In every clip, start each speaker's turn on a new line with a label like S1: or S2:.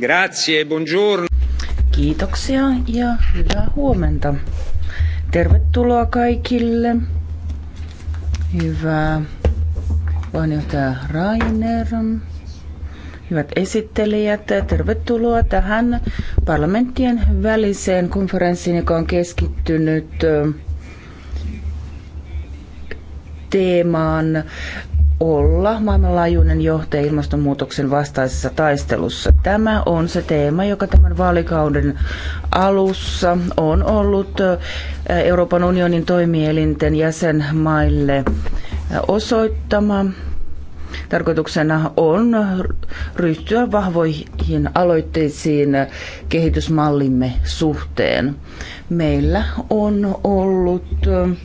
S1: Grazie, buongiorno.
S2: Kiitoksia ja hyvää huomenta. Tervetuloa kaikille. Hyvää puheenjohtaja Rainer. Hyvät esittelijät, tervetuloa tähän parlamenttien väliseen konferenssiin, joka on keskittynyt teemaan olla maailmanlaajuinen johtaja ilmastonmuutoksen vastaisessa taistelussa. Tämä on se teema, joka tämän vaalikauden alussa on ollut äh, Euroopan unionin toimielinten jäsenmaille äh, osoittama. Tarkoituksena on ryhtyä vahvoihin aloitteisiin kehitysmallimme suhteen. Meillä on ollut äh,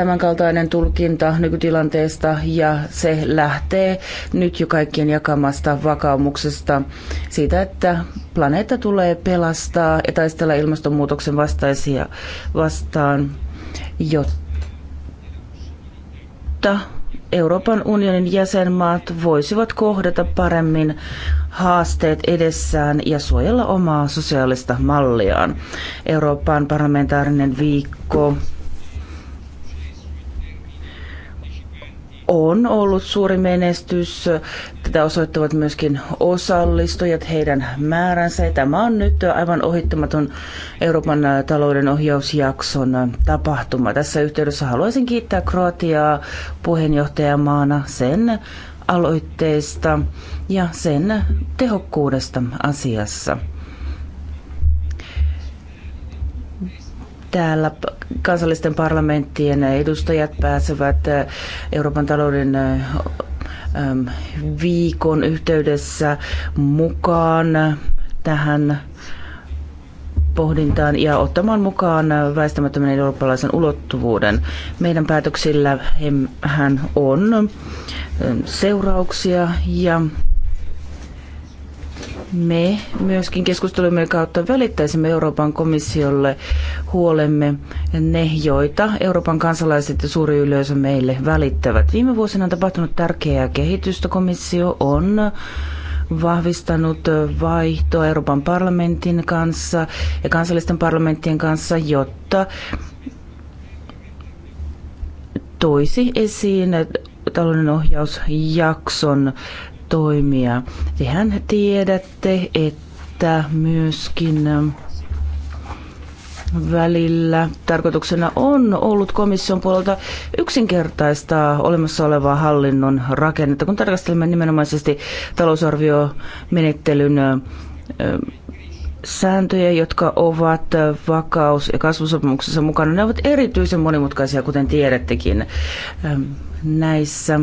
S2: tämänkaltainen tulkinta nykytilanteesta ja se lähtee nyt jo kaikkien jakamasta vakaumuksesta siitä, että planeetta tulee pelastaa ja taistella ilmastonmuutoksen vastaisia vastaan, jotta Euroopan unionin jäsenmaat voisivat kohdata paremmin haasteet edessään ja suojella omaa sosiaalista malliaan. Euroopan parlamentaarinen viikko on ollut suuri menestys. Tätä osoittavat myöskin osallistujat, heidän määränsä. Ja tämä on nyt aivan ohittamaton Euroopan talouden ohjausjakson tapahtuma. Tässä yhteydessä haluaisin kiittää Kroatiaa puheenjohtajamaana sen aloitteesta ja sen tehokkuudesta asiassa. täällä kansallisten parlamenttien edustajat pääsevät Euroopan talouden viikon yhteydessä mukaan tähän pohdintaan ja ottamaan mukaan väistämättömän eurooppalaisen ulottuvuuden. Meidän päätöksillä hän on seurauksia ja me myöskin keskustelumme kautta välittäisimme Euroopan komissiolle huolemme ne, joita Euroopan kansalaiset ja suuri yleisö meille välittävät. Viime vuosina on tapahtunut tärkeää kehitystä. Komissio on vahvistanut vaihtoa Euroopan parlamentin kanssa ja kansallisten parlamenttien kanssa, jotta toisi esiin talouden ohjausjakson toimia. Tehän tiedätte, että myöskin ähm, välillä tarkoituksena on ollut komission puolelta yksinkertaistaa olemassa olevaa hallinnon rakennetta, kun tarkastelemme nimenomaisesti talousarviomenettelyn ähm, sääntöjä, jotka ovat vakaus- ja kasvusopimuksessa mukana. Ne ovat erityisen monimutkaisia, kuten tiedättekin. Ähm, näissä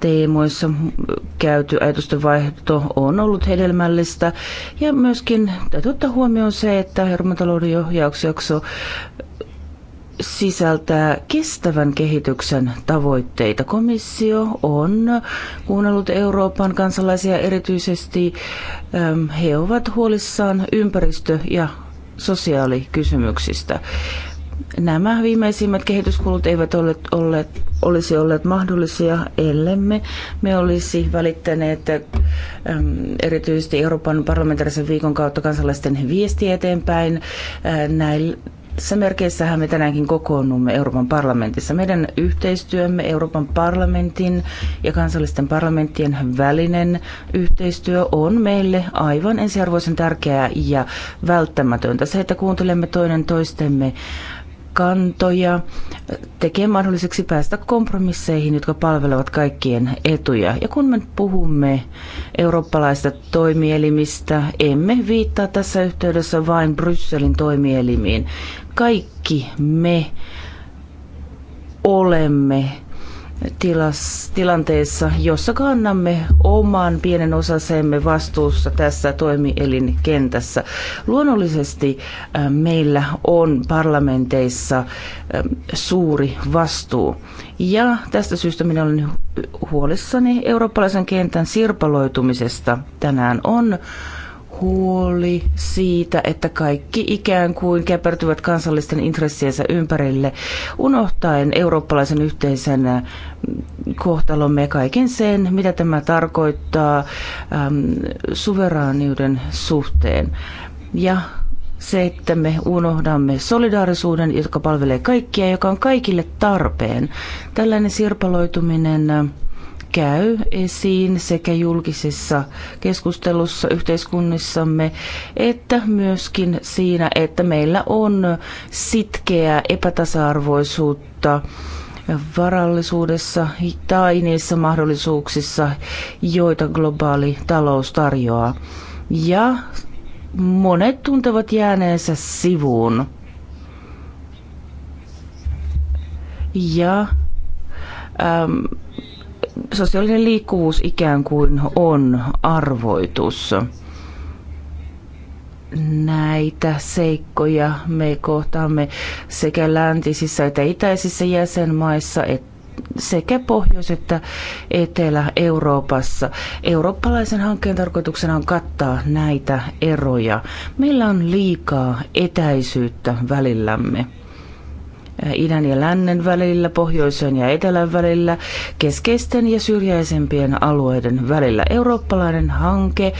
S2: teemoissa käyty ajatustenvaihto on ollut hedelmällistä. Ja myöskin täytyy ottaa huomioon se, että Herman talouden ohjausjakso sisältää kestävän kehityksen tavoitteita. Komissio on kuunnellut Euroopan kansalaisia erityisesti. He ovat huolissaan ympäristö- ja sosiaalikysymyksistä nämä viimeisimmät kehityskulut eivät ole, olleet, olisi olleet mahdollisia, ellemme me olisi välittäneet ähm, erityisesti Euroopan parlamentaarisen viikon kautta kansalaisten viestiä eteenpäin. Äh, Näillä merkeissähän me tänäänkin kokoonnumme Euroopan parlamentissa. Meidän yhteistyömme Euroopan parlamentin ja kansallisten parlamenttien välinen yhteistyö on meille aivan ensiarvoisen tärkeää ja välttämätöntä. Se, että kuuntelemme toinen toistemme kantoja tekee mahdolliseksi päästä kompromisseihin, jotka palvelevat kaikkien etuja. Ja kun me puhumme eurooppalaista toimielimistä, emme viittaa tässä yhteydessä vain Brysselin toimielimiin. Kaikki me olemme tilas, tilanteessa, jossa kannamme oman pienen osasemme vastuussa tässä toimielinkentässä. Luonnollisesti äh, meillä on parlamenteissa äh, suuri vastuu. Ja tästä syystä minä olen huolissani eurooppalaisen kentän sirpaloitumisesta. Tänään on huoli siitä, että kaikki ikään kuin käpertyvät kansallisten intressiensä ympärille, unohtaen eurooppalaisen yhteisen äh, kohtalomme ja kaiken sen, mitä tämä tarkoittaa äm, suveraaniuden suhteen. Ja se, että me unohdamme solidaarisuuden, joka palvelee kaikkia, joka on kaikille tarpeen. Tällainen sirpaloituminen äh, käy esiin sekä julkisessa keskustelussa yhteiskunnissamme, että myöskin siinä, että meillä on sitkeää epätasa-arvoisuutta varallisuudessa tai niissä mahdollisuuksissa, joita globaali talous tarjoaa. Ja monet tuntevat jääneensä sivuun. Ja ähm, sosiaalinen liikkuvuus ikään kuin on arvoitus. Näitä seikkoja me kohtaamme sekä läntisissä että itäisissä jäsenmaissa että sekä Pohjois- että Etelä-Euroopassa. Eurooppalaisen hankkeen tarkoituksena on kattaa näitä eroja. Meillä on liikaa etäisyyttä välillämme idän ja lännen välillä, pohjoisen ja etelän välillä, keskeisten ja syrjäisempien alueiden välillä. Eurooppalainen hanke,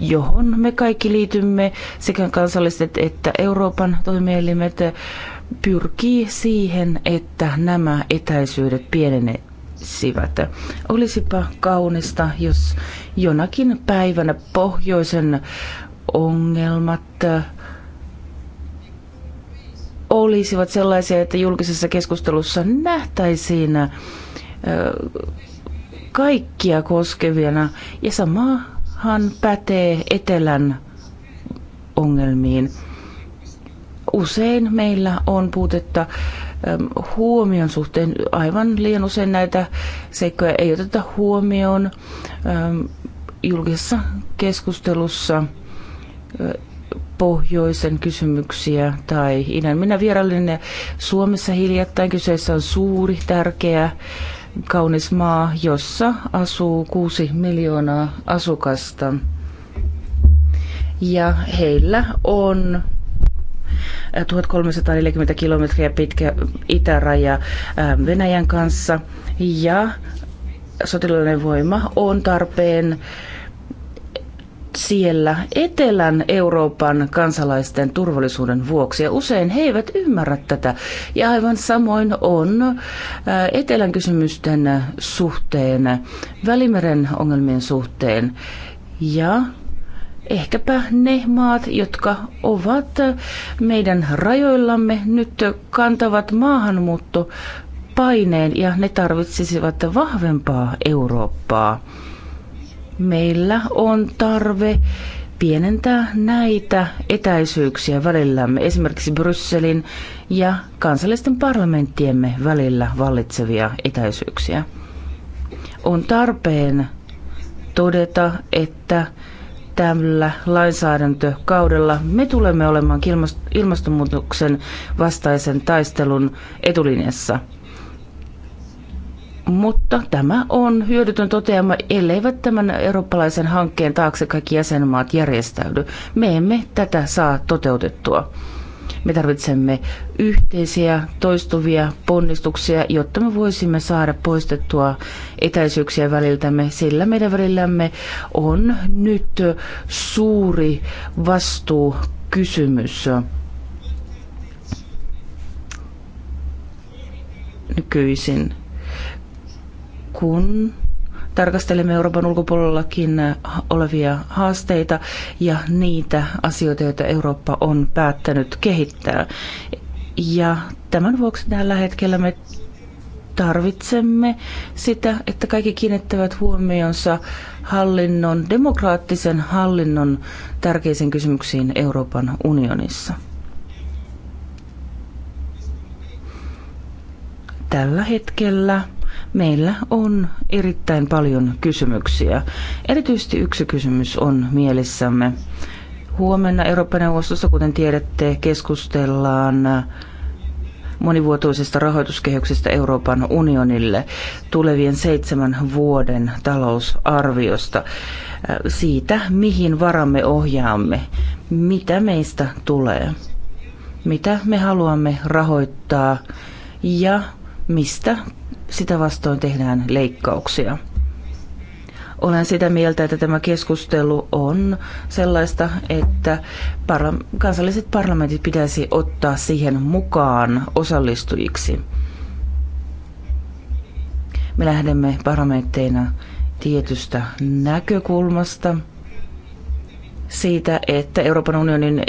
S2: johon me kaikki liitymme, sekä kansalliset että Euroopan toimielimet, pyrkii siihen, että nämä etäisyydet Sivät. Olisipa kaunista, jos jonakin päivänä pohjoisen ongelmat olisivat sellaisia, että julkisessa keskustelussa nähtäisiin kaikkia koskevina. Ja samahan pätee etelän ongelmiin. Usein meillä on puutetta huomion suhteen. Aivan liian usein näitä seikkoja ei oteta huomioon julkisessa keskustelussa pohjoisen kysymyksiä tai idän. Minä vierailin Suomessa hiljattain. Kyseessä on suuri, tärkeä, kaunis maa, jossa asuu kuusi miljoonaa asukasta. Ja heillä on 1340 äh, kilometriä pitkä itäraja äh, Venäjän kanssa ja sotilaallinen voima on tarpeen siellä Etelän Euroopan kansalaisten turvallisuuden vuoksi. Ja usein he eivät ymmärrä tätä. Ja aivan samoin on äh, Etelän kysymysten suhteen, Välimeren ongelmien suhteen. Ja ehkäpä ne maat, jotka ovat meidän rajoillamme nyt kantavat maahanmuutto paineen ja ne tarvitsisivat vahvempaa Eurooppaa meillä on tarve pienentää näitä etäisyyksiä välillämme, esimerkiksi Brysselin ja kansallisten parlamenttiemme välillä vallitsevia etäisyyksiä. On tarpeen todeta, että tällä lainsäädäntökaudella me tulemme olemaan ilmastonmuutoksen vastaisen taistelun etulinjassa – mutta tämä on hyödytön toteama, elleivät tämän eurooppalaisen hankkeen taakse kaikki jäsenmaat järjestäydy. Me emme tätä saa toteutettua. Me tarvitsemme yhteisiä, toistuvia ponnistuksia, jotta me voisimme saada poistettua etäisyyksiä väliltämme, sillä meidän välillämme on nyt suuri vastuukysymys. Nykyisin kun tarkastelemme Euroopan ulkopuolellakin olevia haasteita ja niitä asioita, joita Eurooppa on päättänyt kehittää. Ja tämän vuoksi tällä hetkellä me tarvitsemme sitä, että kaikki kiinnittävät huomionsa hallinnon, demokraattisen hallinnon tärkeisiin kysymyksiin Euroopan unionissa. Tällä hetkellä Meillä on erittäin paljon kysymyksiä. Erityisesti yksi kysymys on mielessämme. Huomenna Euroopan neuvostossa, kuten tiedätte, keskustellaan monivuotoisesta rahoituskehyksestä Euroopan unionille tulevien seitsemän vuoden talousarviosta, siitä mihin varamme ohjaamme, mitä meistä tulee, mitä me haluamme rahoittaa ja mistä sitä vastoin tehdään leikkauksia. Olen sitä mieltä, että tämä keskustelu on sellaista, että parla- kansalliset parlamentit pitäisi ottaa siihen mukaan osallistujiksi. Me lähdemme parlamentteina tietystä näkökulmasta siitä, että Euroopan unionin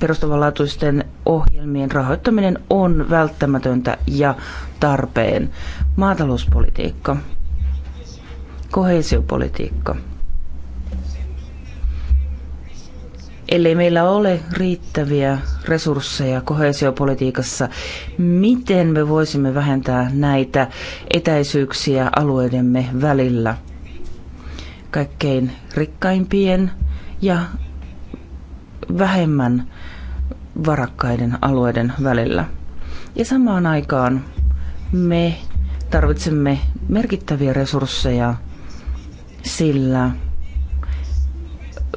S2: perustavanlaatuisten ohjelmien rahoittaminen on välttämätöntä ja tarpeen. Maatalouspolitiikka, kohesiopolitiikka. Eli meillä ole riittäviä resursseja kohesiopolitiikassa, miten me voisimme vähentää näitä etäisyyksiä alueidemme välillä? Kaikkein rikkaimpien ja vähemmän varakkaiden alueiden välillä. Ja samaan aikaan me tarvitsemme merkittäviä resursseja, sillä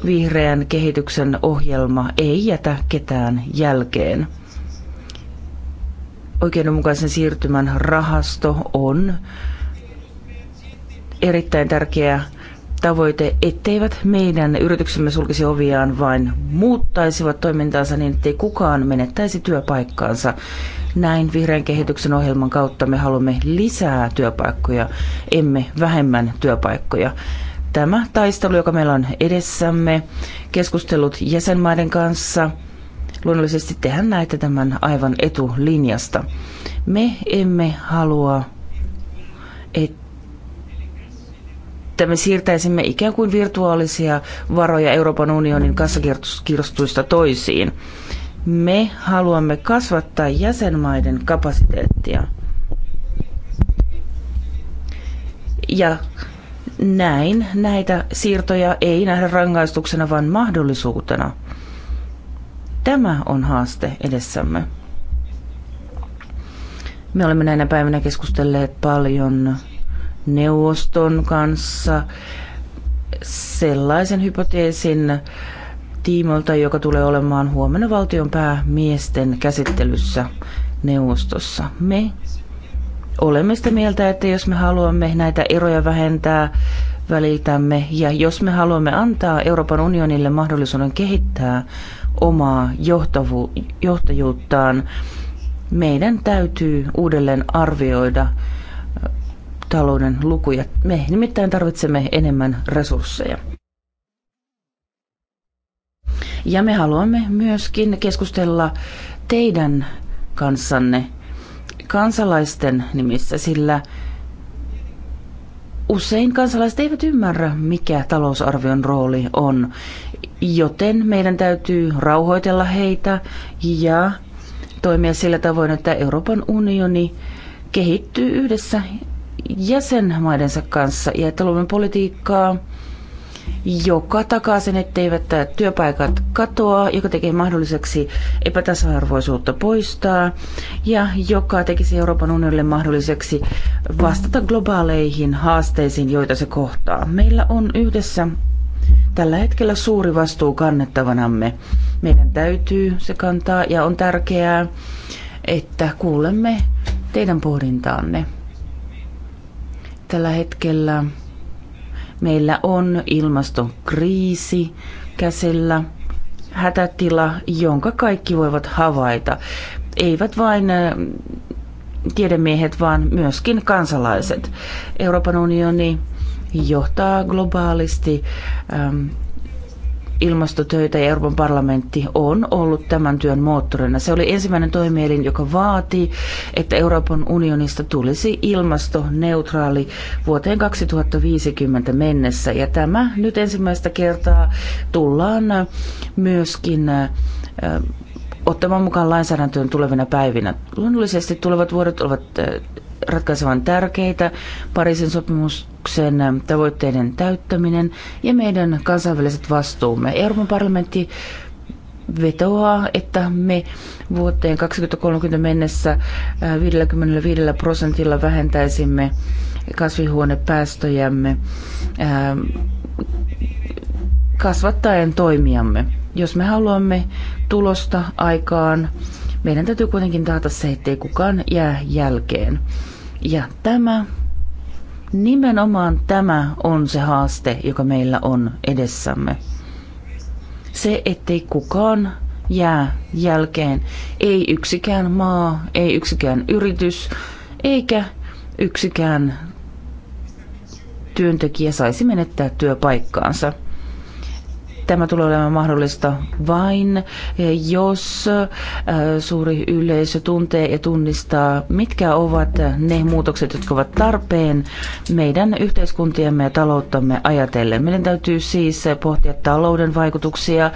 S2: vihreän kehityksen ohjelma ei jätä ketään jälkeen. Oikeudenmukaisen siirtymän rahasto on erittäin tärkeä tavoite, etteivät meidän yrityksemme sulkisi oviaan, vain muuttaisivat toimintaansa niin, ettei kukaan menettäisi työpaikkaansa. Näin vihreän kehityksen ohjelman kautta me haluamme lisää työpaikkoja, emme vähemmän työpaikkoja. Tämä taistelu, joka meillä on edessämme, keskustelut jäsenmaiden kanssa, luonnollisesti tehän näette tämän aivan etulinjasta. Me emme halua, että että me siirtäisimme ikään kuin virtuaalisia varoja Euroopan unionin kassakirstuista toisiin. Me haluamme kasvattaa jäsenmaiden kapasiteettia. Ja näin näitä siirtoja ei nähdä rangaistuksena, vaan mahdollisuutena. Tämä on haaste edessämme. Me olemme näinä päivinä keskustelleet paljon neuvoston kanssa sellaisen hypoteesin tiimoilta, joka tulee olemaan huomenna valtion päämiesten käsittelyssä neuvostossa. Me olemme sitä mieltä, että jos me haluamme näitä eroja vähentää, välitämme ja jos me haluamme antaa Euroopan unionille mahdollisuuden kehittää omaa johtavu- johtajuuttaan, meidän täytyy uudelleen arvioida talouden lukuja. Me nimittäin tarvitsemme enemmän resursseja. Ja me haluamme myöskin keskustella teidän kanssanne kansalaisten nimissä, sillä usein kansalaiset eivät ymmärrä, mikä talousarvion rooli on, joten meidän täytyy rauhoitella heitä ja toimia sillä tavoin, että Euroopan unioni kehittyy yhdessä jäsenmaidensa kanssa ja että luomme politiikkaa, joka takaa sen, etteivät työpaikat katoa, joka tekee mahdolliseksi epätasa-arvoisuutta poistaa ja joka tekisi Euroopan unionille mahdolliseksi vastata globaaleihin haasteisiin, joita se kohtaa. Meillä on yhdessä tällä hetkellä suuri vastuu kannettavanamme. Meidän täytyy se kantaa ja on tärkeää, että kuulemme teidän pohdintaanne. Tällä hetkellä meillä on ilmastokriisi käsillä, hätätila, jonka kaikki voivat havaita. Eivät vain äh, tiedemiehet, vaan myöskin kansalaiset. Euroopan unioni johtaa globaalisti ähm, ilmastotöitä ja Euroopan parlamentti on ollut tämän työn moottorina. Se oli ensimmäinen toimielin, joka vaati, että Euroopan unionista tulisi ilmastoneutraali vuoteen 2050 mennessä. Ja tämä nyt ensimmäistä kertaa tullaan myöskin äh, ottamaan mukaan lainsäädäntöön tulevina päivinä. Luonnollisesti tulevat vuodet ovat äh, ratkaisevan tärkeitä. Pariisin sopimuksen tavoitteiden täyttäminen ja meidän kansainväliset vastuumme. Euroopan parlamentti vetoaa, että me vuoteen 2030 mennessä 55 prosentilla vähentäisimme kasvihuonepäästöjämme kasvattaen toimiamme. Jos me haluamme tulosta aikaan, meidän täytyy kuitenkin taata se, ettei kukaan jää jälkeen. Ja tämä, nimenomaan tämä on se haaste, joka meillä on edessämme. Se, ettei kukaan jää jälkeen. Ei yksikään maa, ei yksikään yritys, eikä yksikään työntekijä saisi menettää työpaikkaansa. Tämä tulee olemaan mahdollista vain, eh, jos eh, suuri yleisö tuntee ja tunnistaa, mitkä ovat ne muutokset, jotka ovat tarpeen meidän yhteiskuntiamme ja talouttamme ajatellen. Meidän täytyy siis pohtia talouden vaikutuksia,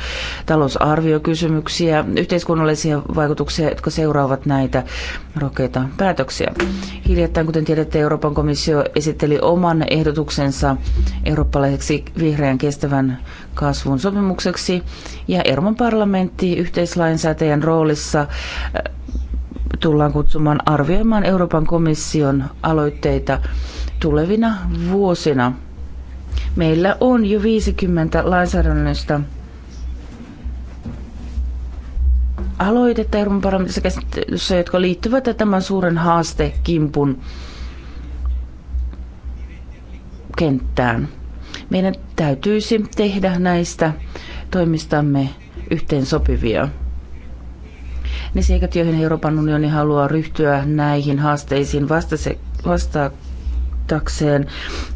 S2: talousarviokysymyksiä, yhteiskunnallisia vaikutuksia, jotka seuraavat näitä rohkeita päätöksiä. Hiljattain, kuten tiedätte, Euroopan komissio esitteli oman ehdotuksensa eurooppalaiseksi vihreän kestävän kasvun sopimukseksi ja Euroopan parlamentti yhteislainsäätäjän roolissa äh, tullaan kutsumaan arvioimaan Euroopan komission aloitteita tulevina vuosina. Meillä on jo 50 lainsäädännöstä aloitetta Euroopan parlamentissa käsittelyssä, jotka liittyvät tämän suuren haastekimpun kenttään. Meidän täytyisi tehdä näistä toimistamme yhteen sopivia. Ne seikat, joihin Euroopan unioni haluaa ryhtyä näihin haasteisiin vastase, vastatakseen,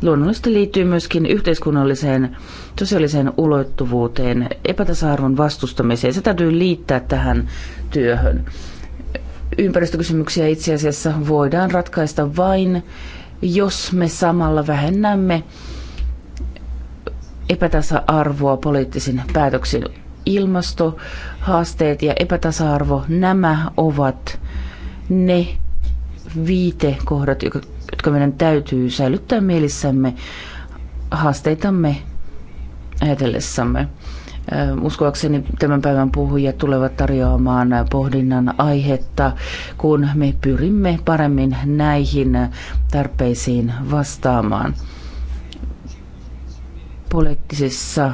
S2: luonnollisesti liittyy myöskin yhteiskunnalliseen sosiaaliseen ulottuvuuteen, epätasa-arvon vastustamiseen. Se täytyy liittää tähän työhön. Ympäristökysymyksiä itse asiassa voidaan ratkaista vain, jos me samalla vähennämme epätasa-arvoa poliittisin päätöksin. Ilmastohaasteet ja epätasa-arvo, nämä ovat ne viitekohdat, jotka meidän täytyy säilyttää mielissämme haasteitamme ajatellessamme. Uskoakseni tämän päivän puhujat tulevat tarjoamaan pohdinnan aihetta, kun me pyrimme paremmin näihin tarpeisiin vastaamaan poliittisissa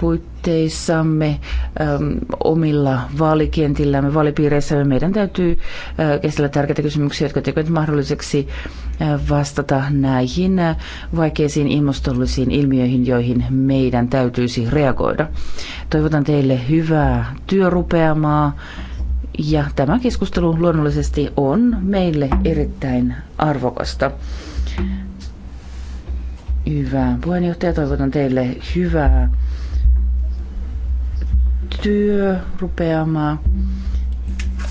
S2: puitteissamme, ähm, omilla vaalikentillämme, vaalipiireissämme. Meidän täytyy äh, käsitellä tärkeitä kysymyksiä, jotka tekevät mahdolliseksi äh, vastata näihin äh, vaikeisiin ilmastollisiin ilmiöihin, joihin meidän täytyisi reagoida. Toivotan teille hyvää työrupeamaa. Ja tämä keskustelu luonnollisesti on meille erittäin arvokasta. Hyvä. Puheenjohtaja, toivotan teille hyvää työ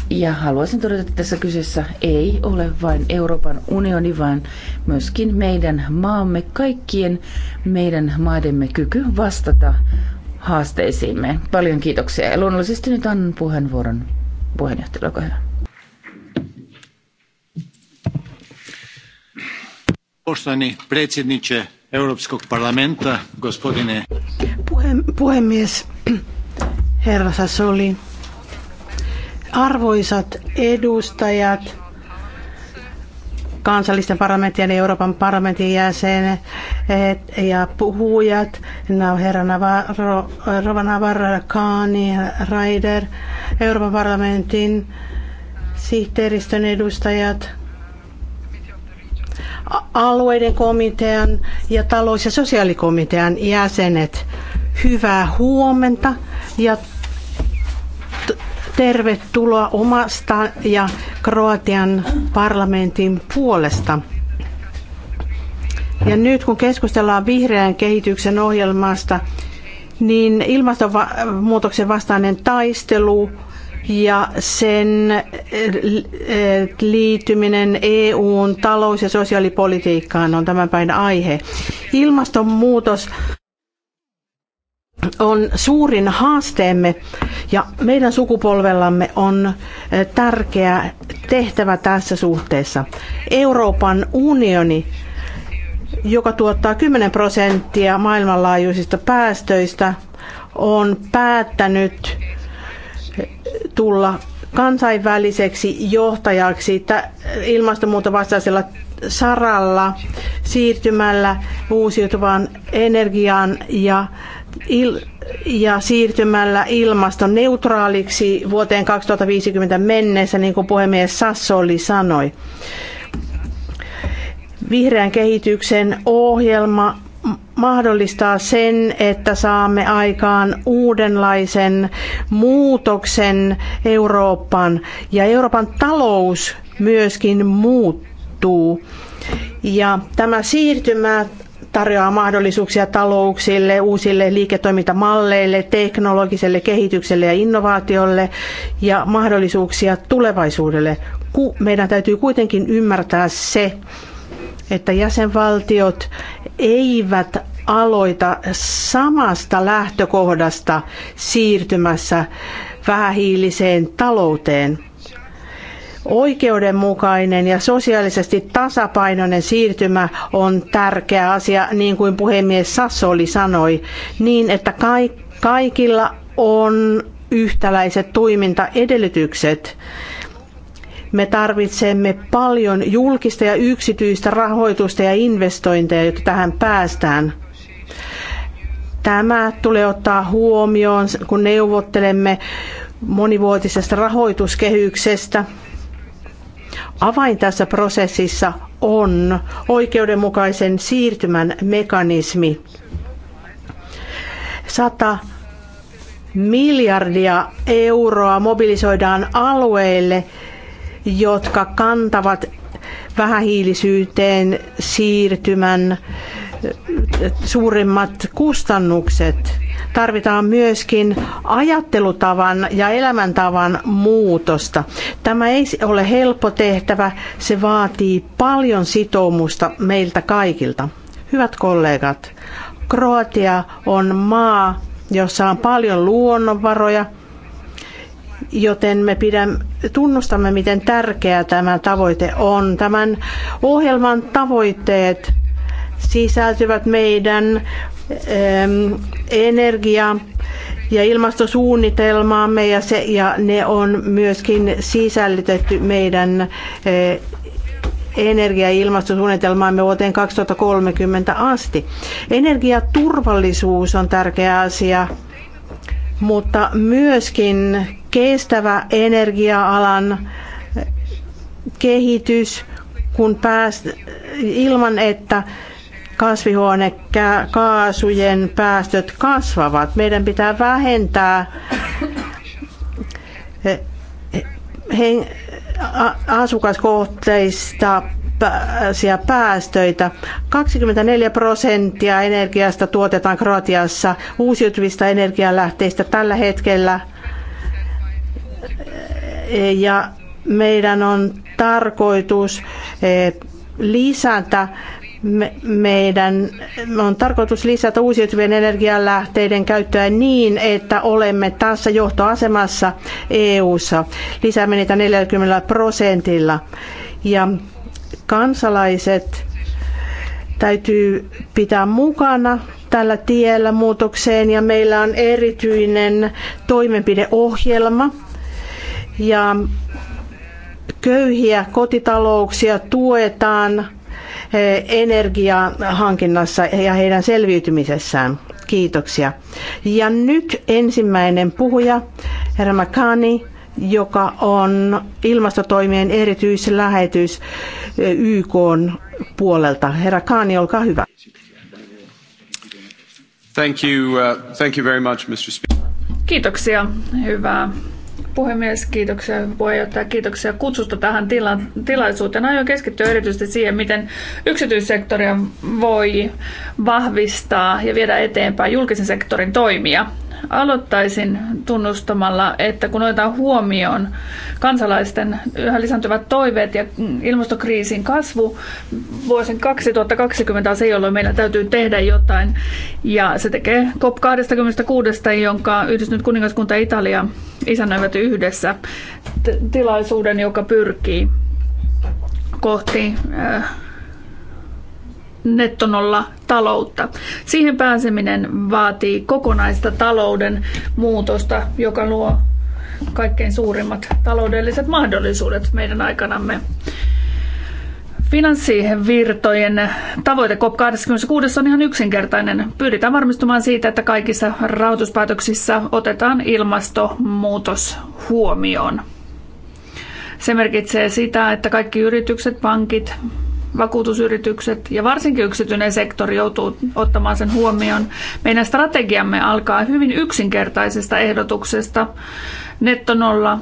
S2: Ja haluaisin todeta, että tässä kyseessä ei ole vain Euroopan unioni, vaan myöskin meidän maamme, kaikkien meidän maidemme kyky vastata haasteisiimme. Paljon kiitoksia ja luonnollisesti nyt annan puheenvuoron puheenjohtajalle, olkaa hyvä.
S3: Poštovani predsjedniče Europskog parlamenta, gospodine...
S4: Puhe, puhemies, herra Sassoli, arvoisat edustajat, kansallisten parlamenttien ja Euroopan parlamentin jäsenet ja puhujat, herra Navarro, Rova Navarro, Kaani, Raider, Euroopan parlamentin sihteeristön edustajat, alueiden komitean ja talous- ja sosiaalikomitean jäsenet, hyvää huomenta ja tervetuloa omasta ja Kroatian parlamentin puolesta. Ja nyt kun keskustellaan vihreän kehityksen ohjelmasta, niin ilmastonmuutoksen vastainen taistelu ja sen eh, liittyminen EUn talous- ja sosiaalipolitiikkaan on tämän päivän aihe. Ilmastonmuutos on suurin haasteemme ja meidän sukupolvellamme on eh, tärkeä tehtävä tässä suhteessa. Euroopan unioni joka tuottaa 10 prosenttia maailmanlaajuisista päästöistä, on päättänyt tulla kansainväliseksi johtajaksi vastaisella saralla siirtymällä uusiutuvaan energiaan ja, il, ja siirtymällä ilmastoneutraaliksi vuoteen 2050 mennessä, niin kuin puhemies Sassoli sanoi. Vihreän kehityksen ohjelma mahdollistaa sen, että saamme aikaan uudenlaisen muutoksen Eurooppaan ja Euroopan talous myöskin muuttuu. Ja tämä siirtymä tarjoaa mahdollisuuksia talouksille, uusille liiketoimintamalleille, teknologiselle kehitykselle ja innovaatiolle ja mahdollisuuksia tulevaisuudelle. Meidän täytyy kuitenkin ymmärtää se, että jäsenvaltiot eivät aloita samasta lähtökohdasta siirtymässä vähähiiliseen talouteen. Oikeudenmukainen ja sosiaalisesti tasapainoinen siirtymä on tärkeä asia, niin kuin puhemies Sassoli sanoi, niin että kaikilla on yhtäläiset toimintaedellytykset. edellytykset me tarvitsemme paljon julkista ja yksityistä rahoitusta ja investointeja, jotta tähän päästään. Tämä tulee ottaa huomioon, kun neuvottelemme monivuotisesta rahoituskehyksestä. Avain tässä prosessissa on oikeudenmukaisen siirtymän mekanismi. 100 miljardia euroa mobilisoidaan alueille, jotka kantavat vähähiilisyyteen siirtymän suurimmat kustannukset. Tarvitaan myöskin ajattelutavan ja elämäntavan muutosta. Tämä ei ole helppo tehtävä, se vaatii paljon sitoumusta meiltä kaikilta. Hyvät kollegat, Kroatia on maa, jossa on paljon luonnonvaroja, joten me pidämme, tunnustamme, miten tärkeä tämä tavoite on. Tämän ohjelman tavoitteet sisältyvät meidän ähm, energia- ja ilmastosuunnitelmaamme ja, se, ja ne on myöskin sisällytetty meidän äh, energia- ja ilmastosuunnitelmaamme vuoteen 2030 asti. Energiaturvallisuus on tärkeä asia, mutta myöskin kestävä energia-alan kehitys, kun pääst, ilman että kasvihuonekaasujen päästöt kasvavat. Meidän pitää vähentää asukaskohteista päästöitä. 24 prosenttia energiasta tuotetaan Kroatiassa uusiutuvista energialähteistä tällä hetkellä – ja meidän on tarkoitus eh, lisätä meidän on tarkoitus lisätä uusiutuvien energialähteiden käyttöä niin, että olemme tässä johtoasemassa EU-ssa. Lisäämme niitä 40 prosentilla. Ja kansalaiset täytyy pitää mukana tällä tiellä muutokseen ja meillä on erityinen toimenpideohjelma, ja köyhiä kotitalouksia tuetaan eh, energiahankinnassa ja heidän selviytymisessään. Kiitoksia. Ja nyt ensimmäinen puhuja, herra Makani, joka on ilmastotoimien erityislähetys eh, YK puolelta. Herra Kaani, olkaa hyvä. Thank you, uh, thank you very much, Mr. Speaker.
S1: Kiitoksia, hyvä puhemies, kiitoksia puheenjohtaja, kiitoksia kutsusta tähän tila- tilaisuuteen. Aion keskittyä erityisesti siihen, miten yksityissektoria voi vahvistaa ja viedä eteenpäin julkisen sektorin toimia Aloittaisin tunnustamalla, että kun otetaan huomioon kansalaisten yhä lisääntyvät toiveet ja ilmastokriisin kasvu, vuosin 2020 on se, jolloin meillä täytyy tehdä jotain. Ja se tekee COP26, jonka yhdistynyt kuningaskunta Italia isännöivät yhdessä tilaisuuden, joka pyrkii kohti äh, nettonolla taloutta. Siihen pääseminen vaatii kokonaista talouden muutosta, joka luo kaikkein suurimmat taloudelliset mahdollisuudet meidän aikanamme. Finanssivirtojen tavoite COP26 on ihan yksinkertainen. Pyritään varmistumaan siitä, että kaikissa rahoituspäätöksissä otetaan ilmastonmuutos huomioon. Se merkitsee sitä, että kaikki yritykset, pankit, vakuutusyritykset ja varsinkin yksityinen sektori joutuu ottamaan sen huomioon. Meidän strategiamme alkaa hyvin yksinkertaisesta ehdotuksesta. Nettonolla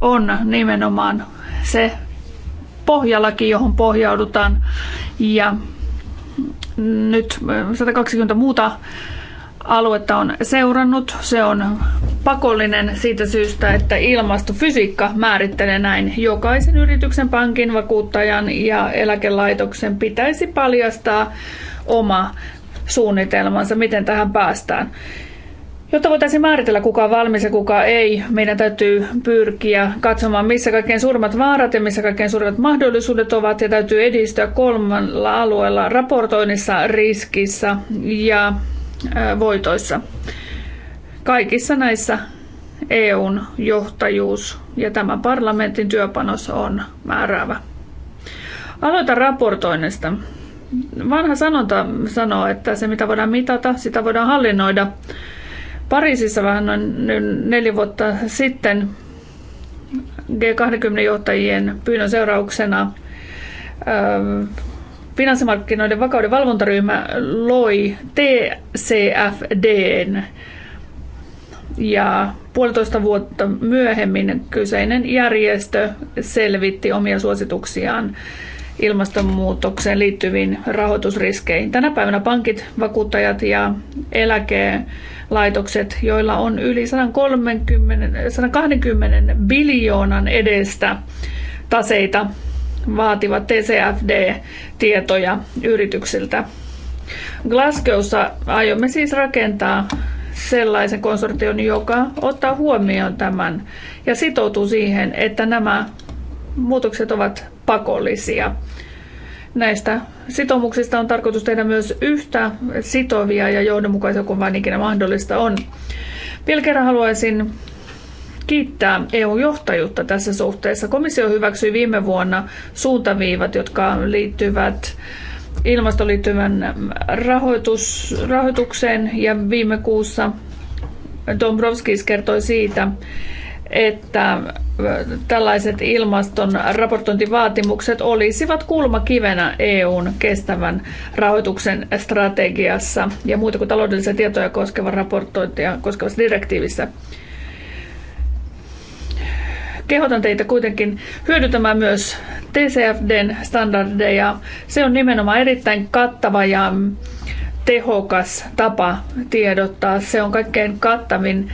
S1: on nimenomaan se pohjalaki, johon pohjaudutaan. Ja nyt eh, 120 muuta aluetta on seurannut. Se on pakollinen siitä syystä, että ilmastofysiikka määrittelee näin. Jokaisen yrityksen, pankin, vakuuttajan ja eläkelaitoksen pitäisi paljastaa oma suunnitelmansa, miten tähän päästään. Jotta voitaisiin määritellä, kuka on valmis ja kuka ei, meidän täytyy pyrkiä katsomaan, missä kaikkein suurimmat vaarat ja missä kaikkein suurimmat mahdollisuudet ovat, ja täytyy edistyä kolmalla alueella raportoinnissa, riskissä ja voitoissa. Kaikissa näissä EUn johtajuus ja tämän parlamentin työpanos on määräävä. aloita raportoinnista. Vanha sanonta sanoo, että se mitä voidaan mitata, sitä voidaan hallinnoida. Pariisissa vähän noin neljä vuotta sitten G20-johtajien pyynnön seurauksena finanssimarkkinoiden vakauden valvontaryhmä loi TCFDn ja puolitoista vuotta myöhemmin kyseinen järjestö selvitti omia suosituksiaan ilmastonmuutokseen liittyviin rahoitusriskeihin. Tänä päivänä pankit, vakuuttajat ja eläkelaitokset, joilla on yli 130, 120 biljoonan edestä taseita, vaativat TCFD-tietoja yrityksiltä. Glasgowssa aiomme siis rakentaa sellaisen konsortion, joka ottaa huomioon tämän ja sitoutuu siihen, että nämä muutokset ovat pakollisia. Näistä sitoumuksista on tarkoitus tehdä myös yhtä sitovia ja johdonmukaisia kuin vain ikinä mahdollista on. Vielä kerran haluaisin kiittää EU-johtajuutta tässä suhteessa. Komissio hyväksyi viime vuonna suuntaviivat, jotka liittyvät ilmastoliittyvän rahoitus, rahoitukseen ja viime kuussa Dombrovskis kertoi siitä, että tällaiset ilmaston raportointivaatimukset olisivat kulmakivenä EUn kestävän rahoituksen strategiassa ja muuta kuin taloudellisia tietoja koskevan raportointia koskevassa direktiivissä kehotan teitä kuitenkin hyödyntämään myös TCFDn standardeja. Se on nimenomaan erittäin kattava ja tehokas tapa tiedottaa. Se on kaikkein kattavin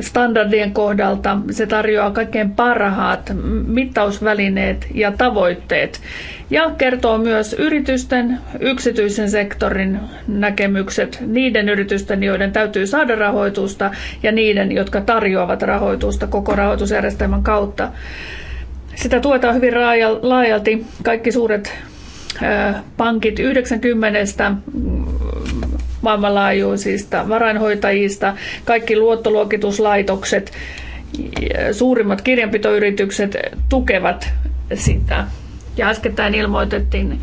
S1: standardien kohdalta. Se tarjoaa kaikkein parhaat mittausvälineet ja tavoitteet ja kertoo myös yritysten, yksityisen sektorin näkemykset, niiden yritysten, joiden täytyy saada rahoitusta ja niiden, jotka tarjoavat rahoitusta koko rahoitusjärjestelmän kautta. Sitä tuetaan hyvin laajalti. Kaikki suuret pankit 90 maailmanlaajuisista varainhoitajista, kaikki luottoluokituslaitokset, suurimmat kirjanpitoyritykset tukevat sitä. Ja äskettäin ilmoitettiin,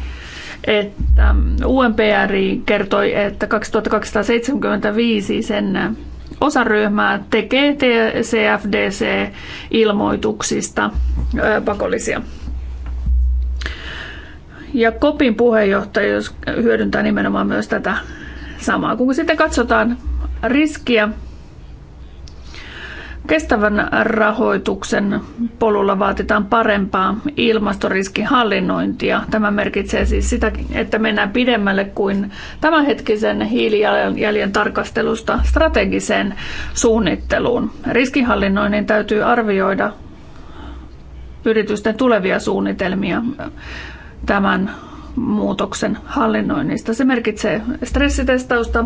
S1: että UNPRI kertoi, että 2275 sen osaryhmää tekee CFDC-ilmoituksista pakollisia. Ja kopin puheenjohtajuus hyödyntää nimenomaan myös tätä samaa. Kun sitten katsotaan riskiä kestävän rahoituksen polulla vaatitaan parempaa ilmastoriskihallinnointia. Tämä merkitsee siis sitä, että mennään pidemmälle kuin tämänhetkisen hiilijäljen tarkastelusta strategiseen suunnitteluun. Riskihallinnoinnin täytyy arvioida yritysten tulevia suunnitelmia tämän muutoksen hallinnoinnista. Se merkitsee stressitestausta.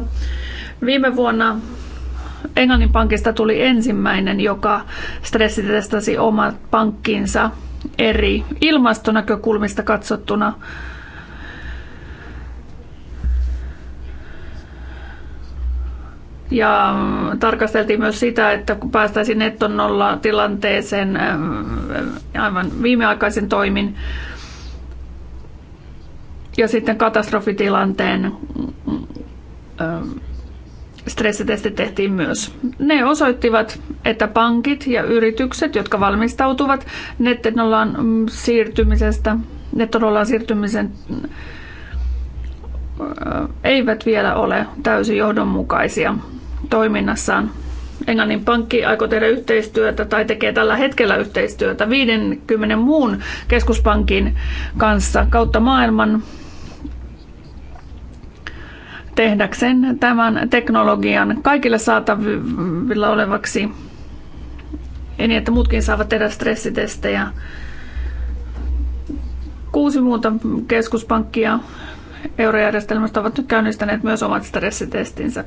S1: Viime vuonna Englannin pankista tuli ensimmäinen, joka stressitestasi omat pankkinsa eri ilmastonäkökulmista katsottuna. Ja tarkasteltiin myös sitä, että kun päästäisiin netton nolla tilanteeseen aivan viimeaikaisen toimin, ja sitten katastrofitilanteen ähm, stressitesti tehtiin myös. Ne osoittivat, että pankit ja yritykset, jotka valmistautuvat nettenollaan mm, siirtymisestä, nettenollaan siirtymisen äh, eivät vielä ole täysin johdonmukaisia toiminnassaan. Englannin pankki aikoo tehdä yhteistyötä tai tekee tällä hetkellä yhteistyötä 50 muun keskuspankin kanssa kautta maailman tehdäkseen tämän teknologian kaikille saatavilla olevaksi, niin että muutkin saavat tehdä stressitestejä. Kuusi muuta keskuspankkia eurojärjestelmästä ovat nyt käynnistäneet myös omat stressitestinsä.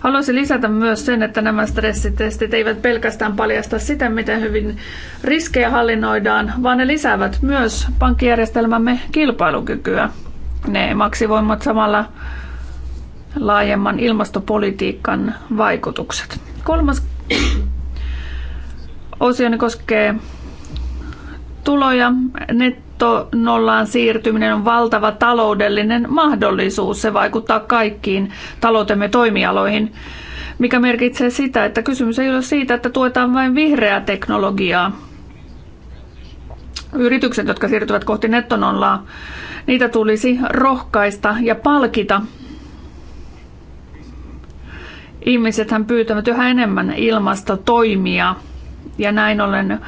S1: Haluaisin lisätä myös sen, että nämä stressitestit eivät pelkästään paljasta sitä, miten hyvin riskejä hallinnoidaan, vaan ne lisäävät myös pankkijärjestelmämme kilpailukykyä. Ne maksivoimat samalla laajemman ilmastopolitiikan vaikutukset. Kolmas osio koskee tuloja. Netto nollaan siirtyminen on valtava taloudellinen mahdollisuus. Se vaikuttaa kaikkiin taloutemme toimialoihin, mikä merkitsee sitä, että kysymys ei ole siitä, että tuetaan vain vihreää teknologiaa. Yritykset, jotka siirtyvät kohti nettonollaa, niitä tulisi rohkaista ja palkita – ihmisethän pyytävät yhä enemmän ilmastotoimia ja näin ollen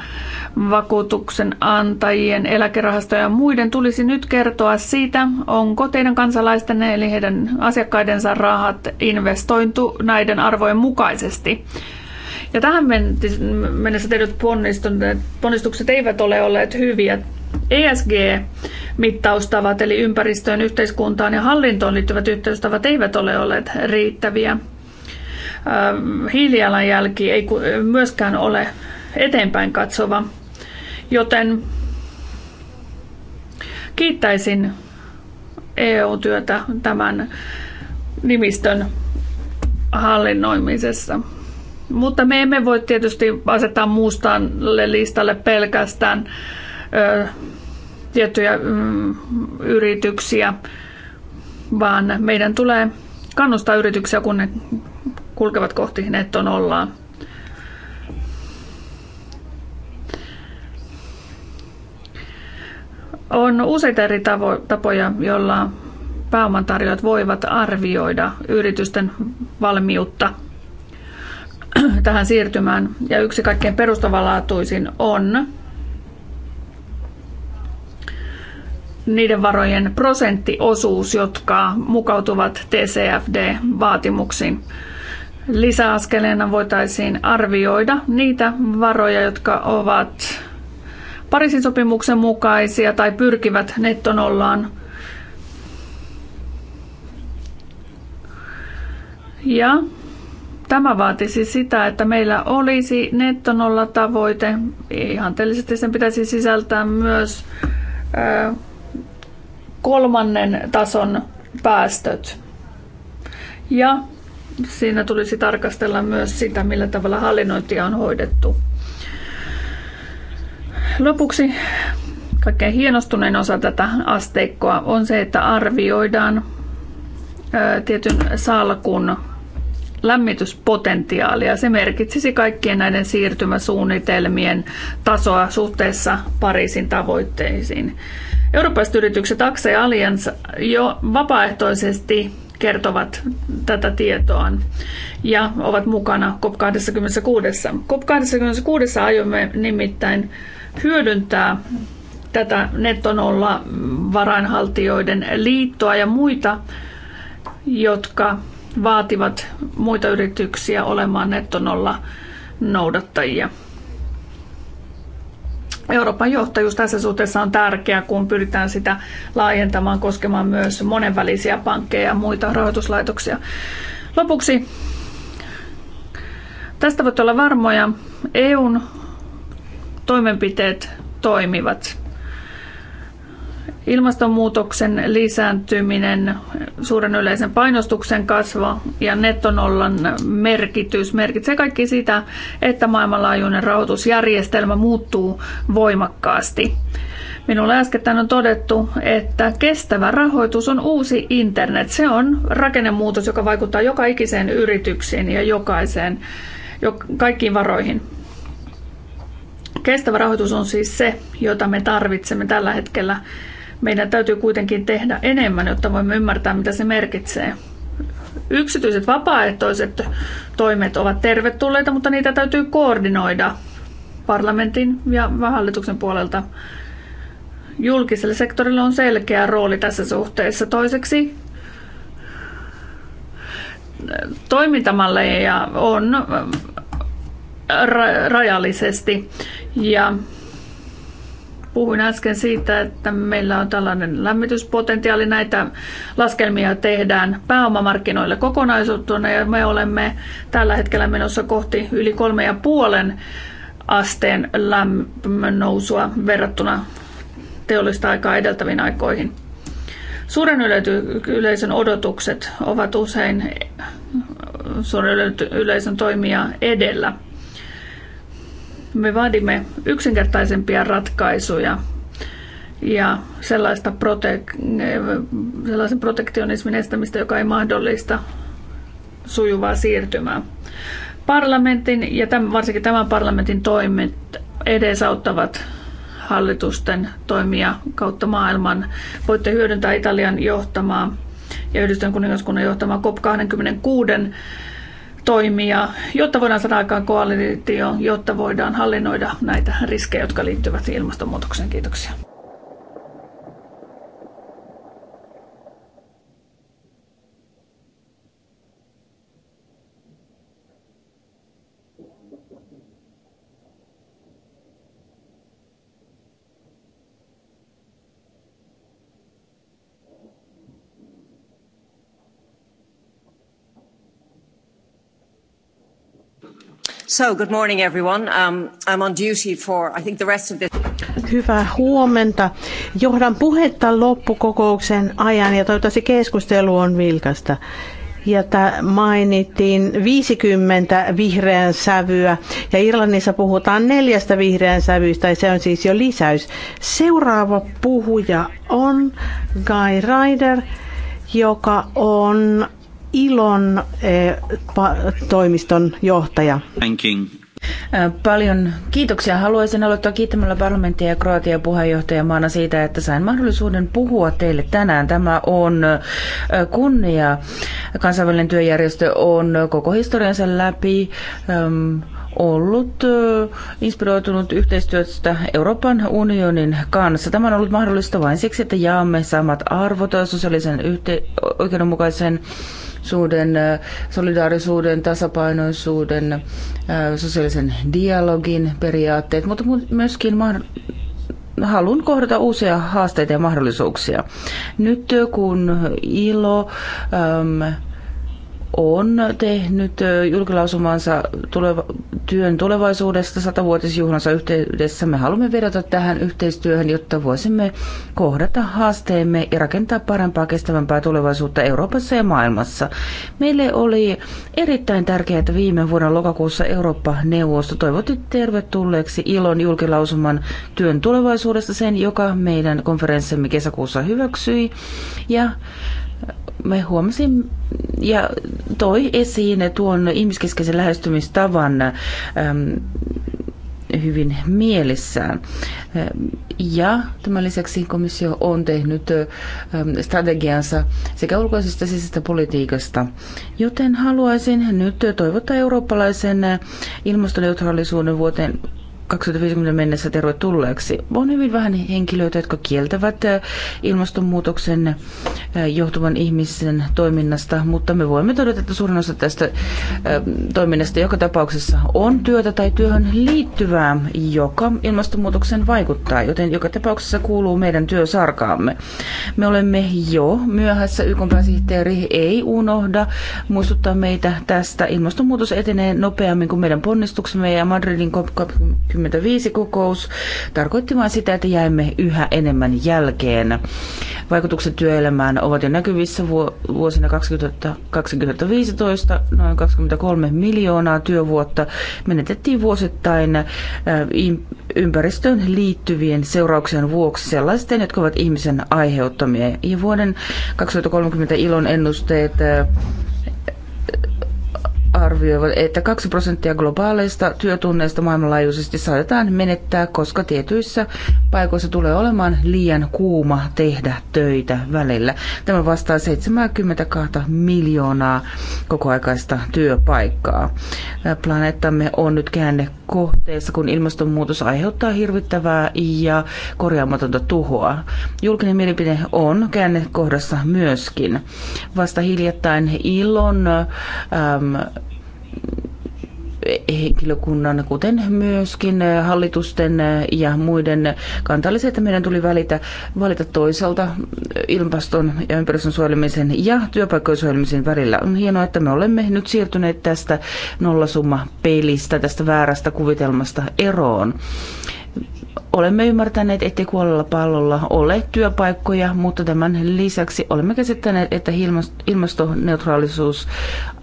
S1: vakuutuksen antajien, eläkerahastojen ja muiden tulisi nyt kertoa siitä, onko teidän kansalaistenne eli heidän asiakkaidensa rahat investointu näiden arvojen mukaisesti. Ja tähän mennessä tehdyt ponnistukset eivät ole olleet hyviä. ESG-mittaustavat eli ympäristöön, yhteiskuntaan ja hallintoon liittyvät yhteystavat eivät ole olleet riittäviä. Ähm, hiilijalanjälki ei myöskään ole eteenpäin katsova, joten kiittäisin EU-työtä tämän nimistön hallinnoimisessa. Mutta me emme voi tietysti asettaa muustalle listalle pelkästään ö, tiettyjä mm, yrityksiä, vaan meidän tulee kannustaa yrityksiä, kun ne kulkevat kohti nettonollaa. Niin on useita eri tavo- tapoja, joilla pääomantarjoajat voivat arvioida yritysten valmiutta tähän siirtymään. Ja yksi kaikkein perustavanlaatuisin on niiden varojen prosenttiosuus, jotka mukautuvat TCFD-vaatimuksiin lisäaskeleena voitaisiin arvioida niitä varoja, jotka ovat Pariisin sopimuksen mukaisia tai pyrkivät nettonollaan. Ja tämä vaatisi sitä, että meillä olisi nettonollatavoite. Ihanteellisesti sen pitäisi sisältää myös kolmannen tason päästöt. Ja siinä tulisi tarkastella myös sitä, millä tavalla hallinnointia on hoidettu. Lopuksi kaikkein hienostunein osa tätä asteikkoa on se, että arvioidaan tietyn salkun lämmityspotentiaalia. Se merkitsisi kaikkien näiden siirtymäsuunnitelmien tasoa suhteessa Pariisin tavoitteisiin. Eurooppalaiset yritykset Akse ja Allianz jo vapaaehtoisesti kertovat tätä tietoa ja ovat mukana COP26. COP26 aiomme nimittäin hyödyntää tätä nettonolla varainhaltijoiden liittoa ja muita, jotka vaativat muita yrityksiä olemaan nettonolla noudattajia. Euroopan johtajuus tässä suhteessa on tärkeää, kun pyritään sitä laajentamaan koskemaan myös monenvälisiä pankkeja ja muita rahoituslaitoksia. Lopuksi tästä voit olla varmoja, EUn toimenpiteet toimivat ilmastonmuutoksen lisääntyminen, suuren yleisen painostuksen kasva ja nettonollan merkitys merkitsee kaikki sitä, että maailmanlaajuinen rahoitusjärjestelmä muuttuu voimakkaasti. Minulle äskettäin on todettu, että kestävä rahoitus on uusi internet. Se on rakennemuutos, joka vaikuttaa joka ikiseen yrityksiin ja jokaiseen, jo, kaikkiin varoihin. Kestävä rahoitus on siis se, jota me tarvitsemme tällä hetkellä meidän täytyy kuitenkin tehdä enemmän, jotta voimme ymmärtää, mitä se merkitsee. Yksityiset vapaaehtoiset toimet ovat tervetulleita, mutta niitä täytyy koordinoida parlamentin ja hallituksen puolelta. Julkiselle sektorille on selkeä rooli tässä suhteessa. Toiseksi toimintamalleja on rajallisesti ja Puhuin äsken siitä, että meillä on tällainen lämmityspotentiaali. Näitä laskelmia tehdään pääomamarkkinoille kokonaisuutena ja me olemme tällä hetkellä menossa kohti yli kolme ja puolen asteen lämmön nousua verrattuna teollista aikaa edeltäviin aikoihin. Suuren yleisön odotukset ovat usein suuren yleisön toimia edellä – me vaadimme yksinkertaisempia ratkaisuja ja sellaista protek- sellaisen protektionismin estämistä, joka ei mahdollista sujuvaa siirtymää. Parlamentin ja tämän, varsinkin tämän parlamentin toimet edesauttavat hallitusten toimia kautta maailman. Voitte hyödyntää Italian johtamaa ja Yhdistön kuningaskunnan johtamaa COP26 toimia, jotta voidaan saada aikaan koalitio, jotta voidaan hallinnoida näitä riskejä, jotka liittyvät ilmastonmuutokseen. Kiitoksia.
S5: good morning everyone. Um, I'm on duty for, I think, the rest of this.
S4: Hyvää huomenta. Johdan puhetta loppukokouksen ajan ja toivottavasti keskustelu on vilkasta. Ja mainittiin 50 vihreän sävyä ja Irlannissa puhutaan neljästä vihreän sävyistä ja se on siis jo lisäys. Seuraava puhuja on Guy Ryder, joka on Ilon eh, toimiston johtaja. Paljon kiitoksia.
S2: Haluaisin aloittaa kiittämällä parlamenttia ja Kroatian puheenjohtajamaana siitä, että sain mahdollisuuden puhua teille tänään. Tämä on kunnia. Kansainvälinen työjärjestö on koko historiansa läpi ollut inspiroitunut yhteistyöstä Euroopan unionin kanssa. Tämä on ollut mahdollista vain siksi, että jaamme samat arvot sosiaalisen yhte- oikeudenmukaisen solidaarisuuden, äh, solidaarisuuden, tasapainoisuuden, äh, sosiaalisen dialogin periaatteet, mutta myöskin halun kohdata uusia haasteita ja mahdollisuuksia. Nyt äh, kun ILO on tehnyt julkilausumansa tuleva, työn tulevaisuudesta satavuotisjuhlansa yhteydessä. Me haluamme vedota tähän yhteistyöhön, jotta voisimme kohdata haasteemme ja rakentaa parempaa, kestävämpää tulevaisuutta Euroopassa ja maailmassa. Meille oli erittäin tärkeää, että viime vuoden lokakuussa Eurooppa-neuvosto toivotti tervetulleeksi ilon julkilausuman työn tulevaisuudesta sen, joka meidän konferenssimme kesäkuussa hyväksyi. Ja me huomasin ja toi esiin tuon ihmiskeskeisen lähestymistavan äm, hyvin mielessään. Äh, ja tämän lisäksi komissio on tehnyt äh, strategiansa sekä ulkoisesta sisäisestä politiikasta. Joten haluaisin nyt toivottaa eurooppalaisen äh, ilmastoneutraalisuuden vuoteen 2050 mennessä tervetulleeksi. On hyvin vähän henkilöitä, jotka kieltävät äh, ilmastonmuutoksen äh, johtuvan ihmisen toiminnasta, mutta me voimme todeta, että suurin osa tästä äh, toiminnasta joka tapauksessa on työtä tai työhön liittyvää, joka ilmastonmuutoksen vaikuttaa, joten joka tapauksessa kuuluu meidän työsarkaamme. Me olemme jo myöhässä, YK pääsihteeri ei unohda muistuttaa meitä tästä. Ilmastonmuutos etenee nopeammin kuin meidän ponnistuksemme ja Madridin COP20 2025 kokous tarkoitti vain sitä, että jäimme yhä enemmän jälkeen. Vaikutukset työelämään ovat jo näkyvissä vuosina 2015 noin 23 miljoonaa työvuotta menetettiin vuosittain äh, ympäristöön liittyvien seurauksien vuoksi sellaisten, jotka ovat ihmisen aiheuttamia. Ja vuoden 2030 ilon ennusteet äh, arvioivat, että 2 prosenttia globaaleista työtunneista maailmanlaajuisesti saatetaan menettää, koska tietyissä paikoissa tulee olemaan liian kuuma tehdä töitä välillä. Tämä vastaa 72 miljoonaa kokoaikaista työpaikkaa. Planeettamme on nyt käänne kohteessa, kun ilmastonmuutos aiheuttaa hirvittävää ja korjaamatonta tuhoa. Julkinen mielipide on käännekohdassa myöskin. Vasta hiljattain ilon ähm, henkilökunnan, kuten myöskin eh, hallitusten eh, ja muiden kantaisi, että meidän tuli välitä, valita toisaalta eh, ilmaston ja ympäristön suojelemisen ja työpaikkojen suojelemisen välillä. On hienoa, että me olemme nyt siirtyneet tästä nollasumma pelistä, tästä väärästä kuvitelmasta eroon olemme ymmärtäneet, ettei kuolella pallolla ole työpaikkoja, mutta tämän lisäksi olemme käsittäneet, että ilmastoneutraalisuus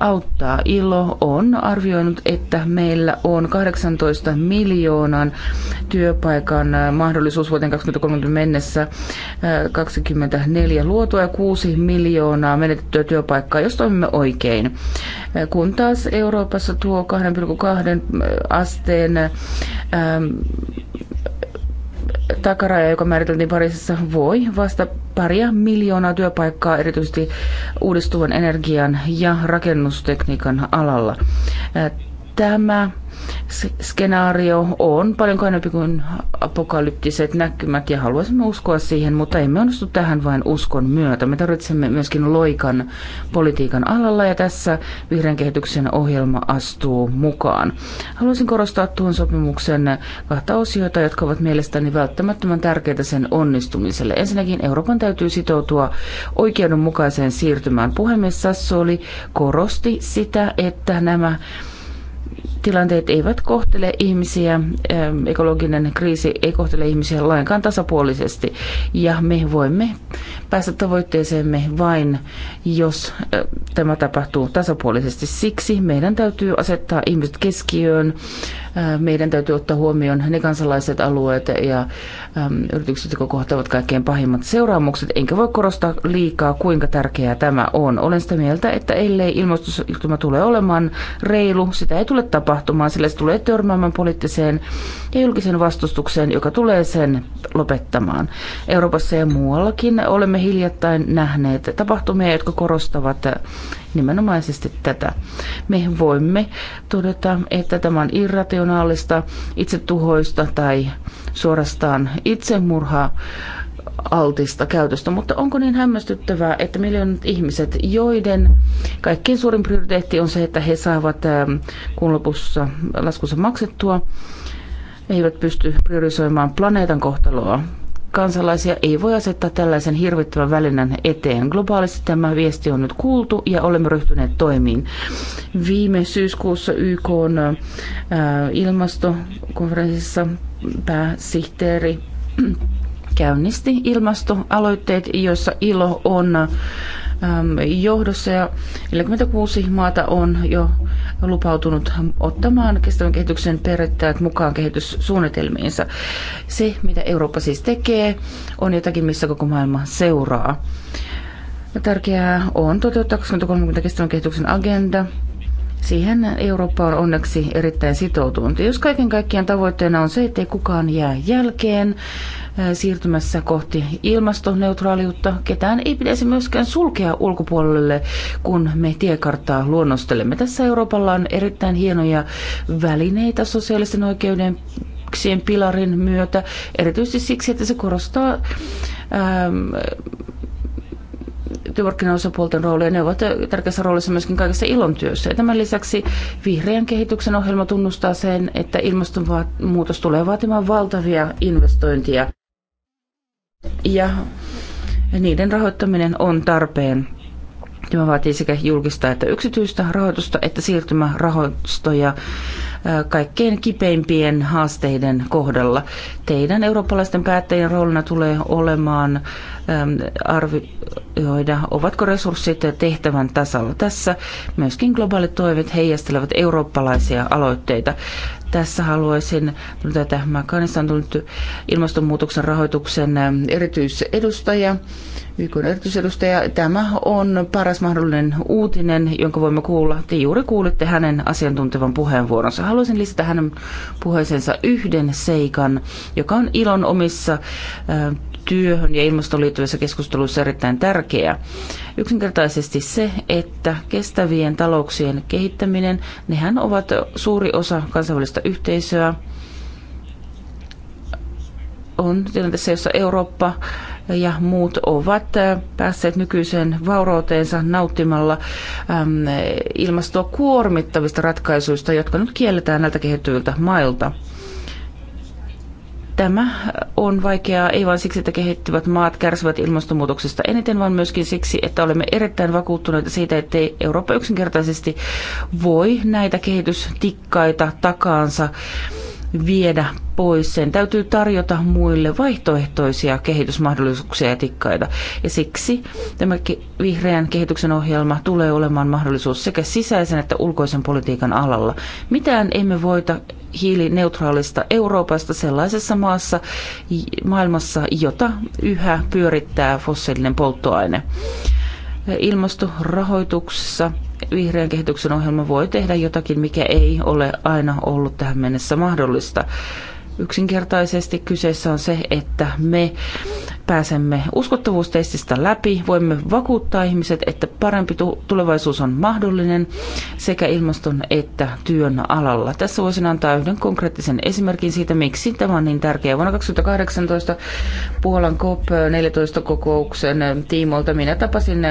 S2: auttaa. ILO on arvioinut, että meillä on 18 miljoonan työpaikan äh, mahdollisuus vuoteen 2030 mennessä 24 äh, luotua ja 6 miljoonaa menetettyä työpaikkaa, jos toimimme oikein. Äh, kun taas Euroopassa tuo 2,2 asteen takaraja, joka määriteltiin Pariisissa, voi vasta paria miljoonaa työpaikkaa erityisesti uudistuvan energian ja rakennustekniikan alalla. Tämä skenaario on paljon kainempi kuin apokalyptiset näkymät ja haluaisimme uskoa siihen, mutta emme onnistu tähän vain uskon myötä. Me tarvitsemme myöskin loikan politiikan alalla ja tässä vihreän kehityksen ohjelma astuu mukaan. Haluaisin korostaa tuon sopimuksen kahta osiota, jotka ovat mielestäni välttämättömän tärkeitä sen onnistumiselle. Ensinnäkin Euroopan täytyy sitoutua oikeudenmukaiseen siirtymään. Puhemies Sassoli korosti sitä, että nämä tilanteet eivät kohtele ihmisiä, ähm, ekologinen kriisi ei kohtele ihmisiä lainkaan tasapuolisesti. Ja me voimme päästä tavoitteeseemme vain, jos äh, tämä tapahtuu tasapuolisesti. Siksi meidän täytyy asettaa ihmiset keskiöön Äh, meidän täytyy ottaa huomioon ne kansalaiset, alueet ja yritykset, jotka kohtavat kaikkein pahimmat seuraamukset. Enkä voi korostaa liikaa, kuinka tärkeää tämä on. Olen sitä mieltä, että ellei ilmastonmuutos tule olemaan reilu, sitä ei tule tapahtumaan, sillä se tulee törmäämään poliittiseen ja julkisen vastustukseen, joka tulee sen lopettamaan. Euroopassa ja muuallakin olemme hiljattain nähneet tapahtumia, jotka korostavat nimenomaisesti tätä. Me voimme todeta, että tämä on irrationaalista, itsetuhoista tai suorastaan itsemurhaa altista käytöstä, mutta onko niin hämmästyttävää, että miljoonat ihmiset, joiden kaikkein suurin prioriteetti on se, että he saavat ähm, kun lopussa laskussa maksettua, eivät pysty priorisoimaan planeetan kohtaloa kansalaisia ei voi asettaa tällaisen hirvittävän välinen eteen. Globaalisti tämä viesti on nyt kuultu ja olemme ryhtyneet toimiin. Viime syyskuussa YK on ilmastokonferenssissa pääsihteeri käynnisti ilmastoaloitteet, joissa ILO on Ähm, johdossa ja 46 maata on jo lupautunut ottamaan kestävän kehityksen perittäjät mukaan kehityssuunnitelmiinsa. Se, mitä Eurooppa siis tekee, on jotakin, missä koko maailma seuraa. Tärkeää on toteuttaa 2030 kestävän kehityksen agenda – Siihen Eurooppa on onneksi erittäin sitoutunut. Jos kaiken kaikkiaan tavoitteena on se, ettei kukaan jää jälkeen äh, siirtymässä kohti ilmastoneutraaliutta, ketään ei pitäisi myöskään sulkea ulkopuolelle, kun me tiekarttaa luonnostelemme. Tässä Euroopalla on erittäin hienoja välineitä sosiaalisen oikeuden pilarin myötä, erityisesti siksi, että se korostaa ähm, työmarkkinaosapuolten roolia. Ne ovat tärkeässä roolissa myöskin kaikessa ilon työssä. Ja tämän lisäksi vihreän kehityksen ohjelma tunnustaa sen, että ilmastonmuutos tulee vaatimaan valtavia investointia. Ja niiden rahoittaminen on tarpeen. Tämä vaatii sekä julkista että yksityistä rahoitusta että siirtymärahoistoja kaikkein kipeimpien haasteiden kohdalla. Teidän eurooppalaisten päättäjien roolina tulee olemaan arvioida, ovatko resurssit tehtävän tasalla. Tässä myöskin globaalit toimet heijastelevat eurooppalaisia aloitteita tässä haluaisin tätä Makanista on tullut ilmastonmuutoksen rahoituksen ähm, erityisedustaja, YK erityisedustaja. Tämä on paras mahdollinen uutinen, jonka voimme kuulla. Te juuri kuulitte hänen asiantuntevan puheenvuoronsa. Haluaisin lisätä hänen puheeseensa yhden seikan, joka on ilon omissa äh, työhön ja ilmastoon liittyvissä keskusteluissa erittäin tärkeä. Yksinkertaisesti se, että kestävien talouksien kehittäminen, nehän ovat suuri osa kansainvälistä yhteisöä, on tilanteessa, jossa Eurooppa ja muut ovat äh, päässeet nykyiseen vaurauteensa nauttimalla ilmastoa kuormittavista ratkaisuista, jotka nyt kielletään näiltä kehittyviltä mailta. Tämä on vaikeaa ei vain siksi, että kehittyvät maat kärsivät ilmastonmuutoksesta eniten, vaan myöskin siksi, että olemme erittäin vakuuttuneita siitä, että Eurooppa yksinkertaisesti voi näitä kehitystikkaita takaansa viedä pois. Sen täytyy tarjota muille vaihtoehtoisia kehitysmahdollisuuksia ja tikkaita. Ja siksi tämä vihreän kehityksen ohjelma tulee olemaan mahdollisuus sekä sisäisen että ulkoisen politiikan alalla. Mitään emme voita hiilineutraalista Euroopasta sellaisessa maassa maailmassa, jota yhä pyörittää fossiilinen polttoaine. Ilmastorahoituksessa vihreän kehityksen ohjelma voi tehdä jotakin, mikä ei ole aina ollut tähän mennessä mahdollista. Yksinkertaisesti kyseessä on se, että me pääsemme uskottavuustestistä läpi, voimme vakuuttaa ihmiset, että parempi tulevaisuus on mahdollinen sekä ilmaston että työn alalla. Tässä voisin antaa yhden konkreettisen esimerkin siitä, miksi tämä on niin tärkeä. Vuonna 2018 Puolan COP14-kokouksen tiimoilta minä tapasin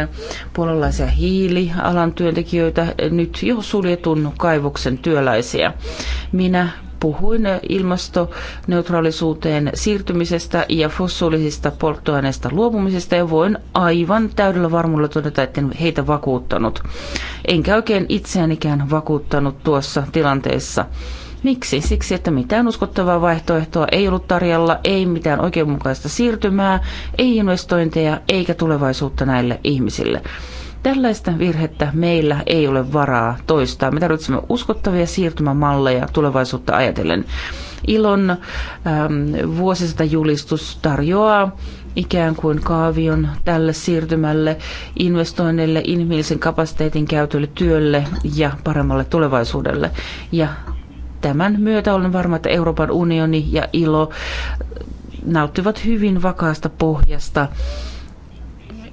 S2: puolalaisia hiilialan työntekijöitä, nyt jo suljetun kaivoksen työläisiä. Minä puhuin ilmastoneutraalisuuteen siirtymisestä ja fossiilisista pol- polttoaineesta luopumisesta ja voin aivan täydellä varmuudella todeta, että en heitä vakuuttanut. Enkä oikein ikään vakuuttanut tuossa tilanteessa. Miksi? Siksi, että mitään uskottavaa vaihtoehtoa ei ollut tarjolla, ei mitään oikeudenmukaista siirtymää, ei investointeja eikä tulevaisuutta näille ihmisille. Tällaista virhettä meillä ei ole varaa toistaa. Me tarvitsemme uskottavia siirtymämalleja tulevaisuutta ajatellen. Ilon ähm, vuosisata julistus tarjoaa ikään kuin kaavion tälle siirtymälle, investoinneille, inhimillisen kapasiteetin käytölle, työlle ja paremmalle tulevaisuudelle. Ja tämän myötä olen varma, että Euroopan unioni ja ILO nauttivat hyvin vakaasta pohjasta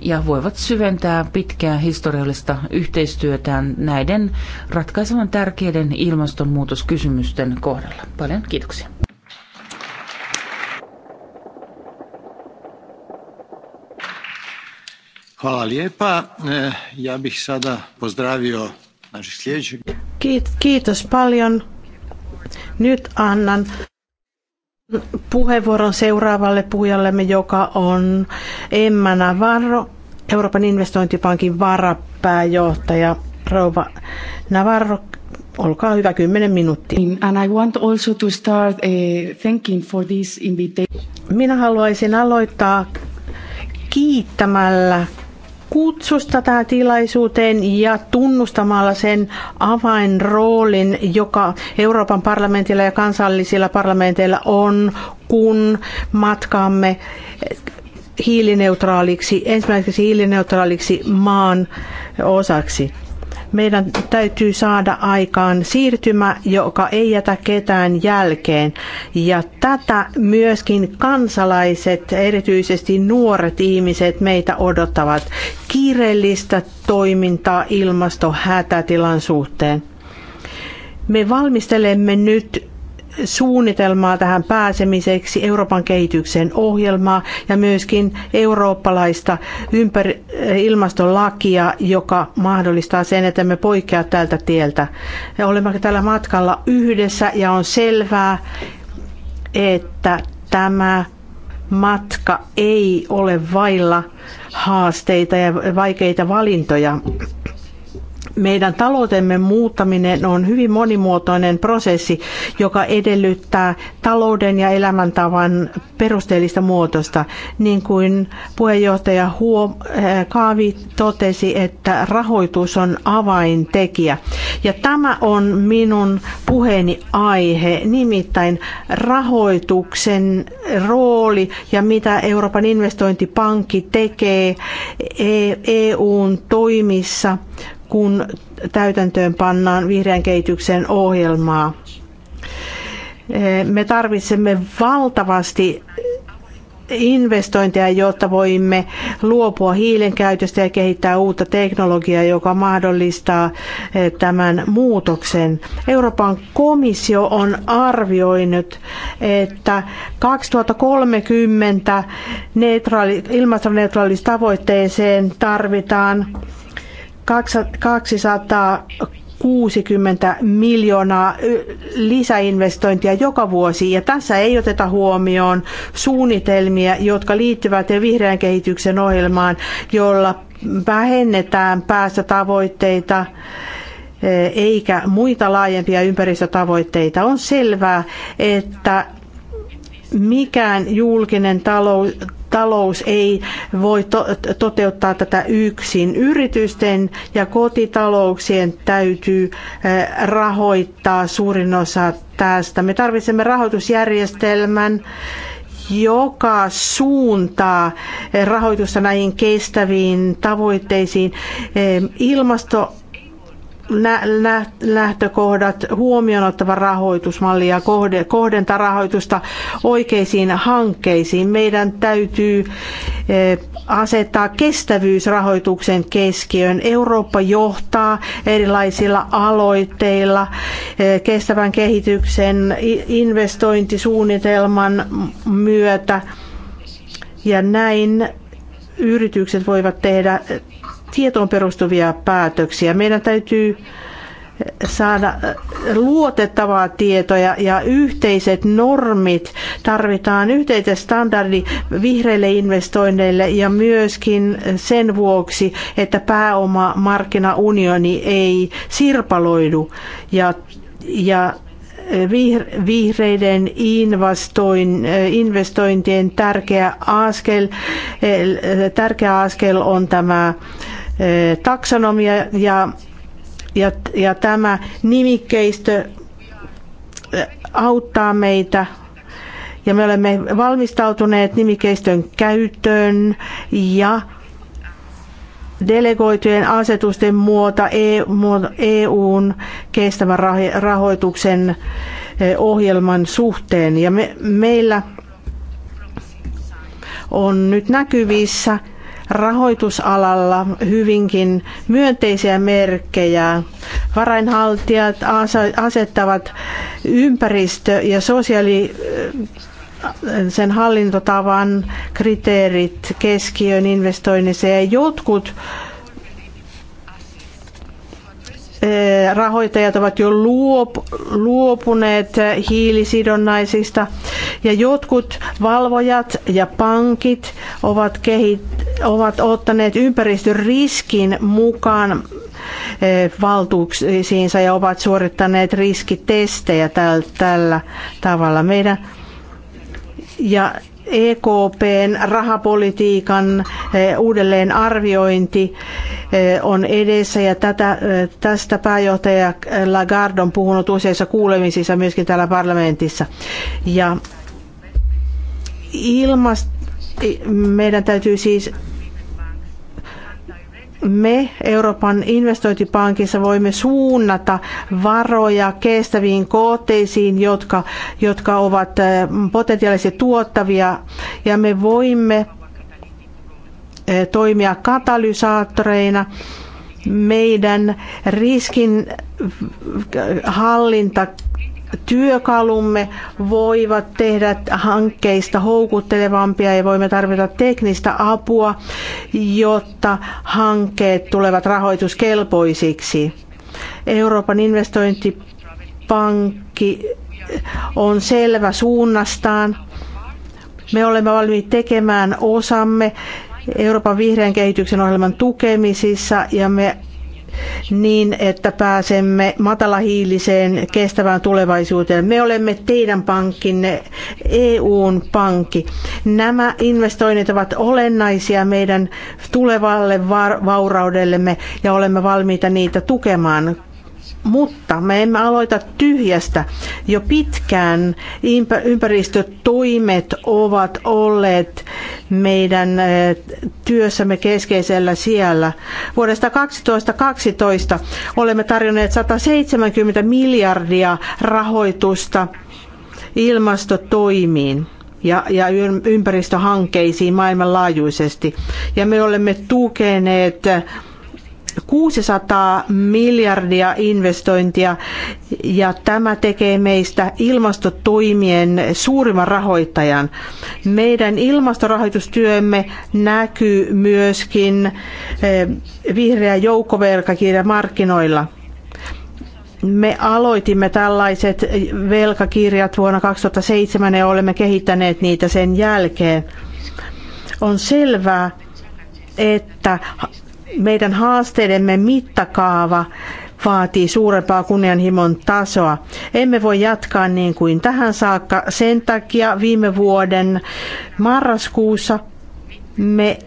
S2: ja voivat syventää pitkää historiallista yhteistyötään näiden ratkaisevan tärkeiden ilmastonmuutoskysymysten kohdalla. Paljon kiitoksia.
S3: Hvala lijepa. E, ja bih sada pozdravio našeg sljedećeg.
S4: Kiitos paljon. Nyt annan puheenvuoron seuraavalle puhujallemme, joka on Emma Navarro, Euroopan investointipankin varapääjohtaja. Rouva Navarro, olkaa hyvä, kymmenen minuuttia. Eh, Minä haluaisin aloittaa kiittämällä kutsusta tähän tilaisuuteen ja tunnustamalla sen avainroolin, joka Euroopan parlamentilla ja kansallisilla parlamenteilla on, kun matkaamme hiilineutraaliksi, ensimmäiseksi hiilineutraaliksi maan osaksi. Meidän täytyy saada aikaan siirtymä, joka ei jätä ketään jälkeen. Ja tätä myöskin kansalaiset, erityisesti nuoret ihmiset, meitä odottavat. Kiireellistä toimintaa ilmastohätätilan suhteen. Me valmistelemme nyt suunnitelmaa tähän pääsemiseksi, Euroopan kehityksen ohjelmaa ja myöskin eurooppalaista ympär- ilmastolakia, joka mahdollistaa sen, että me poikkea tältä tieltä. ja olemme tällä matkalla yhdessä ja on selvää, että tämä matka ei ole vailla haasteita ja vaikeita valintoja meidän taloutemme muuttaminen on hyvin monimuotoinen prosessi, joka edellyttää talouden ja elämäntavan perusteellista muutosta. Niin kuin puheenjohtaja Huo, eh, Kaavi totesi, että rahoitus on avaintekijä. Ja tämä on minun puheeni aihe, nimittäin rahoituksen rooli ja mitä Euroopan investointipankki tekee EUn e toimissa kun täytäntöön pannaan vihreän kehityksen ohjelmaa. Me tarvitsemme valtavasti investointeja, jotta voimme luopua hiilen käytöstä ja kehittää uutta teknologiaa, joka mahdollistaa eh, tämän muutoksen. Euroopan komissio on arvioinut, että 2030 neutraali, ilmastoneutraalistavoitteeseen tarvitaan 260 miljoonaa lisäinvestointia joka vuosi ja tässä ei oteta huomioon suunnitelmia, jotka liittyvät vihreän kehityksen ohjelmaan, jolla vähennetään päästötavoitteita eikä muita laajempia ympäristötavoitteita. On selvää, että mikään julkinen talous, talous ei voi to toteuttaa tätä yksin. Yritysten ja kotitalouksien täytyy rahoittaa suurin osa tästä. Me tarvitsemme rahoitusjärjestelmän, joka suuntaa rahoitusta näihin kestäviin tavoitteisiin. Ilmasto lähtökohdat, huomioon ottava rahoitusmalli ja kohdentaa rahoitusta oikeisiin hankkeisiin. Meidän täytyy eh, asettaa kestävyysrahoituksen keskiöön. Eurooppa johtaa erilaisilla aloitteilla eh, kestävän kehityksen investointisuunnitelman myötä ja näin yritykset voivat tehdä tietoon perustuvia päätöksiä. Meidän täytyy saada luotettavaa tietoja ja yhteiset normit. Tarvitaan yhteiset standardi vihreille investoinneille ja myöskin sen vuoksi, että pääoma markkinaunioni ei sirpaloidu ja, ja vihreiden investointien tärkeä askel, tärkeä askel on tämä taksonomia ja, ja, ja tämä nimikkeistö auttaa meitä ja me olemme valmistautuneet nimikeistön käyttöön ja delegoitujen asetusten muota EUn e kestävän rahoituksen ohjelman suhteen. Ja me, meillä on nyt näkyvissä rahoitusalalla hyvinkin myönteisiä merkkejä. Varainhaltijat asettavat ympäristö- ja sosiaali äh, sen hallintotavan kriteerit keskiön investoinnissa ja jotkut Eh, rahoittajat ovat jo luopuneet hiilisidonnaisista ja jotkut valvojat ja pankit ovat, kehit, ovat ottaneet ympäristöriskin mukaan eh, valtuuksiinsa ja ovat suorittaneet riskitestejä täl- tällä tavalla. Meidän ja EKPn rahapolitiikan eh, uudelleen arviointi eh, on edessä ja tätä, eh, tästä pääjohtaja Lagarde on puhunut useissa kuulemisissa myöskin täällä parlamentissa. Ja ilmast, meidän täytyy siis me Euroopan investointipankissa voimme suunnata varoja kestäviin kohteisiin, jotka, jotka ovat eh, potentiaalisesti tuottavia, ja me voimme eh, toimia katalysaattoreina meidän riskin hallinta työkalumme voivat tehdä hankkeista houkuttelevampia ja voimme tarvita teknistä apua, jotta hankkeet tulevat rahoituskelpoisiksi. Euroopan investointipankki on selvä suunnastaan. Me olemme valmiit tekemään osamme Euroopan vihreän kehityksen ohjelman tukemisissa ja me niin, että pääsemme matalahiiliseen kestävään tulevaisuuteen. Me olemme teidän pankkinne, EUn pankki. Nämä investoinnit ovat olennaisia meidän tulevalle vauraudellemme ja olemme valmiita niitä tukemaan mutta me emme aloita tyhjästä. Jo pitkään ympäristötoimet ovat olleet meidän eh, työssämme keskeisellä siellä. Vuodesta 2012 olemme tarjonneet 170 miljardia rahoitusta ilmastotoimiin ja, ja ympäristöhankkeisiin maailmanlaajuisesti. Ja me olemme tukeneet 600 miljardia investointia ja tämä tekee meistä ilmastotoimien suurimman rahoittajan. Meidän ilmastorahoitustyömme näkyy myöskin eh, vihreä joukkovelkakirja markkinoilla me aloitimme tällaiset velkakirjat vuonna 2007 ja olemme kehittäneet niitä sen jälkeen. On selvää, että meidän haasteidemme mittakaava vaatii suurempaa kunnianhimon tasoa. Emme voi jatkaa niin kuin tähän saakka. Sen takia viime vuoden marraskuussa me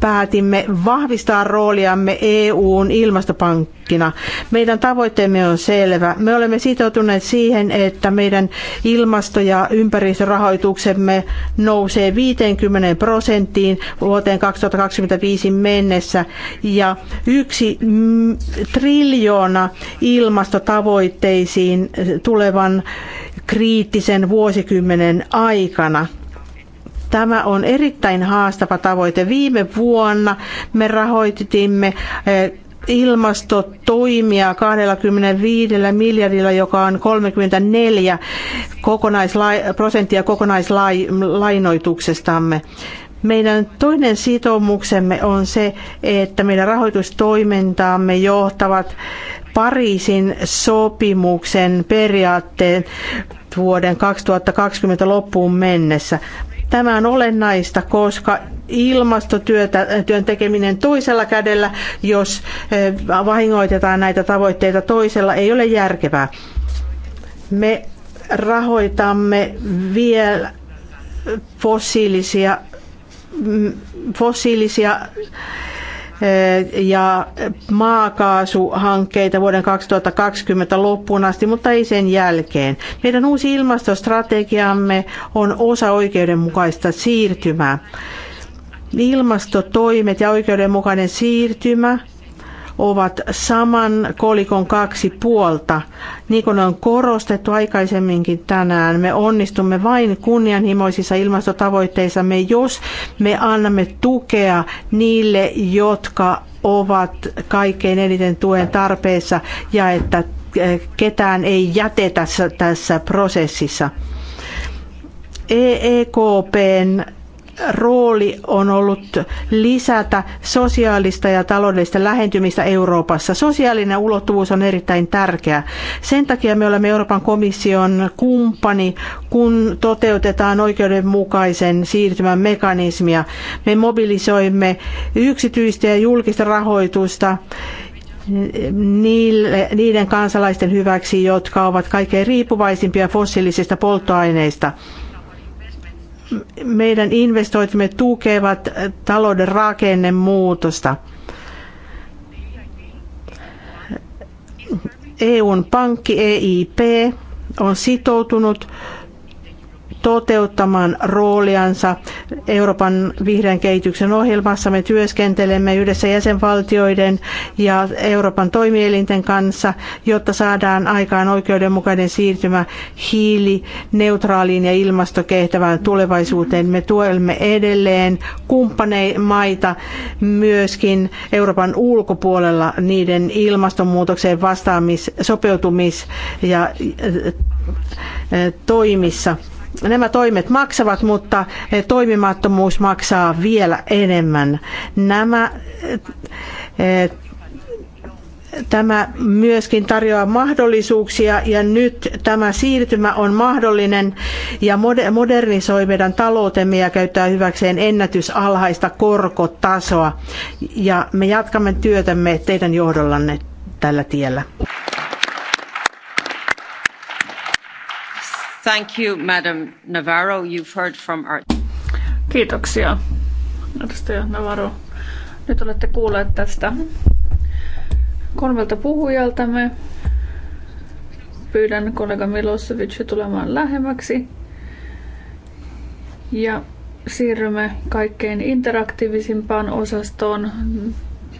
S4: päätimme vahvistaa rooliamme EUn ilmastopankkina. Meidän tavoitteemme on selvä. Me olemme sitoutuneet siihen, että meidän ilmasto- ja ympäristörahoituksemme nousee 50 prosenttiin vuoteen 2025 mennessä ja yksi triljoona ilmastotavoitteisiin tulevan kriittisen vuosikymmenen aikana – Tämä on erittäin haastava tavoite. Viime vuonna me rahoitimme eh, ilmastotoimia 25 miljardilla, joka on 34 kokonaisla- prosenttia kokonaislainoituksestamme. Meidän toinen sitoumuksemme on se, että meidän rahoitustoimintaamme johtavat Pariisin sopimuksen periaatteen vuoden 2020 loppuun mennessä. Tämä on olennaista, koska ilmastotyön äh, tekeminen toisella kädellä, jos äh, vahingoitetaan näitä tavoitteita toisella, ei ole järkevää. Me rahoitamme vielä fossiilisia fossiilisia ja maakaasuhankkeita vuoden 2020 loppuun asti, mutta ei sen jälkeen. Meidän uusi ilmastostrategiamme on osa oikeudenmukaista siirtymää. Ilmastotoimet ja oikeudenmukainen siirtymä ovat saman kolikon kaksi puolta. Niin kuin on korostettu aikaisemminkin tänään, me onnistumme vain kunnianhimoisissa ilmastotavoitteissamme, jos me annamme tukea niille, jotka ovat kaikkein eniten tuen tarpeessa ja että eh, ketään ei jätetä tässä, tässä prosessissa. EKPn e rooli on ollut lisätä sosiaalista ja taloudellista lähentymistä Euroopassa. Sosiaalinen ulottuvuus on erittäin tärkeä. Sen takia me olemme Euroopan komission kumppani, kun toteutetaan oikeudenmukaisen siirtymän mekanismia. Me mobilisoimme yksityistä ja julkista rahoitusta niiden kansalaisten hyväksi, jotka ovat kaikkein riippuvaisimpia fossiilisista polttoaineista meidän investointimme tukevat talouden rakennemuutosta. EUn pankki EIP on sitoutunut toteuttamaan rooliansa Euroopan vihreän kehityksen ohjelmassa. Me työskentelemme yhdessä jäsenvaltioiden ja Euroopan toimielinten kanssa, jotta saadaan aikaan oikeudenmukainen siirtymä hiilineutraaliin ja ilmastokehittävään tulevaisuuteen. Me tuemme edelleen kumppaneita myöskin Euroopan ulkopuolella niiden ilmastonmuutokseen vastaamis, sopeutumis ja toimissa nämä toimet maksavat, mutta eh, toimimattomuus maksaa vielä enemmän. Nämä eh, eh, Tämä myöskin tarjoaa mahdollisuuksia ja nyt tämä siirtymä on mahdollinen ja modernisoi meidän taloutemme ja käyttää hyväkseen ennätysalhaista korkotasoa. Ja me jatkamme työtämme teidän johdollanne tällä tiellä.
S1: Kiitoksia, edustaja Navarro. Nyt olette kuulleet tästä kolmelta puhujaltamme. Pyydän kollega Milosevic tulemaan lähemmäksi. Ja siirrymme kaikkein interaktiivisimpaan osastoon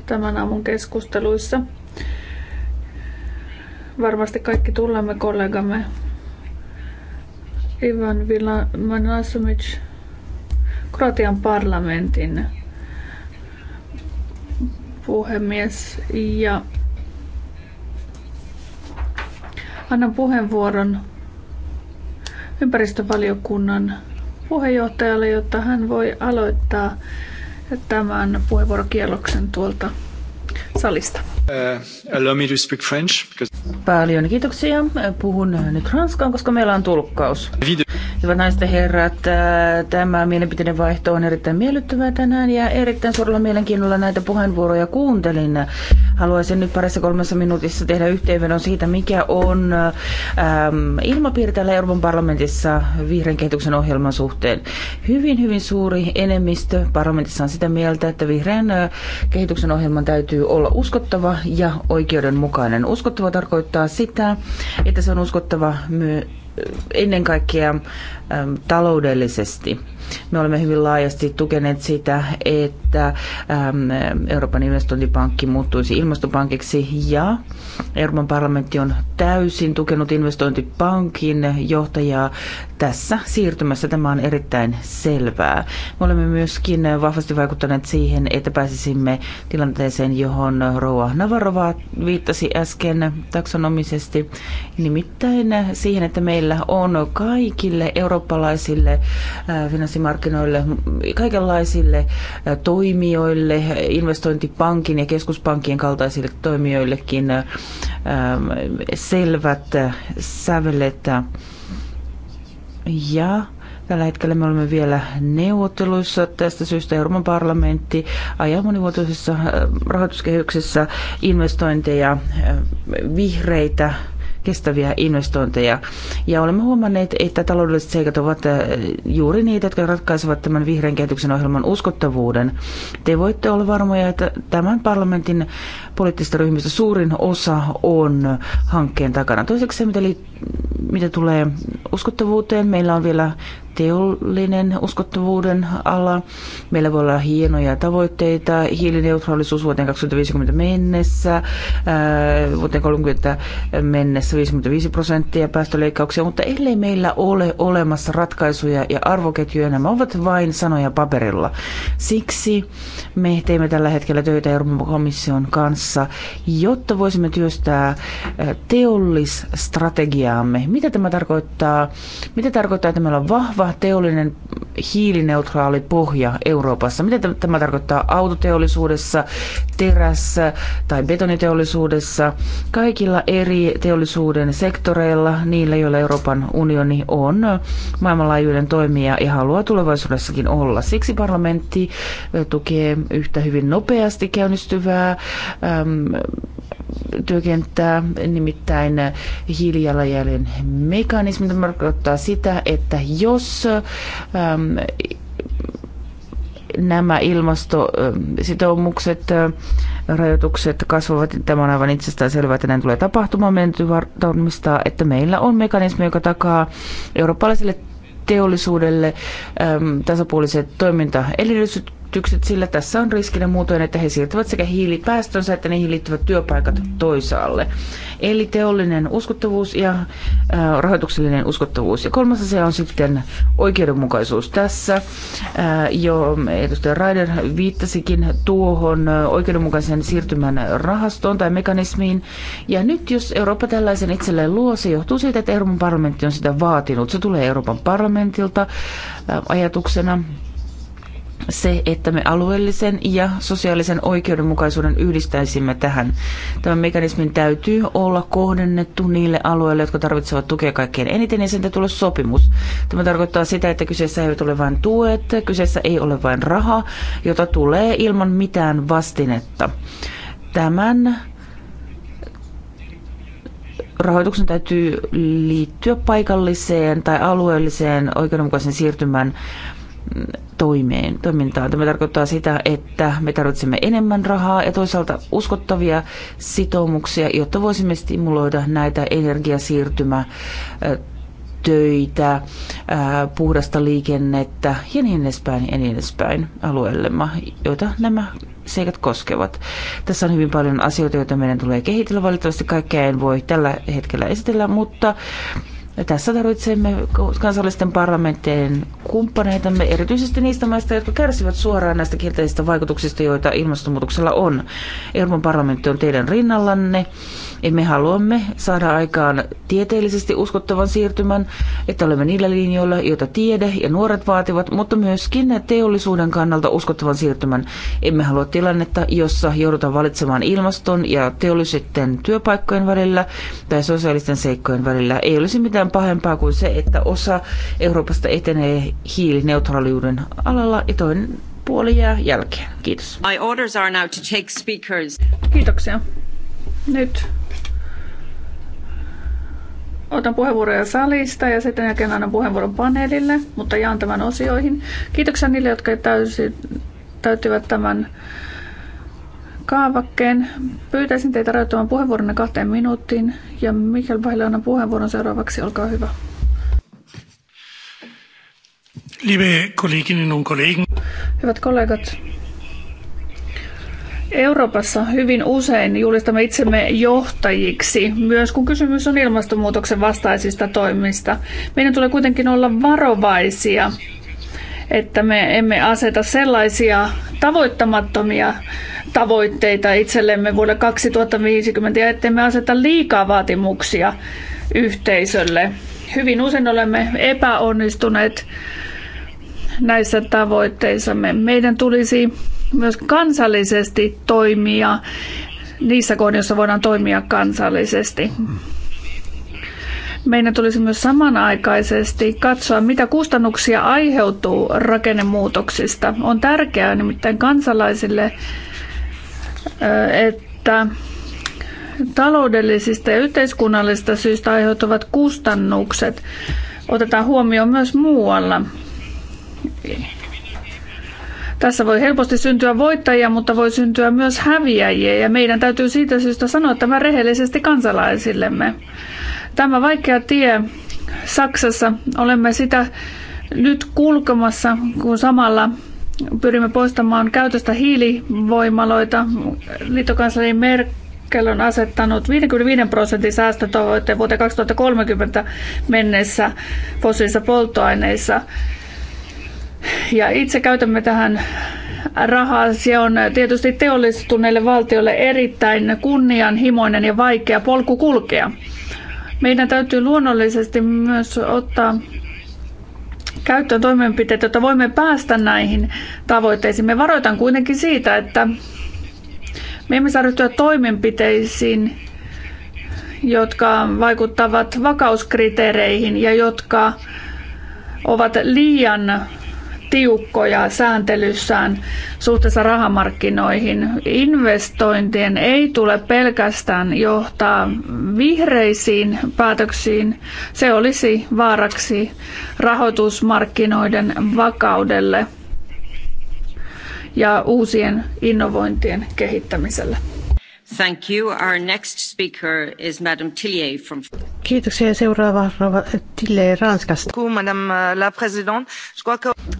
S1: tämän aamun keskusteluissa. Varmasti kaikki tulemme kollegamme Ivan Vilanasumic Kroatian parlamentin puhemies ja annan puheenvuoron ympäristövaliokunnan puheenjohtajalle, jotta hän voi aloittaa tämän puheenvuorokierroksen tuolta salista.
S3: Uh,
S2: Paljon kiitoksia. Puhun nyt ranskaan, koska meillä on tulkkaus. Hyvät naiset ja herrat, äh, tämä mielipiteiden vaihto on erittäin miellyttävää tänään ja erittäin suurella mielenkiinnolla näitä puheenvuoroja kuuntelin. Haluaisin nyt parissa kolmessa minuutissa tehdä yhteenvedon siitä, mikä on ähm, ilmapiiri täällä Euroopan parlamentissa vihreän kehityksen ohjelman suhteen. Hyvin, hyvin suuri enemmistö parlamentissa on sitä mieltä, että vihreän äh, kehityksen ohjelman täytyy olla uskottava ja oikeudenmukainen. Uskottava tarkoittaa sitä, että se on uskottava ennen kaikkea taloudellisesti. Me olemme hyvin laajasti tukeneet sitä, että ähm, Euroopan investointipankki muuttuisi ilmastopankiksi ja Euroopan parlamentti on täysin tukenut investointipankin johtajaa tässä siirtymässä. Tämä on erittäin selvää. Me olemme myöskin vahvasti vaikuttaneet siihen, että pääsisimme tilanteeseen, johon Rouva Navarova viittasi äsken taksonomisesti, nimittäin siihen, että meillä on kaikille eurooppalaisille äh, finanssi finanssimarkkinoille, kaikenlaisille toimijoille, investointipankin ja keskuspankin kaltaisille toimijoillekin selvät sävelet. Ja Tällä hetkellä me olemme vielä neuvotteluissa. Tästä syystä Euroopan parlamentti ajaa monivuotoisessa rahoituskehyksessä investointeja vihreitä kestäviä investointeja. Ja olemme huomanneet, että taloudelliset seikat ovat äh, juuri niitä, jotka ratkaisevat tämän vihreän kehityksen ohjelman uskottavuuden. Te voitte olla varmoja, että tämän parlamentin poliittisista ryhmistä suurin osa on hankkeen takana. Toiseksi se, mitä liittyy mitä tulee uskottavuuteen, meillä on vielä teollinen uskottavuuden ala. Meillä voi olla hienoja tavoitteita, hiilineutraalisuus vuoteen 2050 mennessä, vuoteen 30 mennessä 55 prosenttia päästöleikkauksia, mutta ellei meillä ole olemassa ratkaisuja ja arvoketjuja, nämä ovat vain sanoja paperilla. Siksi me teemme tällä hetkellä töitä Euroopan komission kanssa, jotta voisimme työstää teollisstrategia energiaamme. Mitä tämä tarkoittaa? Mitä tarkoittaa, että meillä on vahva teollinen hiilineutraali pohja Euroopassa? Mitä tämä tarkoittaa autoteollisuudessa, terässä tai betoniteollisuudessa? Kaikilla eri teollisuuden sektoreilla, niillä joilla Euroopan unioni on maailmanlaajuinen toimija ja haluaa tulevaisuudessakin olla. Siksi parlamentti tukee yhtä hyvin nopeasti käynnistyvää äm, työkenttää, nimittäin hiilijalanjäljen sosiaalinen mekanismi. Tämä tarkoittaa sitä, että jos äm, nämä ilmastositoumukset, ähm, äh, rajoitukset kasvavat. Niin tämä on aivan itsestään selvää, että näin tulee tapahtumaan. Meidän täytyy varmistaa, että meillä on mekanismi, joka takaa eurooppalaiselle teollisuudelle äm, tasapuoliset toimintaedellytykset yritykset, sillä tässä on riskinä muutoin, että he siirtävät sekä hiilipäästönsä että niihin liittyvät työpaikat toisaalle. Eli teollinen uskottavuus ja äh, rahoituksellinen uskottavuus. Ja kolmas asia on sitten oikeudenmukaisuus tässä. Äh, jo edustaja Raider viittasikin tuohon äh, oikeudenmukaisen siirtymän rahastoon tai mekanismiin. Ja nyt jos Eurooppa tällaisen itselleen luo, se johtuu siitä, että Euroopan parlamentti on sitä vaatinut. Se tulee Euroopan parlamentilta ajatuksena se, että me alueellisen ja sosiaalisen oikeudenmukaisuuden yhdistäisimme tähän. Tämän mekanismin täytyy olla kohdennettu niille alueille, jotka tarvitsevat tukea kaikkein eniten, ja sen tulee sopimus. Tämä tarkoittaa sitä, että kyseessä ei ole vain tuet, kyseessä ei ole vain raha, jota tulee ilman mitään vastinetta. Tämän rahoituksen täytyy liittyä paikalliseen tai alueelliseen oikeudenmukaisen siirtymään toimeen, toimintaan. Tämä tarkoittaa sitä, että me tarvitsemme enemmän rahaa ja toisaalta uskottavia sitoumuksia, jotta voisimme stimuloida näitä energiasiirtymä töitä, puhdasta liikennettä ja niin edespäin ja niin edespäin alueellemme, joita nämä seikat koskevat. Tässä on hyvin paljon asioita, joita meidän tulee kehitellä. Valitettavasti kaikkea en voi tällä hetkellä esitellä, mutta tässä tarvitsemme kansallisten parlamenttien kumppaneitamme, erityisesti niistä maista, jotka kärsivät suoraan näistä kielteisistä vaikutuksista, joita ilmastonmuutoksella on. Euroopan parlamentti on teidän rinnallanne me haluamme saada aikaan tieteellisesti uskottavan siirtymän, että olemme niillä linjoilla, joita tiede ja nuoret vaativat, mutta myöskin teollisuuden kannalta uskottavan siirtymän. Emme halua tilannetta, jossa joudutaan valitsemaan ilmaston ja teollisten työpaikkojen välillä tai sosiaalisten seikkojen välillä. Ei olisi mitään pahempaa kuin se, että osa Euroopasta etenee hiilineutraaliuden alalla ja toinen puoli jää jälkeen. Kiitos.
S5: My orders are now to take speakers. Kiitoksia.
S1: Nyt otan puheenvuoroja salista ja sitten jälkeen annan puheenvuoron paneelille, mutta jaan tämän osioihin. Kiitoksia niille, jotka täysin, täyttivät tämän kaavakkeen. Pyytäisin teitä rajoittamaan puheenvuoronne kahteen minuuttiin ja Mikael Pahille annan puheenvuoron seuraavaksi. Olkaa hyvä.
S5: Liebe Kolleginnen und Kollegen.
S1: Hyvät kollegat, Euroopassa hyvin usein julistamme itsemme johtajiksi, myös kun kysymys on ilmastonmuutoksen vastaisista toimista. Meidän tulee kuitenkin olla varovaisia, että me emme aseta sellaisia tavoittamattomia tavoitteita itsellemme vuodelle 2050 ja ettemme aseta liikaa vaatimuksia yhteisölle. Hyvin usein olemme epäonnistuneet näissä tavoitteissamme. Meidän tulisi myös kansallisesti toimia niissä kohdissa voidaan toimia kansallisesti. Meidän tulisi myös samanaikaisesti katsoa, mitä kustannuksia aiheutuu rakennemuutoksista. On tärkeää nimittäin kansalaisille, että taloudellisista ja yhteiskunnallisista syistä aiheutuvat kustannukset otetaan huomioon myös muualla. Tässä voi helposti syntyä voittajia, mutta voi syntyä myös häviäjiä ja meidän täytyy siitä syystä sanoa tämä rehellisesti kansalaisillemme. Tämä vaikea tie Saksassa, olemme sitä nyt kulkemassa, kun samalla pyrimme poistamaan käytöstä hiilivoimaloita. Liittokansleri Merkel on asettanut 55 prosentin säästötavoitteen vuoteen 2030 mennessä fossiilisissa polttoaineissa. Ja itse käytämme tähän rahaa. Se on tietysti teollistuneille valtioille erittäin kunnianhimoinen ja vaikea polku kulkea. Meidän täytyy luonnollisesti myös ottaa käyttöön toimenpiteitä, jotta voimme päästä näihin tavoitteisiin. Me varoitan kuitenkin siitä, että me emme saa ryhtyä toimenpiteisiin, jotka vaikuttavat vakauskriteereihin ja jotka ovat liian tiukkoja sääntelyssään suhteessa rahamarkkinoihin. Investointien ei tule pelkästään johtaa vihreisiin päätöksiin. Se olisi vaaraksi rahoitusmarkkinoiden vakaudelle ja uusien innovointien kehittämiselle.
S4: Kiitoksia. Seuraava Rova Tillier Ranskasta. Madame uh, la Présidente.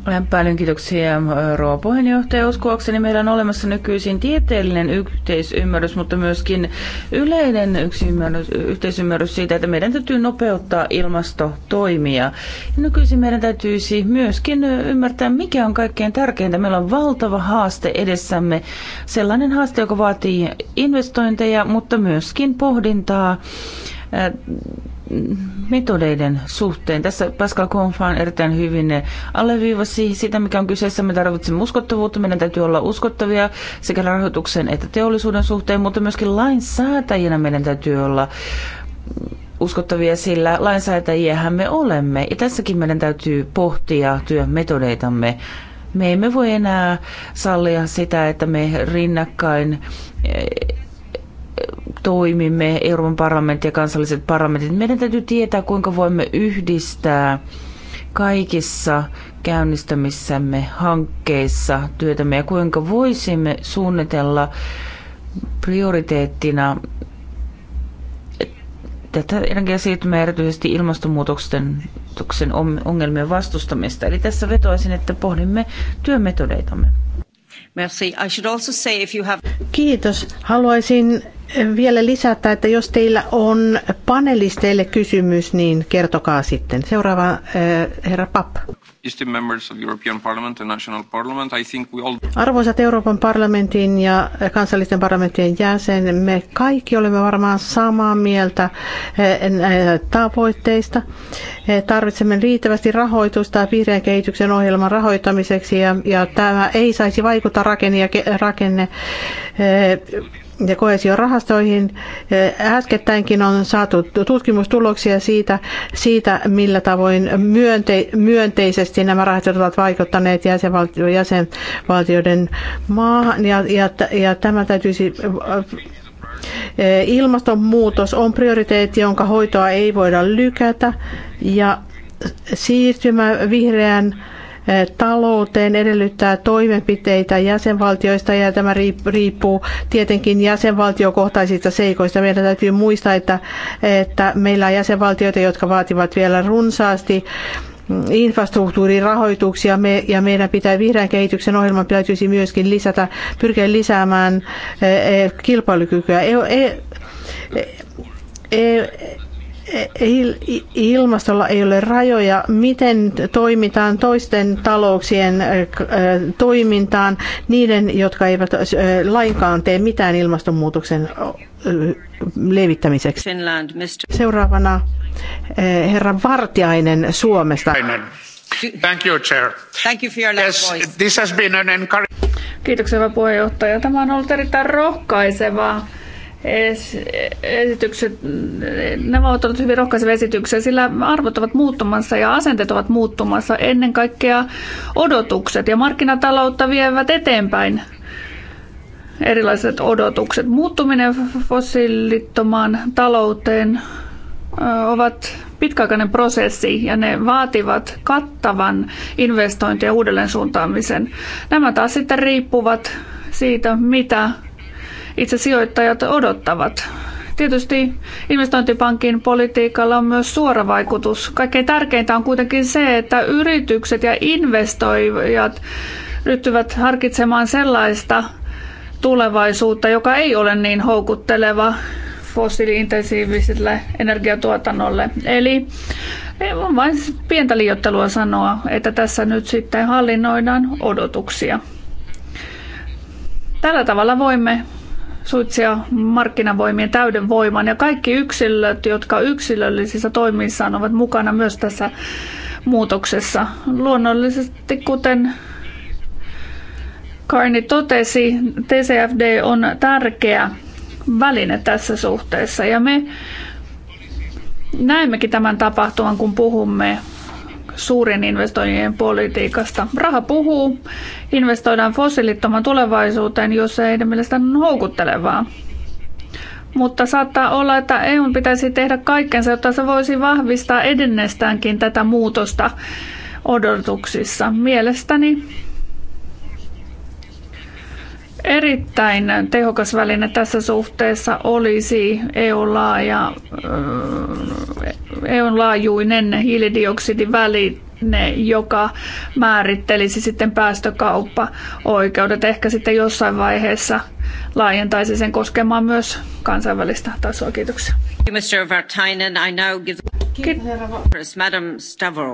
S4: Äh, paljon kiitoksia, äh,
S2: rouva puheenjohtaja. Uskoakseni meillä on olemassa nykyisin tieteellinen yhteisymmärrys, mutta myöskin yleinen yhteisymmärrys siitä, että meidän täytyy nopeuttaa ilmastotoimia. Ja nykyisin meidän täytyisi myöskin äh, ymmärtää, mikä on kaikkein tärkeintä. Meillä on valtava haaste edessämme, sellainen haaste, joka vaatii investointeja investointeja, mutta myöskin pohdintaa äh, metodeiden suhteen. Tässä Pascal Confan erittäin hyvin alleviivasi sitä, mikä on kyseessä. Me tarvitsemme uskottavuutta, meidän täytyy olla uskottavia sekä rahoituksen että teollisuuden suhteen, mutta myöskin lainsäätäjinä meidän täytyy olla uskottavia, sillä lainsäätäjiähän me olemme. Ja tässäkin meidän täytyy pohtia työmetodeitamme. Me emme voi enää sallia sitä, että me rinnakkain toimimme, Euroopan parlamentti ja kansalliset parlamentit. Meidän täytyy tietää, kuinka voimme yhdistää kaikissa käynnistämissämme hankkeissa työtämme ja kuinka voisimme suunnitella prioriteettina tätä energiasiirtymää erityisesti ilmastonmuutoksen ongelmien vastustamista. Eli tässä vetoaisin, että pohdimme työmetodeitamme.
S5: Merci. I should also say if you have...
S4: Kiitos. Haluaisin eh, vielä lisätä, että jos teillä on panelisteille kysymys, niin kertokaa sitten. Seuraava eh, herra Papp. Arvoisat Euroopan parlamentin ja kansallisten parlamenttien jäsen, me kaikki olemme varmaan samaa mieltä eh, eh, tavoitteista. Eh, tarvitsemme riittävästi rahoitusta vihreän kehityksen ohjelman rahoittamiseksi ja, ja tämä ei saisi vaikuttaa rakenne, ja, rakenne ja koesiorahastoihin. Äh, äskettäinkin on saatu tutkimustuloksia siitä, siitä millä tavoin myönte, myönteisesti nämä rahastot ovat vaikuttaneet jäsenvaltio, jäsenvaltioiden maahan. Ja, ja, ja tämä täytyisi äh, Ilmastonmuutos on prioriteetti, jonka hoitoa ei voida lykätä ja siirtymä vihreään talouteen edellyttää toimenpiteitä jäsenvaltioista ja tämä riippuu tietenkin jäsenvaltiokohtaisista seikoista. Meidän täytyy muistaa, että, että meillä on jäsenvaltioita, jotka vaativat vielä runsaasti infrastruktuurirahoituksia me, ja meidän pitää vihreän kehityksen ohjelman täytyisi myöskin lisätä, pyrkiä lisäämään eh, eh, kilpailukykyä. E, e, e, ilmastolla ei ole rajoja, miten toimitaan toisten talouksien äh, toimintaan, niiden, jotka eivät äh, lainkaan tee mitään ilmastonmuutoksen levittämiseksi. Finland, Mr. Seuraavana äh, herra Vartiainen Suomesta.
S5: Thank you, Chair. Thank you for your yes, voice. This has
S1: been an encouraging... Kiitoksia, puheenjohtaja. Tämä on ollut erittäin rohkaisevaa esitykset, nämä ovat olleet hyvin rohkaisevia esityksiä, sillä arvot ovat muuttumassa ja asenteet ovat muuttumassa, ennen kaikkea odotukset ja markkinataloutta vievät eteenpäin erilaiset odotukset. Muuttuminen fossiilittomaan talouteen ovat pitkäaikainen prosessi ja ne vaativat kattavan investointien uudelleen suuntaamisen. Nämä taas sitten riippuvat siitä, mitä itse sijoittajat odottavat. Tietysti investointipankin politiikalla on myös suora vaikutus. Kaikkein tärkeintä on kuitenkin se, että yritykset ja investoijat ryhtyvät harkitsemaan sellaista tulevaisuutta, joka ei ole niin houkutteleva fossiiliintensiiviselle energiatuotannolle. Eli on vain pientä liiottelua sanoa, että tässä nyt sitten hallinnoidaan odotuksia. Tällä tavalla voimme suitsia markkinavoimien täyden voiman ja kaikki yksilöt, jotka yksilöllisissä toimissaan ovat mukana myös tässä muutoksessa. Luonnollisesti, kuten Karni totesi, TCFD on tärkeä väline tässä suhteessa ja me näemmekin tämän tapahtuman, kun puhumme suurin investoijien politiikasta. Raha puhuu, investoidaan fossiilittoman tulevaisuuteen, jos ei heidän mielestään houkuttelevaa. Mutta saattaa olla, että EU pitäisi tehdä kaikkensa, jotta se voisi vahvistaa edennestäänkin tätä muutosta odotuksissa. Mielestäni Erittäin tehokas väline tässä suhteessa olisi EU-laaja, EUn laajuinen hiilidioksidiväline, joka määrittelisi sitten päästökauppa-oikeudet. Ehkä sitten jossain vaiheessa laajentaisi sen koskemaan myös kansainvälistä tasoa. Kiitoksia.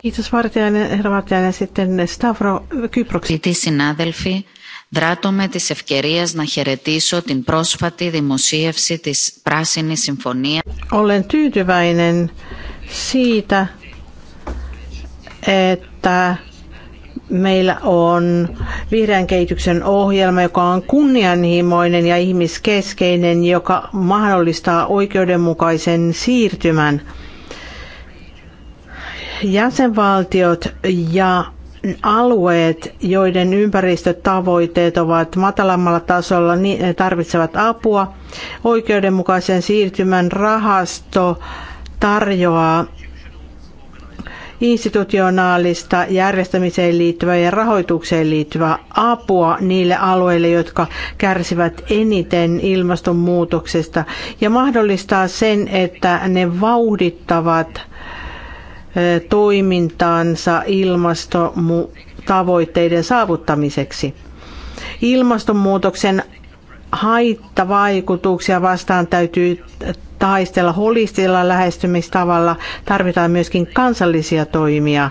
S4: Kiitos Vartiainen, herra Vartiainen, sitten Stavro Kyproksi
S2: δράτω της ευκαιρίας να χαιρετήσω την πρόσφατη δημοσίευση της Πράσινης Συμφωνίας.
S4: Olen tyytyväinen siitä, että meillä on vihreän kehityksen ohjelma, joka on kunnianhimoinen ja ihmiskeskeinen, joka mahdollistaa oikeudenmukaisen siirtymän. Jäsenvaltiot ja alueet, joiden ympäristötavoitteet ovat matalammalla tasolla, niin tarvitsevat apua. Oikeudenmukaisen siirtymän rahasto tarjoaa institutionaalista järjestämiseen liittyvää ja rahoitukseen liittyvää apua niille alueille, jotka kärsivät eniten ilmastonmuutoksesta ja mahdollistaa sen, että ne vauhdittavat toimintaansa ilmastotavoitteiden saavuttamiseksi. Ilmastonmuutoksen haittavaikutuksia vastaan täytyy taistella holistilla lähestymistavalla. Tarvitaan myöskin kansallisia toimia.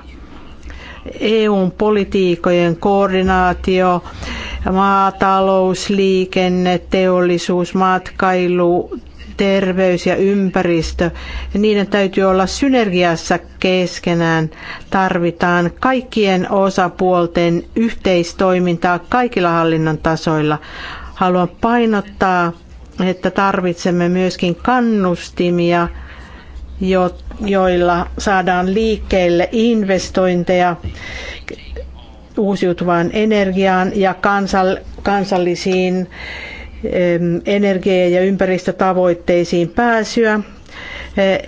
S4: EUn politiikojen koordinaatio, maatalous, liikenne, teollisuus, matkailu, terveys ja ympäristö, niiden täytyy olla synergiassa keskenään. Tarvitaan kaikkien osapuolten yhteistoimintaa kaikilla hallinnon tasoilla. Haluan painottaa, että tarvitsemme myöskin kannustimia, joilla saadaan liikkeelle investointeja uusiutuvaan energiaan ja kansallisiin energia- ja ympäristötavoitteisiin pääsyä.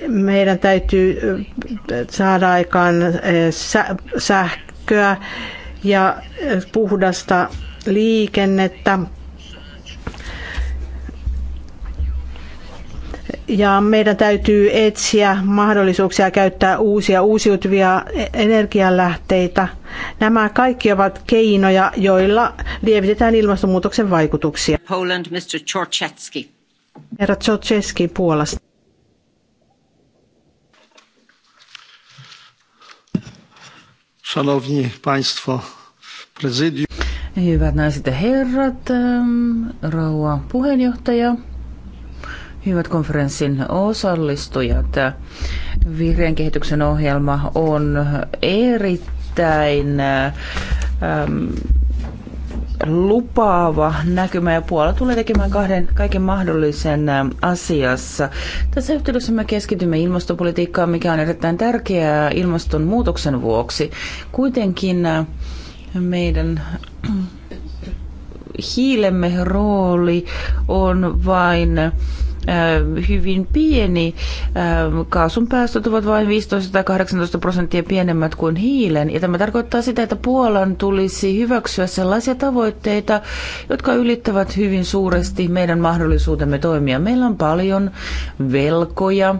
S4: Meidän täytyy saada aikaan sähköä ja puhdasta liikennettä ja meidän täytyy etsiä mahdollisuuksia käyttää uusia uusiutuvia energialähteitä. Nämä kaikki ovat keinoja, joilla lievitetään ilmastonmuutoksen vaikutuksia.
S5: Poland, Mr. Chorchetski.
S4: Herra Chorchetski Puolasta.
S5: Szanowni Państwo, prezydium.
S2: Hyvät naiset ja herrat, rouva puheenjohtaja, Hyvät konferenssin osallistujat, vihreän kehityksen ohjelma on erittäin äm, lupaava näkymä ja Puola tulee tekemään kahden, kaiken mahdollisen ähm, asiassa. Tässä yhteydessä me keskitymme ilmastopolitiikkaan, mikä on erittäin tärkeää ilmastonmuutoksen vuoksi. Kuitenkin äh, meidän hiilemme rooli on vain hyvin pieni. Kaasun päästöt ovat vain 15 tai 18 prosenttia pienemmät kuin hiilen. Ja tämä tarkoittaa sitä, että Puolan tulisi hyväksyä sellaisia tavoitteita, jotka ylittävät hyvin suuresti meidän mahdollisuutemme toimia. Meillä on paljon velkoja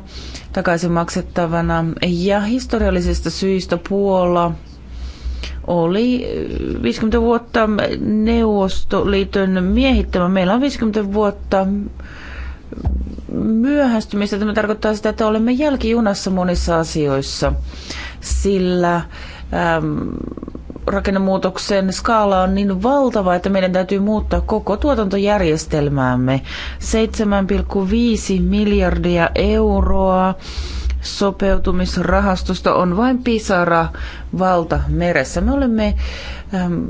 S2: takaisin maksettavana ja historiallisista syistä Puola oli 50 vuotta Neuvostoliiton miehittämä. Meillä on 50 vuotta myöhästymistä. Tämä tarkoittaa sitä, että olemme jälkijunassa monissa asioissa, sillä äm, rakennemuutoksen skaala on niin valtava, että meidän täytyy muuttaa koko tuotantojärjestelmäämme. 7,5 miljardia euroa sopeutumisrahastosta on vain pisara valta meressä. Me olemme äm,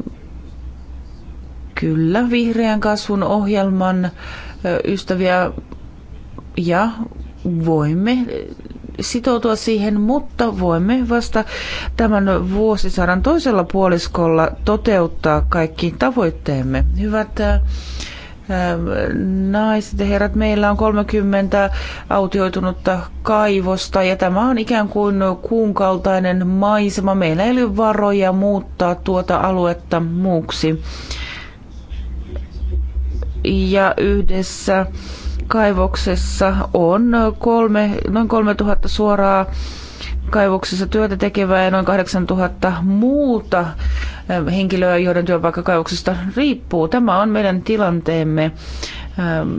S2: kyllä vihreän kasvun ohjelman ystäviä ja voimme sitoutua siihen, mutta voimme vasta tämän vuosisadan toisella puoliskolla toteuttaa kaikki tavoitteemme. Hyvät äh, ähm, naiset ja herrat, meillä on 30 autioitunutta kaivosta ja tämä on ikään kuin kuun kaltainen maisema. Meillä ei ole varoja muuttaa tuota aluetta muuksi. Ja yhdessä kaivoksessa on kolme, noin 3000 suoraa kaivoksessa työtä tekevää ja noin 8000 muuta eh, henkilöä, joiden työpaikka kaivoksesta riippuu. Tämä on meidän tilanteemme. Ehm,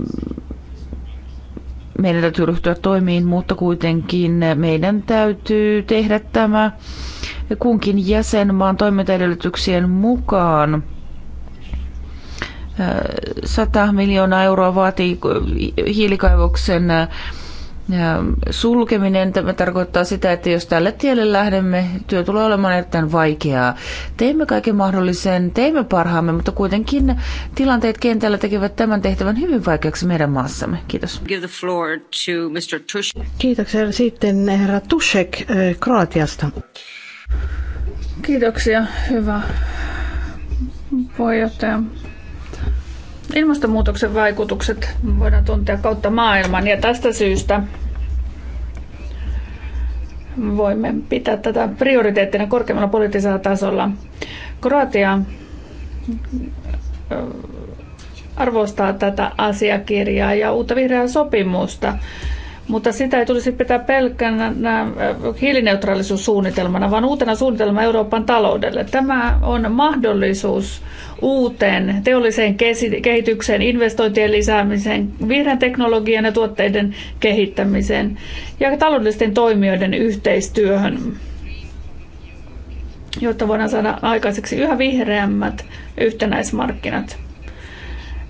S2: meidän täytyy ryhtyä toimiin, mutta kuitenkin meidän täytyy tehdä tämä kunkin jäsenmaan toimintaedellytyksien mukaan. 100 miljoonaa euroa vaatii hiilikaivoksen äh, sulkeminen. Tämä tarkoittaa sitä, että jos tälle tielle lähdemme, työ tulee olemaan erittäin vaikeaa. Teemme kaiken mahdollisen, teemme parhaamme, mutta kuitenkin tilanteet kentällä tekevät tämän tehtävän hyvin vaikeaksi meidän maassamme. Kiitos.
S5: Give the floor to Mr.
S4: Kiitoksia sitten herra Tushek äh, Kroatiasta.
S1: Kiitoksia, hyvä puheenjohtaja. Ilmastonmuutoksen vaikutukset voidaan tuntea kautta maailman ja tästä syystä voimme pitää tätä prioriteettina korkeammalla poliittisella tasolla. Kroatia arvostaa tätä asiakirjaa ja uutta vihreää sopimusta mutta sitä ei tulisi pitää pelkkänä hiilineutraalisuussuunnitelmana, vaan uutena suunnitelmana Euroopan taloudelle. Tämä on mahdollisuus uuteen teolliseen kehitykseen, investointien lisäämiseen, vihreän teknologian ja tuotteiden kehittämiseen ja taloudellisten toimijoiden yhteistyöhön, jotta voidaan saada aikaiseksi yhä vihreämmät yhtenäismarkkinat.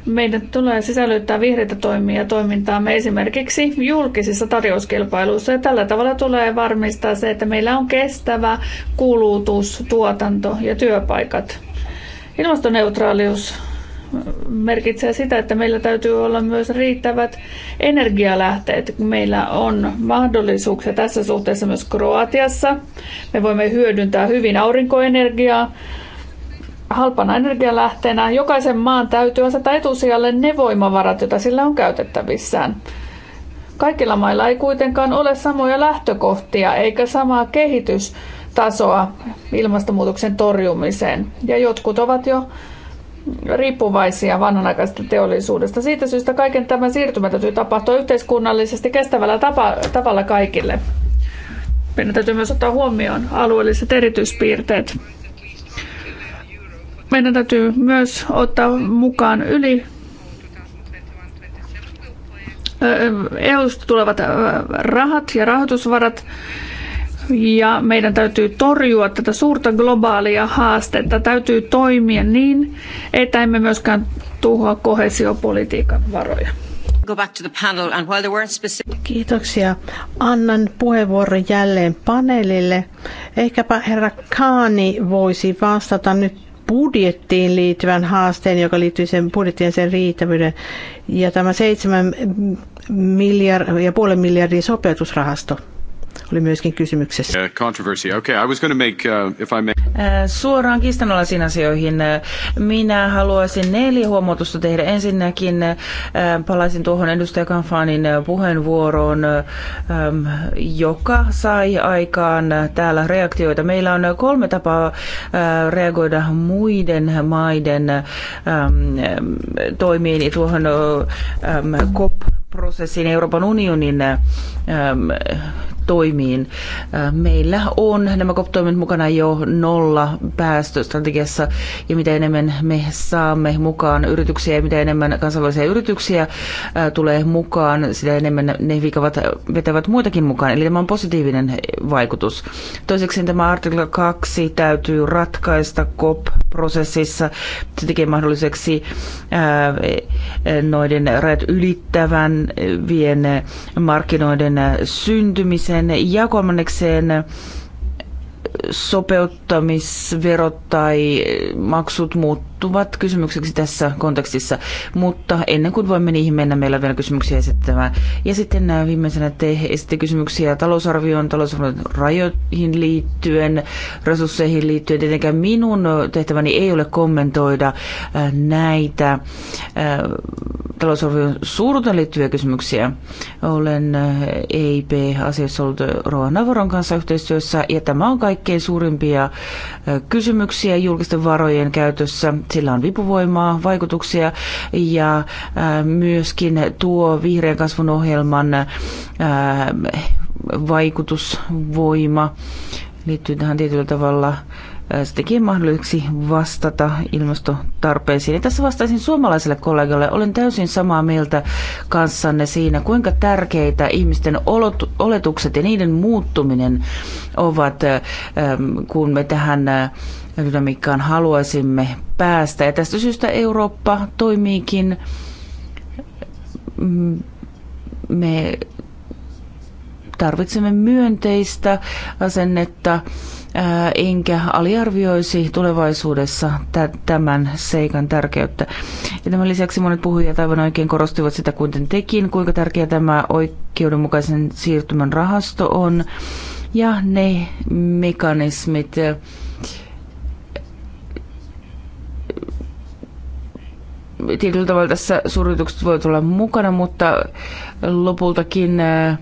S1: Meidän tulee sisällyttää vihreitä toimia toimintaamme esimerkiksi julkisissa tarjouskilpailuissa ja tällä tavalla tulee varmistaa se, että meillä on kestävä kulutus, tuotanto ja työpaikat. Ilmastoneutraalius merkitsee sitä, että meillä täytyy olla myös riittävät energialähteet. Meillä on mahdollisuuksia tässä suhteessa myös Kroatiassa. Me voimme hyödyntää hyvin aurinkoenergiaa halpana energialähteenä, jokaisen maan täytyy asettaa etusijalle ne voimavarat, joita sillä on käytettävissään. Kaikilla mailla ei kuitenkaan ole samoja lähtökohtia eikä samaa kehitystasoa ilmastonmuutoksen torjumiseen. Ja jotkut ovat jo riippuvaisia vanhanaikaisesta teollisuudesta. Siitä syystä kaiken tämän siirtymä täytyy tapahtua yhteiskunnallisesti kestävällä tapa, tavalla kaikille. Meidän täytyy myös ottaa huomioon alueelliset erityispiirteet. Meidän täytyy myös ottaa mukaan yli EUsta tulevat rahat ja rahoitusvarat. Ja meidän täytyy torjua tätä suurta globaalia haastetta. Täytyy toimia niin, että emme myöskään tuhoa kohesiopolitiikan varoja.
S4: Kiitoksia. Annan puheenvuoron jälleen paneelille. Ehkäpä herra Kaani voisi vastata nyt budjettiin liittyvän haasteen, joka liittyy sen budjettien sen riittävyyden. Ja tämä seitsemän miljard, ja puolen miljardin sopeutusrahasto oli myöskin kysymyksessä. Suoraan kiistanalaisiin asioihin. Minä
S2: haluaisin neljä huomautusta tehdä. Ensinnäkin äh, palaisin tuohon edustaja Kanfanin äh, puheenvuoroon, ähm, joka sai aikaan täällä reaktioita. Meillä on kolme tapaa äh, reagoida muiden maiden ähm, toimiin tuohon COP ähm, prosessin Euroopan unionin äm, toimiin. Äh, meillä on nämä COP-toimet mukana jo nolla päästöstrategiassa ja mitä enemmän me saamme mukaan yrityksiä ja mitä enemmän kansainvälisiä yrityksiä äh, tulee mukaan, sitä enemmän ne vikavat, vetävät muitakin mukaan. Eli tämä on positiivinen vaikutus. Toiseksi tämä artikla 2 täytyy ratkaista COP-prosessissa. Se tekee mahdolliseksi äh, noiden rajat ylittävän vien markkinoiden syntymisen ja kolmannekseen sopeuttamisverot tai maksut muut muuttuvat kysymykseksi tässä kontekstissa, mutta ennen kuin voimme niihin mennä, meillä on vielä kysymyksiä esittämään. Ja sitten nämä äh, viimeisenä te esitte kysymyksiä talousarvioon, talousarvion rajoihin liittyen, resursseihin liittyen. Tietenkään minun tehtäväni ei ole kommentoida äh, näitä äh, talousarvion suuruuteen liittyviä kysymyksiä. Olen eip asiassa ollut Roa Navaron kanssa yhteistyössä, ja tämä on kaikkein suurimpia kysymyksiä julkisten varojen käytössä sillä on vipuvoimaa, vaikutuksia ja myöskin tuo vihreän kasvun ohjelman vaikutusvoima liittyy tähän tietyllä tavalla se tekee mahdolliseksi vastata ilmastotarpeisiin. Ja tässä vastaisin suomalaiselle kollegalle. Olen täysin samaa mieltä kanssanne siinä, kuinka tärkeitä ihmisten oletukset ja niiden muuttuminen ovat, kun me tähän dynamiikkaan haluaisimme päästä. Ja tästä syystä Eurooppa toimiikin. Mm, me tarvitsemme myönteistä asennetta enkä äh, aliarvioisi tulevaisuudessa tämän seikan tärkeyttä. Ja tämän lisäksi monet puhujat aivan oikein korostivat sitä, kuten tekin, kuinka tärkeä tämä oikeudenmukaisen siirtymän rahasto on ja ne mekanismit, äh, tietyllä tavalla tässä suuritukset voivat olla mukana, mutta lopultakin ää, äh,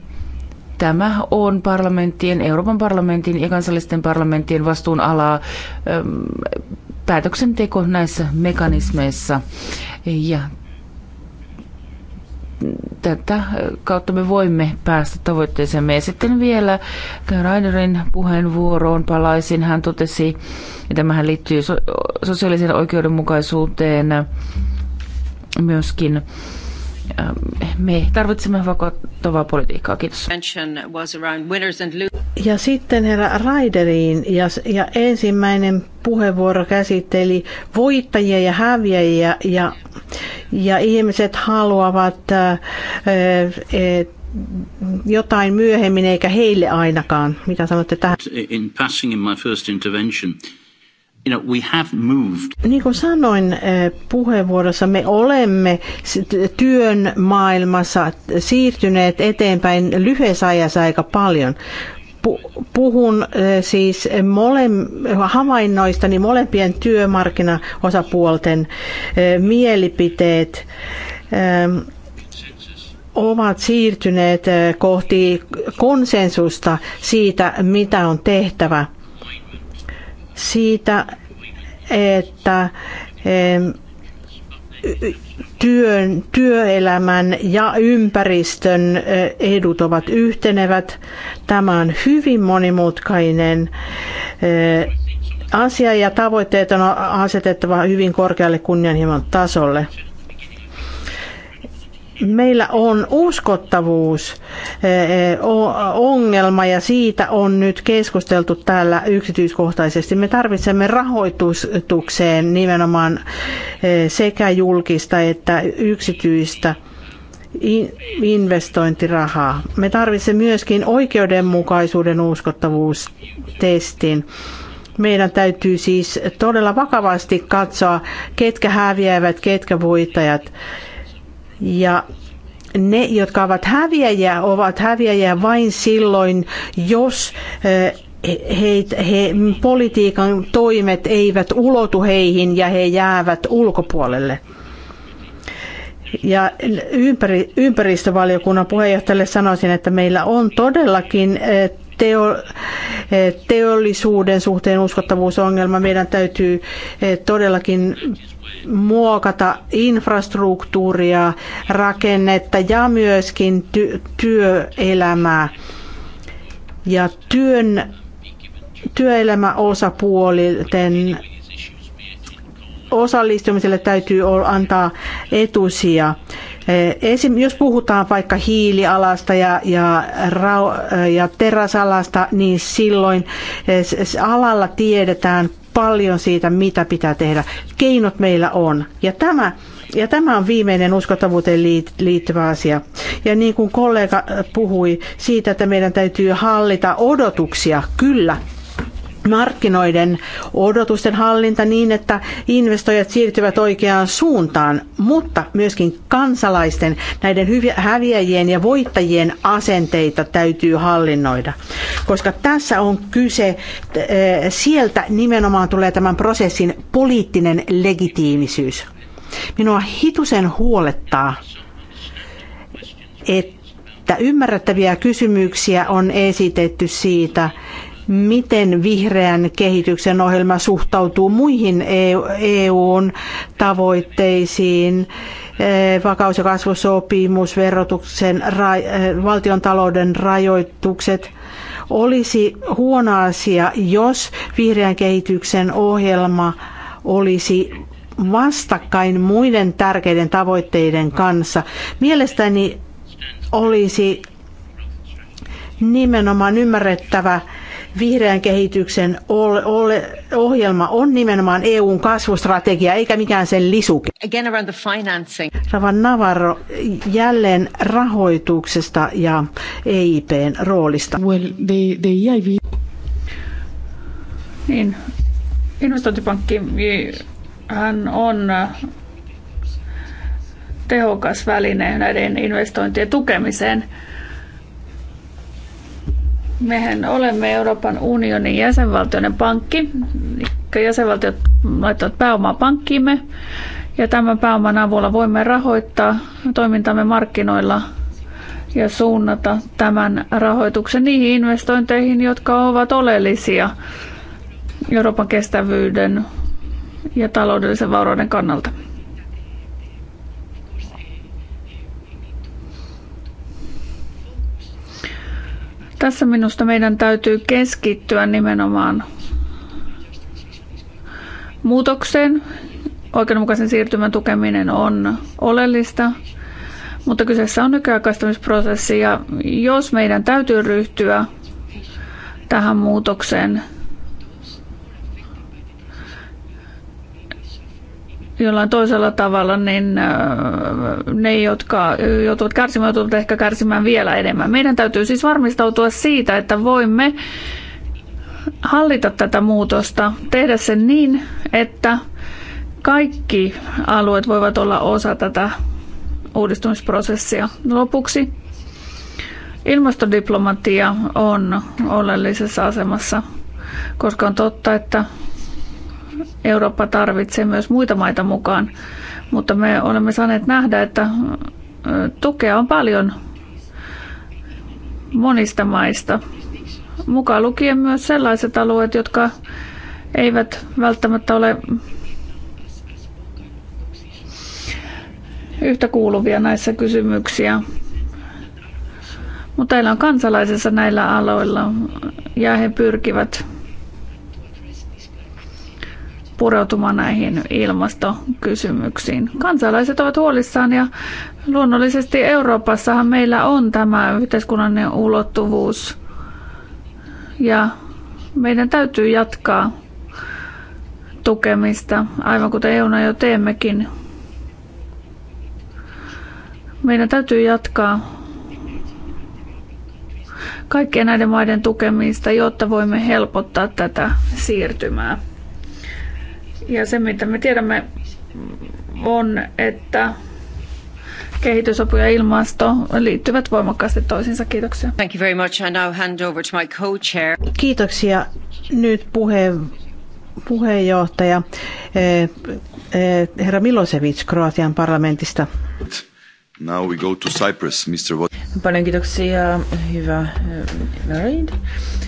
S2: Tämä on parlamenttien, Euroopan parlamentin ja kansallisten parlamenttien vastuun alaa ähm, päätöksenteko näissä mekanismeissa. Ja tätä kautta me voimme päästä tavoitteeseemme. Ja sitten vielä Raiderin puheenvuoroon palaisin. Hän totesi, ja tämähän liittyy so- sosiaaliseen oikeudenmukaisuuteen myöskin, Ehm, me tarvitsemme vakauttavaa politiikkaa. Kiitos.
S4: Ja sitten herra Raideriin ja, ja ensimmäinen puheenvuoro käsitteli voittajia ja häviäjiä ja, ja ihmiset haluavat äh, äh, jotain myöhemmin eikä heille ainakaan. Mitä sanotte tähän? In passing in my first intervention, You know, we have moved. Niin kuin sanoin eh, puheenvuorossa, me olemme työn maailmassa siirtyneet eteenpäin lyhyessä ajassa aika paljon puhun eh, siis havainnoista, niin molempien työmarkkinaosapuolten eh, mielipiteet ovat siirtyneet kohti konsensusta siitä, mitä on tehtävä siitä, että työn, työelämän ja ympäristön eh, edut ovat yhtenevät. Tämä on hyvin monimutkainen eh, asia ja tavoitteet on asetettava hyvin korkealle kunnianhimon tasolle meillä on uskottavuus eh, eh, ongelma ja siitä on nyt keskusteltu täällä yksityiskohtaisesti. Me tarvitsemme rahoitukseen nimenomaan eh, sekä julkista että yksityistä investointirahaa. Me tarvitsemme myöskin oikeudenmukaisuuden uskottavuustestin. Meidän täytyy siis todella vakavasti katsoa, ketkä häviävät, ketkä voittajat. Ja ne, jotka ovat häviäjiä, ovat häviäjiä vain silloin, jos eh, he, he, politiikan toimet eivät ulotu heihin ja he jäävät ulkopuolelle. Ja ympäri, ympäristövaliokunnan puheenjohtajalle sanoisin, että meillä on todellakin eh, teo, eh, teollisuuden suhteen uskottavuusongelma. Meidän täytyy todellakin muokata infrastruktuuria, rakennetta ja myöskin ty- työelämää. Ja työn, työelämäosapuolten osallistumiselle täytyy antaa etusia. Eh, esim, jos puhutaan vaikka hiilialasta ja, ja, ja teräsalasta, niin silloin eh, alalla tiedetään paljon siitä, mitä pitää tehdä. Keinot meillä on. Ja tämä, ja tämä on viimeinen uskottavuuteen liittyvä asia. Ja niin kuin kollega puhui siitä, että meidän täytyy hallita odotuksia, kyllä, markkinoiden odotusten hallinta niin, että investoijat siirtyvät oikeaan suuntaan, mutta myöskin kansalaisten, näiden häviäjien ja voittajien asenteita täytyy hallinnoida. Koska tässä on kyse, eh, sieltä nimenomaan tulee tämän prosessin poliittinen legitiimisyys. Minua hitusen huolettaa, että ymmärrettäviä kysymyksiä on esitetty siitä, miten vihreän kehityksen ohjelma suhtautuu muihin EUn e tavoitteisiin, eh, vakaus- ja kasvusopimus, verotuksen, eh, valtion talouden rajoitukset. Olisi huono asia, jos vihreän kehityksen ohjelma olisi vastakkain muiden tärkeiden tavoitteiden kanssa. Mielestäni olisi nimenomaan ymmärrettävä, vihreän kehityksen ohjelma on nimenomaan EUn kasvustrategia eikä mikään sen lisuke.
S5: Again around the financing.
S4: Ravan Navarro jälleen rahoituksesta ja EIPn roolista. Well, the, the EIB...
S1: Niin, investointipankki hän on äh, tehokas väline näiden investointien tukemiseen – Mehän olemme Euroopan unionin jäsenvaltioiden pankki. Jäsenvaltiot laittavat pääomaa pankkiimme ja tämän pääoman avulla voimme rahoittaa toimintamme markkinoilla ja suunnata tämän rahoituksen niihin investointeihin, jotka ovat oleellisia Euroopan kestävyyden ja taloudellisen vaurauden kannalta. Tässä minusta meidän täytyy keskittyä nimenomaan muutokseen. Oikeudenmukaisen siirtymän tukeminen on oleellista, mutta kyseessä on nykyaikaistamisprosessi ja jos meidän täytyy ryhtyä tähän muutokseen, jollain toisella tavalla, niin äh, ne, jotka joutuvat kärsimään, joutuvat ehkä kärsimään vielä enemmän. Meidän täytyy siis varmistautua siitä, että voimme hallita tätä muutosta, tehdä sen niin, että kaikki alueet voivat olla osa tätä uudistumisprosessia. Lopuksi ilmastodiplomatia on oleellisessa asemassa, koska on totta, että Eurooppa tarvitsee myös muita maita mukaan, mutta me olemme saaneet nähdä, että tukea on paljon monista maista, mukaan lukien myös sellaiset alueet, jotka eivät välttämättä ole yhtä kuuluvia näissä kysymyksiä. Mutta heillä on kansalaisensa näillä aloilla ja he pyrkivät pureutumaan näihin ilmastokysymyksiin. Kansalaiset ovat huolissaan ja luonnollisesti Euroopassahan meillä on tämä yhteiskunnallinen ulottuvuus ja meidän täytyy jatkaa tukemista, aivan kuten EUna jo teemmekin. Meidän täytyy jatkaa kaikkien näiden maiden tukemista, jotta voimme helpottaa tätä siirtymää. Ja se, mitä me tiedämme, on, että kehitysopu ja ilmasto liittyvät voimakkaasti toisiinsa. Kiitoksia. Thank you
S5: very much. I now hand over to my co-chair.
S4: Kiitoksia. Nyt puhe, puheenjohtaja eh, eh, herra Milosevic Kroatian parlamentista.
S3: Now we go to Cyprus, Mr.
S4: Paljon
S2: kiitoksia, hyvä eh,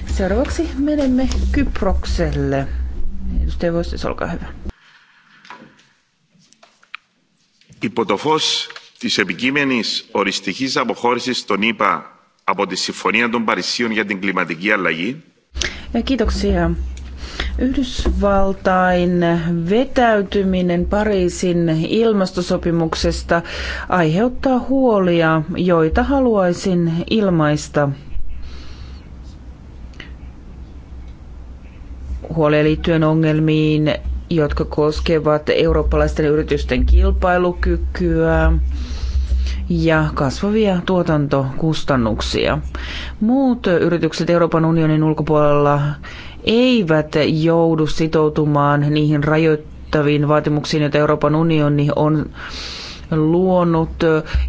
S2: Seuraavaksi menemme Kyprokselle. Edustaja Voistis, olkaa hyvä.
S3: Υπό το φω τη επικείμενη οριστική αποχώρηση των ΗΠΑ από τη Συμφωνία των Παρισίων για την κλιματική αλλαγή.
S2: Kiitoksia. Yhdysvaltain vetäytyminen Pariisin ilmastosopimuksesta aiheuttaa huolia, joita haluaisin ilmaista huoleen liittyen ongelmiin, jotka koskevat eurooppalaisten yritysten kilpailukykyä ja kasvavia tuotantokustannuksia. Muut yritykset Euroopan unionin ulkopuolella eivät joudu sitoutumaan niihin rajoittaviin vaatimuksiin, joita Euroopan unioni on luonut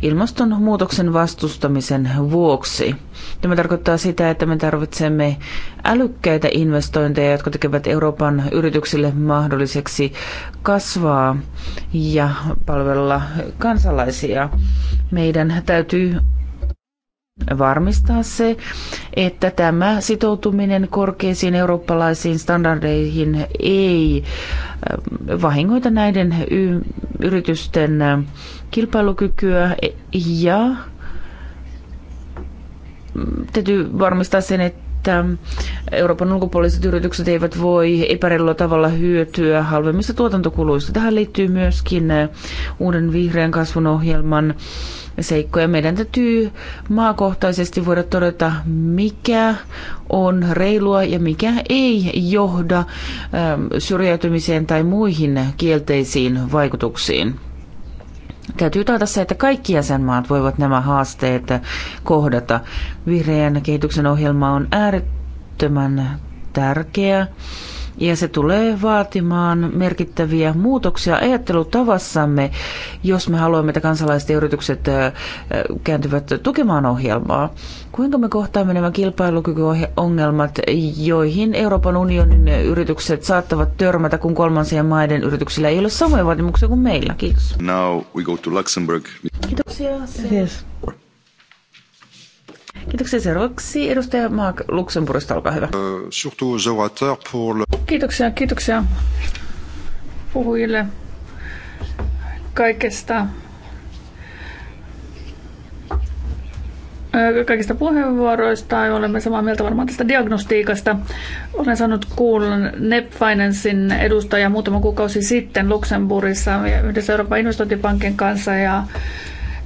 S2: ilmastonmuutoksen vastustamisen vuoksi. Tämä tarkoittaa sitä, että me tarvitsemme älykkäitä investointeja, jotka tekevät Euroopan yrityksille mahdolliseksi kasvaa ja palvella kansalaisia. Meidän täytyy varmistaa se, että tämä sitoutuminen korkeisiin eurooppalaisiin standardeihin ei ähm, vahingoita näiden yritysten ähm, kilpailukykyä ja mm, täytyy varmistaa sen, että ähm, Euroopan ulkopuoliset yritykset eivät voi epäreilulla tavalla hyötyä halvemmista tuotantokuluista. Tähän liittyy myöskin äh, uuden vihreän kasvun ohjelman seikkoja. Meidän täytyy maakohtaisesti voida todeta, mikä on reilua ja mikä ei johda ähm, syrjäytymiseen tai muihin kielteisiin vaikutuksiin. Täytyy taata se, että kaikki jäsenmaat voivat nämä haasteet kohdata. Vihreän kehityksen ohjelma on äärettömän tärkeä ja se tulee vaatimaan merkittäviä muutoksia ajattelutavassamme, jos me haluamme, että kansalaiset ja yritykset kääntyvät tukemaan ohjelmaa. Kuinka me kohtaamme nämä kilpailukykyongelmat, joihin Euroopan unionin yritykset saattavat törmätä, kun kolmansien maiden yrityksillä ei ole samoja vaatimuksia kuin meillä? Kiitos.
S3: Now we go to Luxembourg.
S2: Kiitoksia. Yes. Kiitoksia seuraavaksi. Edustaja Maak Luxemburgista, olkaa hyvä. Euh,
S1: kiitoksia, kiitoksia puhujille kaikesta äh, kaikista puheenvuoroista. Olemme samaa mieltä varmaan tästä diagnostiikasta. Olen saanut kuulla NEP Financein edustaja muutama kuukausi sitten Luxemburgissa yhdessä Euroopan investointipankin kanssa ja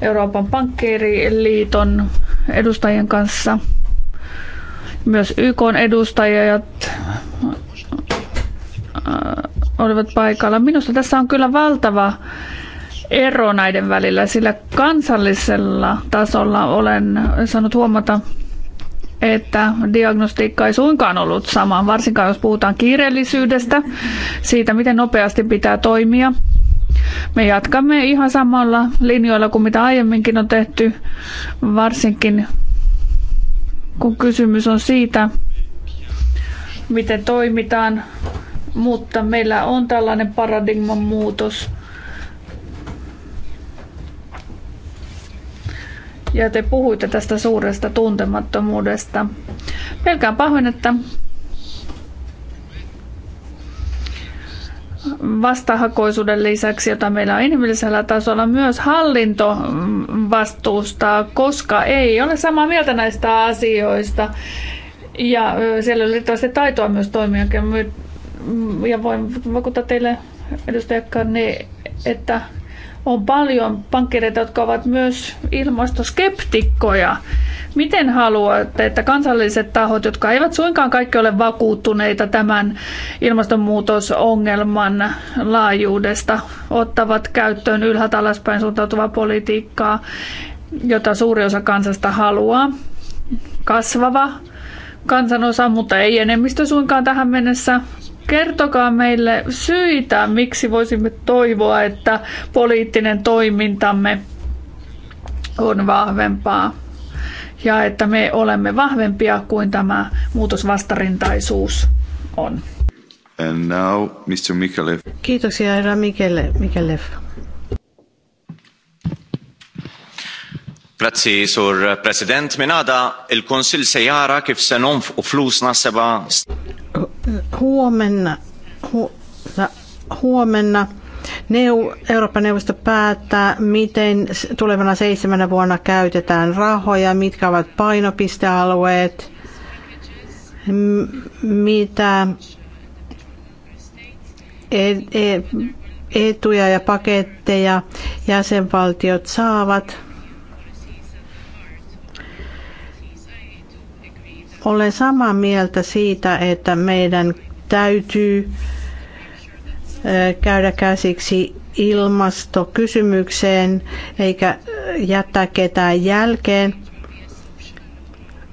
S1: Euroopan pankkiiriliiton edustajien kanssa, myös YK edustajat äh, olivat paikalla. Minusta tässä on kyllä valtava ero näiden välillä, sillä kansallisella tasolla olen saanut huomata, että diagnostiikka ei suinkaan ollut sama, varsinkaan jos puhutaan kiireellisyydestä, siitä miten nopeasti pitää toimia me jatkamme ihan samalla linjoilla kuin mitä aiemminkin on tehty, varsinkin kun kysymys on siitä, miten toimitaan, mutta meillä on tällainen paradigman muutos. Ja te puhuitte tästä suuresta tuntemattomuudesta. Pelkään pahoin, että vastahakoisuuden lisäksi, jota meillä on inhimillisellä tasolla, myös hallinto mm, vastuustaa, koska ei ole samaa mieltä näistä asioista. Ja siellä on riittävästi taitoa myös toimia. Ja voin vakuuttaa teille edustajakkaan, että on paljon pankkireita, jotka ovat myös ilmastoskeptikkoja. Miten haluatte, että kansalliset tahot, jotka eivät suinkaan kaikki ole vakuuttuneita tämän ilmastonmuutosongelman laajuudesta, ottavat käyttöön ylhäältä alaspäin suuntautuvaa politiikkaa, jota suuri osa kansasta haluaa? Kasvava kansanosa, mutta ei enemmistö suinkaan tähän mennessä Kertokaa meille syitä, miksi voisimme toivoa, että poliittinen toimintamme on vahvempaa ja että me olemme vahvempia kuin tämä muutosvastarintaisuus on.
S3: And now, Mr.
S4: Kiitoksia, herra Mikele,
S3: Grazzi, sur eh, President. Minada, il-Konsil se jara kif se
S4: Huomenna, huomenna, huomenna Neu, Euroopan neuvosto päättää, miten tulevana seitsemänä vuonna käytetään rahoja, mitkä ovat painopistealueet, mitä e- e- etuja ja paketteja jäsenvaltiot saavat. Olen samaa mieltä siitä, että meidän täytyy käydä käsiksi ilmastokysymykseen eikä jättää ketään jälkeen.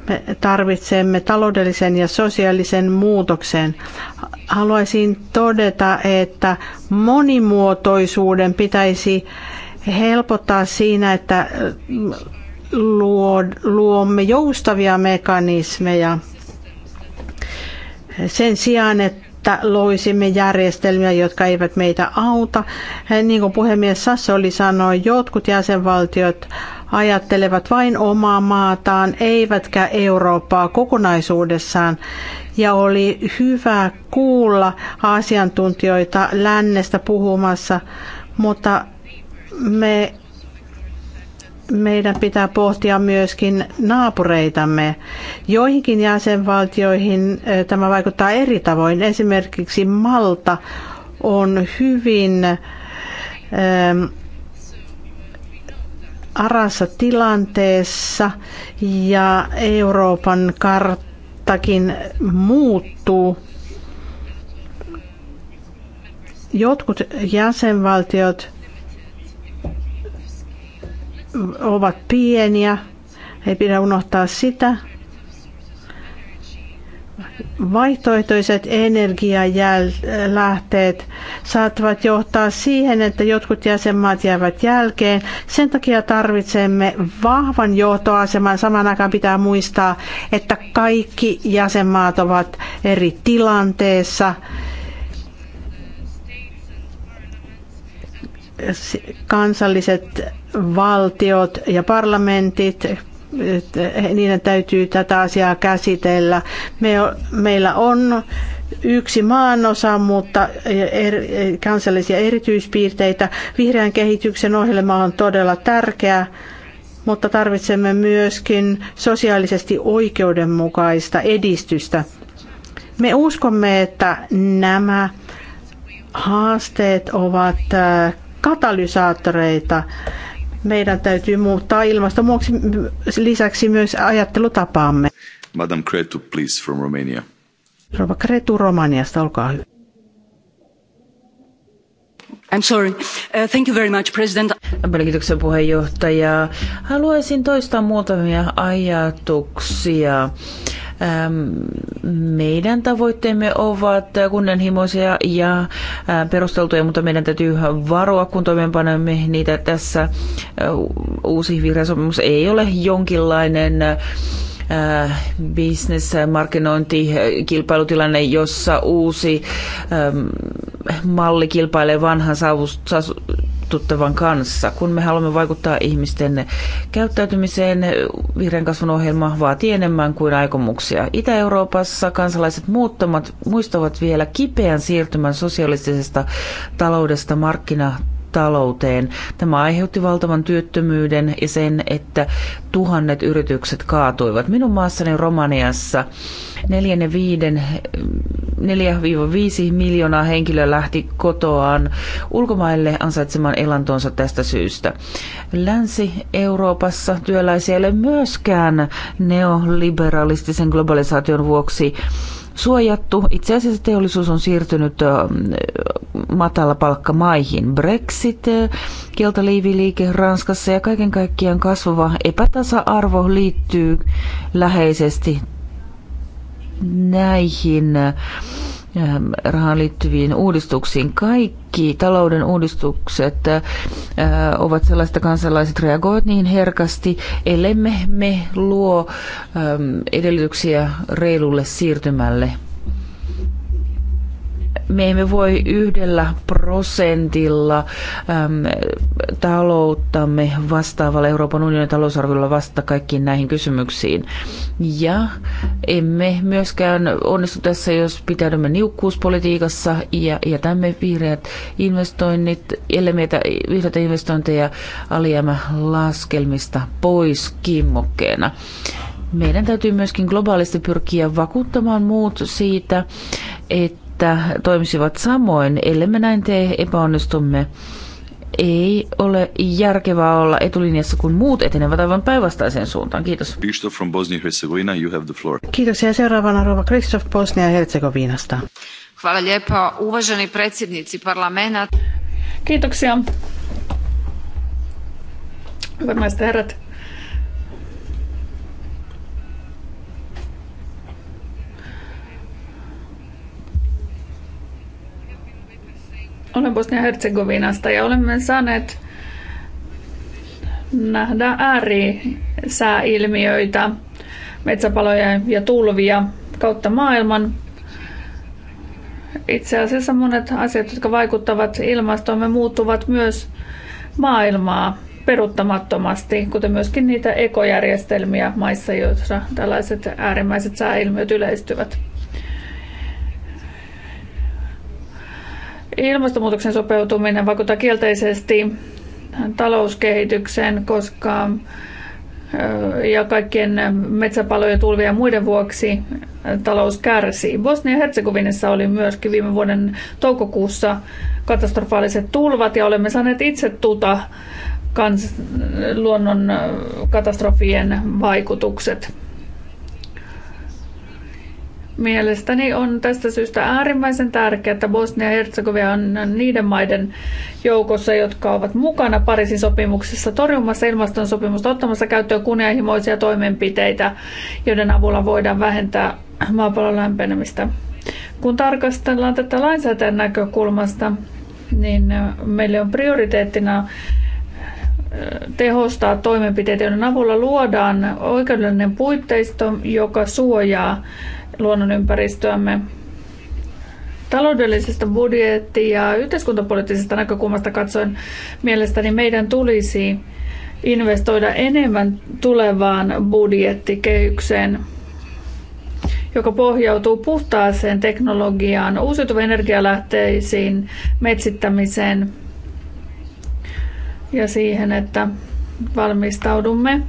S4: Me tarvitsemme taloudellisen ja sosiaalisen muutoksen. Haluaisin todeta, että monimuotoisuuden pitäisi helpottaa siinä, että luomme joustavia mekanismeja sen sijaan, että loisimme järjestelmiä, jotka eivät meitä auta. Niin kuin puhemies oli sanoi, jotkut jäsenvaltiot ajattelevat vain omaa maataan, eivätkä Eurooppaa kokonaisuudessaan. Ja oli hyvä kuulla asiantuntijoita lännestä puhumassa, mutta me meidän pitää pohtia myöskin naapureitamme. Joihinkin jäsenvaltioihin tämä vaikuttaa eri tavoin. Esimerkiksi Malta on hyvin ähm, arassa tilanteessa ja Euroopan karttakin muuttuu. Jotkut jäsenvaltiot ovat pieniä. Ei pidä unohtaa sitä. Vaihtoehtoiset energialähteet saattavat johtaa siihen, että jotkut jäsenmaat jäävät jälkeen. Sen takia tarvitsemme vahvan johtoaseman. Saman aikaan pitää muistaa, että kaikki jäsenmaat ovat eri tilanteessa kansalliset valtiot ja parlamentit, niiden täytyy tätä asiaa käsitellä. Me, meillä on yksi maanosa, mutta er, kansallisia erityispiirteitä. Vihreän kehityksen ohjelma on todella tärkeä, mutta tarvitsemme myöskin sosiaalisesti oikeudenmukaista edistystä. Me uskomme, että nämä haasteet ovat äh, katalysaattoreita. Meidän täytyy muuttaa ilmastonmuutoksen lisäksi myös ajattelutapaamme.
S3: Madame Cretu, please, from Romania.
S4: Rova Cretu Romaniasta, olkaa hyvä. I'm
S6: sorry. Uh, thank you very much,
S2: President. Kiitoksia puheenjohtaja. Haluaisin toistaa muutamia ajatuksia. Ähm, meidän tavoitteemme ovat kunnianhimoisia ja äh, perusteltuja, mutta meidän täytyy varoa, kun toimeenpanemme niitä tässä. Äh, uusi vihreä sopimus ei ole jonkinlainen äh, markkinointi kilpailutilanne, jossa uusi ähm, malli kilpailee vanhan tuttavan kanssa. Kun me haluamme vaikuttaa ihmisten käyttäytymiseen, vihreän kasvun ohjelma vaatii enemmän kuin aikomuksia. Itä-Euroopassa kansalaiset muuttamat, muistavat vielä kipeän siirtymän sosiaalisesta taloudesta markkina talouteen. Tämä aiheutti valtavan työttömyyden ja sen, että tuhannet yritykset kaatuivat. Minun maassani Romaniassa 4-5 miljoonaa henkilöä lähti kotoaan ulkomaille ansaitsemaan elantonsa tästä syystä. Länsi-Euroopassa työläisiä ei ole myöskään neoliberalistisen globalisaation vuoksi suojattu. Itse asiassa teollisuus on siirtynyt maihin Brexit, keltaliiviliike Ranskassa ja kaiken kaikkiaan kasvava epätasa-arvo liittyy läheisesti näihin Ähm, rahaan liittyviin uudistuksiin. Kaikki talouden uudistukset äh, ovat sellaista, kansalaiset reagoivat niin herkästi, ellei me luo ähm, edellytyksiä reilulle siirtymälle me emme voi yhdellä prosentilla äm, talouttamme vastaavalla Euroopan unionin talousarviolla vastata kaikkiin näihin kysymyksiin. Ja emme myöskään onnistu tässä, jos pitäydymme niukkuuspolitiikassa ja jätämme vihreät investoinnit, ellei meitä vihreitä investointeja laskelmista pois kimmokkeena. Meidän täytyy myöskin globaalisti pyrkiä vakuuttamaan muut siitä, että että toimisivat samoin, me näin tee, epäonnistumme. Ei ole järkevää olla etulinjassa, kun muut etenevät aivan päinvastaiseen suuntaan. Kiitos.
S3: Christoph from Bosnia-Herzegovina, you have the floor.
S4: Kiitos ja seuraavana rouva Kristof Bosnia-Herzegovinasta.
S1: Hvala lijepa, uvaženi predsjednici parlamenta. Kiitoksia. Hyvät herrat, Olen Bosnia-Herzegovinasta ja olemme saaneet nähdä äärisääilmiöitä, metsäpaloja ja tulvia kautta maailman. Itse asiassa monet asiat, jotka vaikuttavat ilmastoomme, muuttuvat myös maailmaa peruttamattomasti, kuten myöskin niitä ekojärjestelmiä maissa, joissa tällaiset äärimmäiset sääilmiöt yleistyvät. Ilmastonmuutoksen sopeutuminen vaikuttaa kielteisesti talouskehitykseen, koska ja kaikkien metsäpalojen, tulvien ja muiden vuoksi talous kärsii. Bosnia-Herzegovinassa oli myöskin viime vuoden toukokuussa katastrofaaliset tulvat ja olemme saaneet itse tuta kans, luonnon katastrofien vaikutukset. Mielestäni on tästä syystä äärimmäisen tärkeää, että Bosnia-Herzegovina on niiden maiden joukossa, jotka ovat mukana Pariisin sopimuksessa torjumassa ilmastonsopimusta, ottamassa käyttöön kunnianhimoisia toimenpiteitä, joiden avulla voidaan vähentää maapallon lämpenemistä. Kun tarkastellaan tätä lainsäätäjän näkökulmasta, niin meille on prioriteettina tehostaa toimenpiteitä, joiden avulla luodaan oikeudellinen puitteisto, joka suojaa luonnonympäristöämme. Taloudellisesta budjetti- ja yhteiskuntapoliittisesta näkökulmasta katsoen mielestäni meidän tulisi investoida enemmän tulevaan budjettikehykseen, joka pohjautuu puhtaaseen teknologiaan, uusiutuviin energialähteisiin, metsittämiseen ja siihen, että valmistaudumme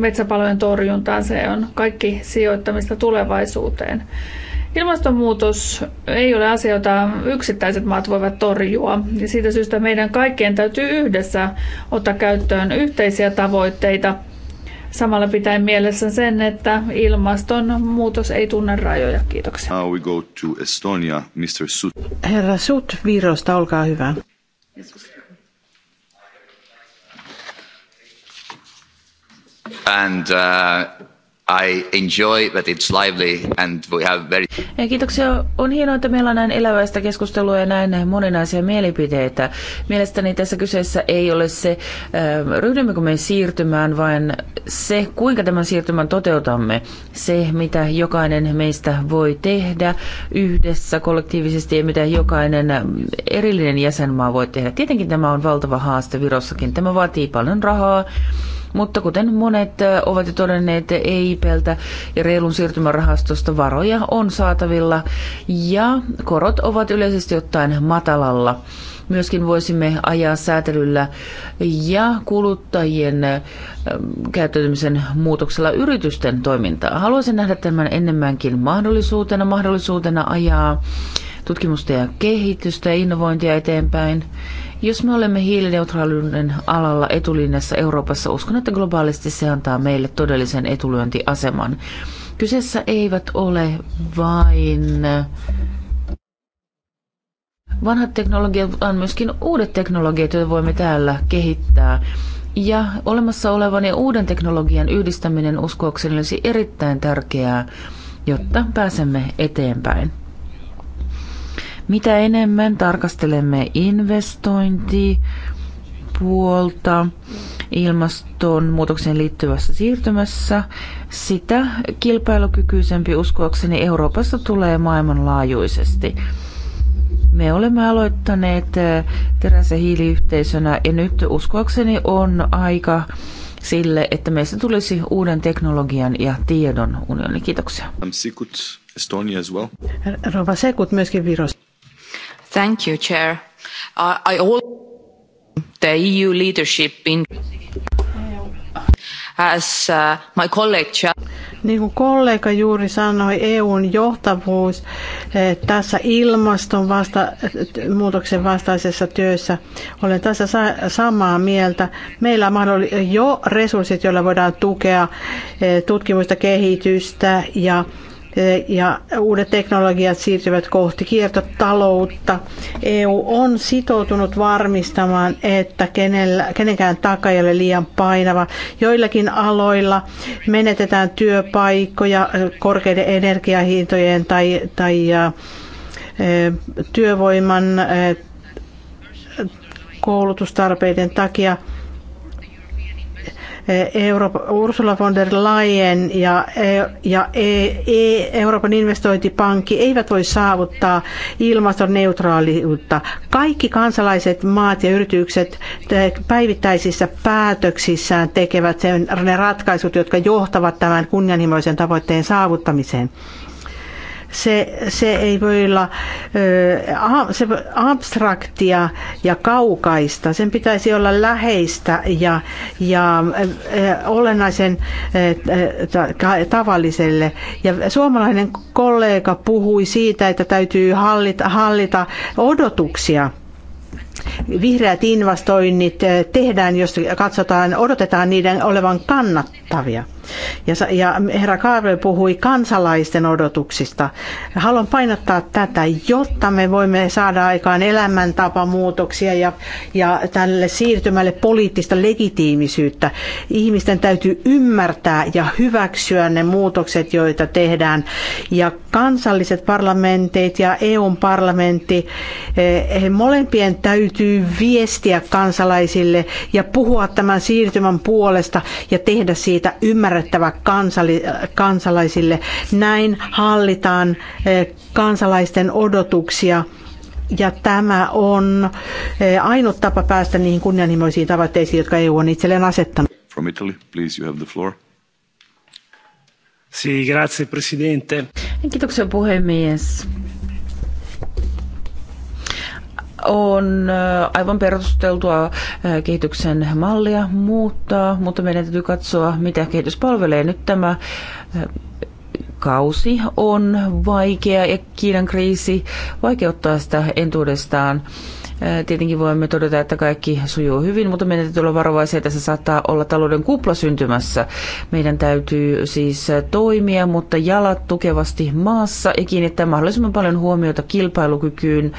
S1: metsäpalojen torjuntaan. Se on kaikki sijoittamista tulevaisuuteen. Ilmastonmuutos ei ole asia, jota yksittäiset maat voivat torjua. Ja siitä syystä meidän kaikkien täytyy yhdessä ottaa käyttöön yhteisiä tavoitteita. Samalla pitää mielessä sen, että ilmastonmuutos ei tunne rajoja.
S3: Kiitoksia. Now we go to Estonia, Mr. Sut.
S4: Herra Sut Virosta, olkaa hyvä. Yes.
S3: And, uh, I enjoy that it's lively and we have very...
S2: Kiitoksia. On hienoa, että meillä on näin eläväistä keskustelua ja näin moninaisia mielipiteitä. Mielestäni tässä kyseessä ei ole se, ähm, ryhdymmekö me siirtymään, vaan se, kuinka tämän siirtymän toteutamme. Se, mitä jokainen meistä voi tehdä yhdessä kollektiivisesti ja mitä jokainen ähm, erillinen jäsenmaa voi tehdä. Tietenkin tämä on valtava haaste Virossakin. Tämä vaatii paljon rahaa mutta kuten monet ovat jo todenneet, EIPltä ja reilun siirtymärahastosta varoja on saatavilla ja korot ovat yleisesti ottaen matalalla. Myöskin voisimme ajaa säätelyllä ja kuluttajien käyttäytymisen muutoksella yritysten toimintaa. Haluaisin nähdä tämän enemmänkin mahdollisuutena, mahdollisuutena ajaa tutkimusta ja kehitystä ja innovointia eteenpäin. Jos me olemme hiilineutraaliuden alalla etulinjassa Euroopassa, uskon, että globaalisti se antaa meille todellisen etulyöntiaseman. Kyseessä eivät ole vain vanhat teknologiat, vaan myöskin uudet teknologiat, joita voimme täällä kehittää. Ja olemassa olevan ja uuden teknologian yhdistäminen uskoakseni olisi erittäin tärkeää, jotta pääsemme eteenpäin. Mitä enemmän tarkastelemme investointi, puolta ilmastonmuutokseen liittyvässä siirtymässä, sitä kilpailukykyisempi uskoakseni Euroopassa tulee maailmanlaajuisesti. Me olemme aloittaneet eh, teräs- ja hiiliyhteisönä ja nyt uskoakseni on aika sille, että meistä tulisi uuden teknologian ja tiedon unioni. Kiitoksia.
S3: Um,
S4: Rova Sekut myöskin Virosta.
S2: Thank you, Chair. Uh, I all the EU leadership in
S4: as uh, my colleague niin kuin kollega juuri sanoi, EUn johtavuus eh, tässä ilmaston vasta, muutoksen vastaisessa työssä, olen tässä samaa mieltä. Meillä on jo resurssit, joilla voidaan tukea eh, tutkimusta, kehitystä ja Eh, ja uudet teknologiat siirtyvät kohti kiertotaloutta. EU on sitoutunut varmistamaan, että kenellä, kenenkään taka ei ole liian painava. Joillakin aloilla menetetään työpaikkoja eh, korkeiden energiahintojen tai, tai eh, työvoiman koulutustarpeiden takia – Eh, Ursula von der Leyen ja, eh, ja eh, Euroopan investointipankki eivät voi saavuttaa ilmastoneutraaliutta. Kaikki kansalaiset, maat ja yritykset päivittäisissä päätöksissään tekevät sen, ne ratkaisut, jotka johtavat tämän kunnianhimoisen tavoitteen saavuttamiseen. Se, se ei voi olla se abstraktia ja kaukaista. Sen pitäisi olla läheistä ja, ja olennaisen tavalliselle. Ja suomalainen kollega puhui siitä, että täytyy hallita, hallita odotuksia vihreät investoinnit tehdään, jos katsotaan, odotetaan niiden olevan kannattavia. Ja, ja herra Kaarve puhui kansalaisten odotuksista. Haluan painottaa tätä, jotta me voimme saada aikaan elämäntapamuutoksia ja, ja tälle siirtymälle poliittista legitiimisyyttä. Ihmisten täytyy ymmärtää ja hyväksyä ne muutokset, joita tehdään. Ja kansalliset parlamentit ja EUn parlamentti, eh, molempien täytyy viestiä kansalaisille ja puhua tämän siirtymän puolesta ja tehdä siitä ymmärtää ymmärrettävä kansali, kansalaisille. Näin hallitaan eh, kansalaisten odotuksia ja tämä on eh, ainut tapa päästä niihin kunnianhimoisiin tavoitteisiin, jotka EU on itselleen asettanut.
S3: From Italy, please, you have the floor.
S6: Si, grazie, presidente.
S4: Kiitoksia puhemies
S2: on äh, aivan perusteltua äh, kehityksen mallia muuttaa, mutta meidän täytyy katsoa, mitä kehitys palvelee. Nyt tämä äh, kausi on vaikea ja Kiinan kriisi vaikeuttaa sitä entuudestaan. Tietenkin voimme todeta, että kaikki sujuu hyvin, mutta meidän täytyy olla varovaisia, se saattaa olla talouden kupla syntymässä. Meidän täytyy siis toimia, mutta jalat tukevasti maassa ja kiinnittää mahdollisimman paljon huomiota kilpailukykyyn,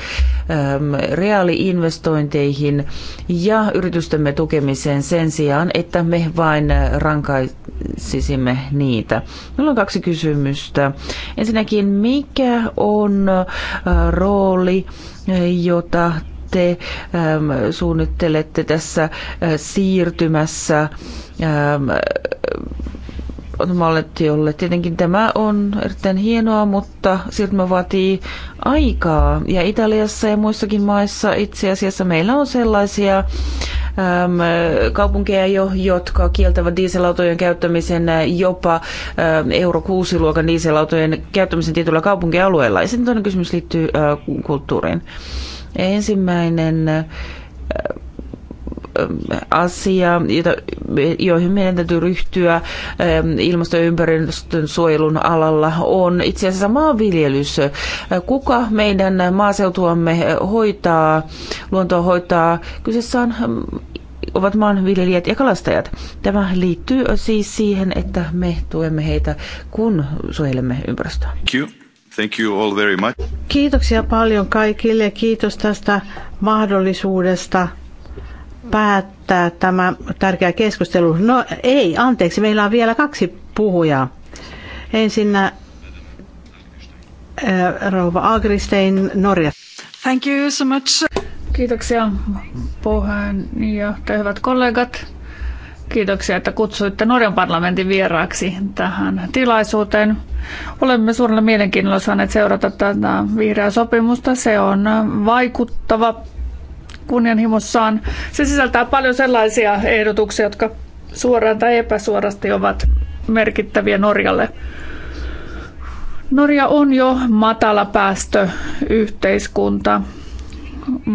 S2: reaaliinvestointeihin ja yritystemme tukemiseen sen sijaan, että me vain rankaisisimme niitä. Meillä on kaksi kysymystä. Ensinnäkin, mikä on rooli jota te äm, suunnittelette tässä äh, siirtymässä äm, äh, Mallettiolle. Tietenkin tämä on erittäin hienoa, mutta siirtymä vaatii aikaa. Ja Italiassa ja muissakin maissa itse asiassa meillä on sellaisia äm, kaupunkeja jo, jotka kieltävät dieselautojen käyttämisen äh, jopa äm, euro 6 luokan dieselautojen käyttämisen tietyllä kaupunkialueella. Ja sitten toinen kysymys liittyy ä, äh, kulttuuriin. Ensimmäinen äh, äh, asia, jota, joihin meidän täytyy ryhtyä ähm, ilmasto- ja ympäristön suojelun alalla, on itse asiassa maanviljelys. Äh, kuka meidän maaseutuamme hoitaa, luontoa hoitaa? Kyseessä on ähm, ovat maanviljelijät ja kalastajat. Tämä liittyy siis siihen, että
S4: me tuemme heitä, kun suojelemme ympäristöä.
S3: Kiitos. Thank you all very much.
S4: Kiitoksia paljon kaikille. Kiitos tästä mahdollisuudesta päättää tämä tärkeä keskustelu. No ei, anteeksi, meillä on vielä kaksi puhujaa. Ensinnä äh, rouva Agristein Norja. Thank you so much. Kiitoksia
S1: puheenjohtaja, hyvät kollegat. Kiitoksia, että kutsuitte Norjan parlamentin vieraaksi tähän tilaisuuteen. Olemme suurella mielenkiinnolla saaneet seurata tätä vihreää sopimusta. Se on vaikuttava kunnianhimossaan. Se sisältää paljon sellaisia ehdotuksia, jotka suoraan tai epäsuorasti ovat merkittäviä Norjalle. Norja on jo matala päästöyhteiskunta,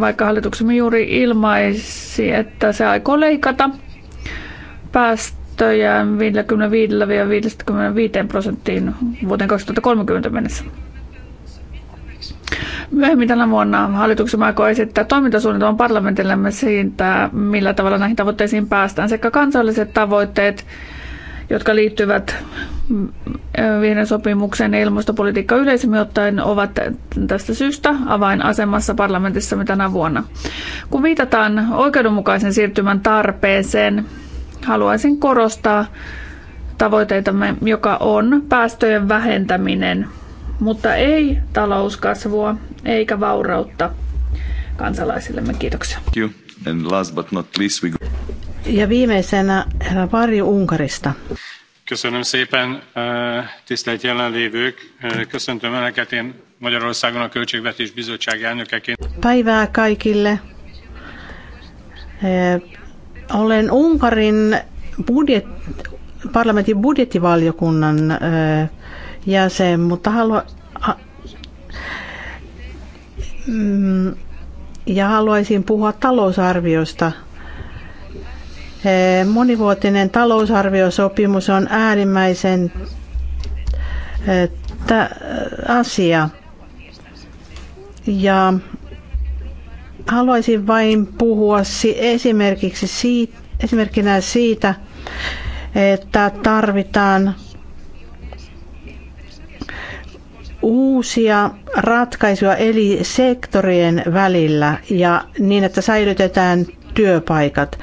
S1: vaikka hallituksemme juuri ilmaisi, että se aikoo leikata – päästöjään 55-55 prosenttiin vuoteen 2030 mennessä. Myöhemmin tänä vuonna hallituksen aikoo esittää toimintasuunnitelman parlamentillemme siitä, millä tavalla näihin tavoitteisiin päästään, sekä kansalliset tavoitteet, jotka liittyvät vihreän sopimukseen ja ilmastopolitiikka yleisemmin ottaen ovat tästä syystä avainasemassa parlamentissamme tänä vuonna. Kun viitataan oikeudenmukaisen siirtymän tarpeeseen, haluaisin korostaa tavoiteitamme, joka on päästöjen vähentäminen, mutta ei talouskasvua
S4: eikä vaurautta kansalaisillemme. Kiitoksia.
S3: Thank you. And last but not least we go.
S4: Ja viimeisenä herra Varju Unkarista.
S3: Köszönöm szépen, eh, tisztelt jelenlévők. Eh, köszöntöm Önöket, én Magyarországon a Költségvetés Bizottság elnökeként.
S4: Päivää kaikille. Eh, olen Unkarin budjet, parlamentin budjettivaliokunnan jäsen, mutta haluan... Mm, ja haluaisin puhua talousarviosta. Monivuotinen talousarviosopimus on äärimmäisen asia. Ja Haluaisin vain puhua esimerkiksi siitä, esimerkkinä siitä, että tarvitaan uusia ratkaisuja eli sektorien välillä ja niin, että säilytetään työpaikat.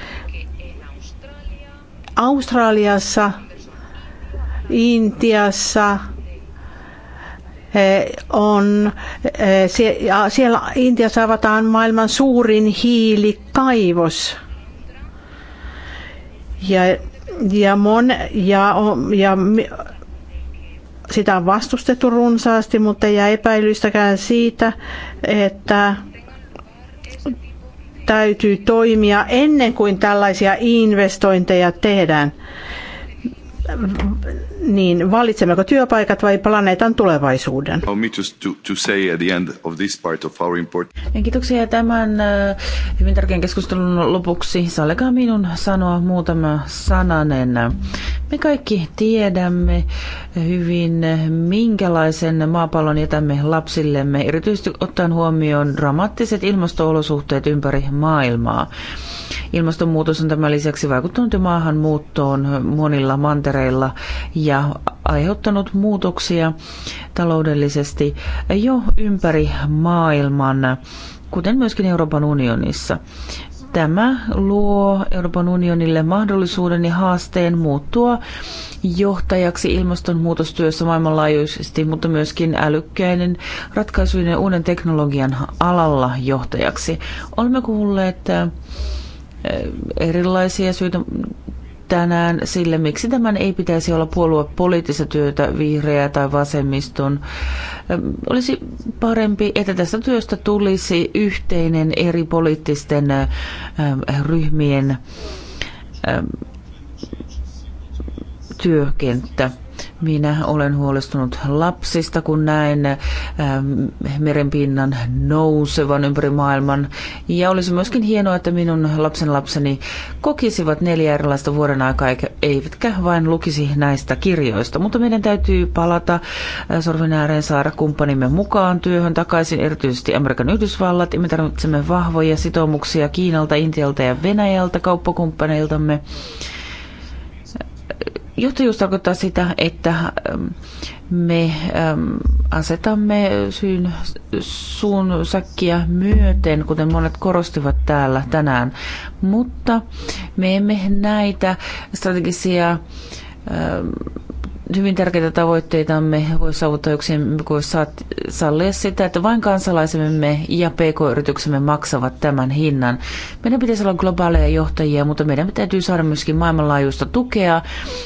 S4: Australiassa, Intiassa, on, siellä Intiassa avataan maailman suurin hiilikaivos. Ja, ja, mon, ja, ja sitä on vastustettu runsaasti, mutta ei jää epäilystäkään siitä, että täytyy toimia ennen kuin tällaisia investointeja tehdään niin valitsemmeko työpaikat vai planeetan tulevaisuuden? Kiitoksia tämän hyvin tärkeän keskustelun
S2: lopuksi. Sallikaa minun sanoa muutama sananen. Me kaikki tiedämme hyvin, minkälaisen maapallon jätämme lapsillemme, erityisesti ottaen huomioon dramaattiset ilmastoolosuhteet ympäri maailmaa. Ilmastonmuutos on tämän lisäksi vaikuttanut maahanmuuttoon monilla mantereilla ja ja aiheuttanut muutoksia taloudellisesti jo ympäri maailman, kuten myöskin Euroopan unionissa. Tämä luo Euroopan unionille mahdollisuuden ja haasteen muuttua johtajaksi ilmastonmuutostyössä maailmanlaajuisesti, mutta myöskin älykkäinen ratkaisujen ja uuden teknologian alalla johtajaksi. Olemme kuulleet äh, erilaisia syitä tänään sille, miksi tämän ei pitäisi olla puoluepoliittista työtä vihreää tai vasemmiston. Olisi parempi, että tästä työstä tulisi yhteinen eri poliittisten ryhmien työkenttä. Minä olen huolestunut lapsista, kun näen ähm, merenpinnan nousevan ympäri maailman. Ja olisi myöskin hienoa, että minun lapsen lapseni kokisivat neljä erilaista vuoden aikaa, eivätkä vain lukisi näistä kirjoista. Mutta meidän täytyy palata äh, sorvin ääreen saada kumppanimme mukaan työhön takaisin, erityisesti Amerikan Yhdysvallat. Me tarvitsemme vahvoja sitoumuksia Kiinalta, Intialta ja Venäjältä kauppakumppaneiltamme Johtajuus tarkoittaa sitä, että ähm, me ähm, asetamme syyn suun säkkiä myöten, kuten monet korostivat täällä tänään, mutta me emme näitä strategisia ähm, hyvin tärkeitä tavoitteitamme voi saavuttaa yksin, kun saat sallia sitä, että vain kansalaisemme ja pk-yrityksemme maksavat tämän hinnan. Meidän pitäisi olla globaaleja johtajia, mutta meidän täytyy saada myöskin maailmanlaajuista tukea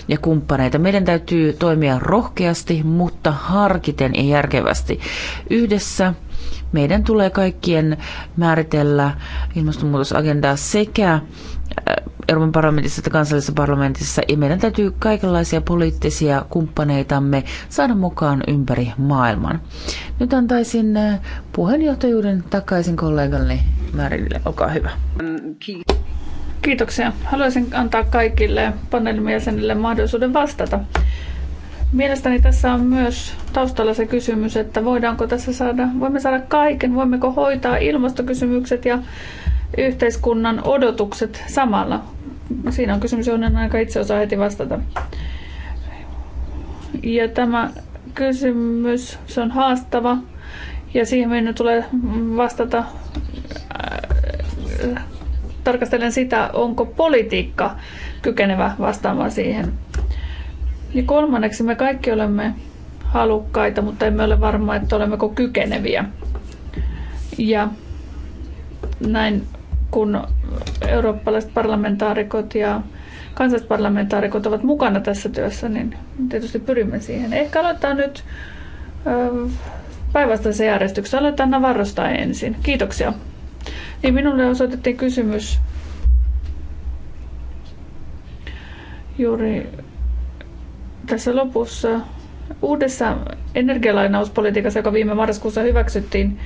S2: ja kumppaneita. Meidän täytyy toimia rohkeasti, mutta harkiten ja järkevästi. Yhdessä meidän tulee kaikkien määritellä ilmastonmuutosagendaa sekä Euroopan parlamentissa että kansallisessa parlamentissa. Ja meidän täytyy kaikenlaisia poliittisia kumppaneitamme saada mukaan ympäri maailman. Nyt antaisin äh, puheenjohtajuuden takaisin kollegalle Märille. Olkaa hyvä.
S1: Kiitoksia. Haluaisin antaa kaikille paneelimiesenille mahdollisuuden vastata. Mielestäni tässä on myös taustalla se kysymys, että voidaanko tässä saada, voimme saada kaiken, voimmeko hoitaa ilmastokysymykset ja yhteiskunnan odotukset samalla? Siinä on kysymys, johon en aika itse osaa heti vastata. Ja tämä kysymys, se on haastava ja siihen minun tulee vastata äh, tarkastelen sitä, onko politiikka kykenevä vastaamaan siihen. Ja kolmanneksi me kaikki olemme halukkaita, mutta emme ole varma, että olemmeko kykeneviä. Ja näin kun eurooppalaiset parlamentaarikot ja kansallisparlamentaarikot ovat mukana tässä työssä, niin tietysti pyrimme siihen. Ehkä aloittaa nyt päivästä se Aloitetaan Navarrosta ensin. Kiitoksia. Niin minulle osoitettiin kysymys juuri tässä lopussa uudessa energialainauspolitiikassa, joka viime marraskuussa hyväksyttiin,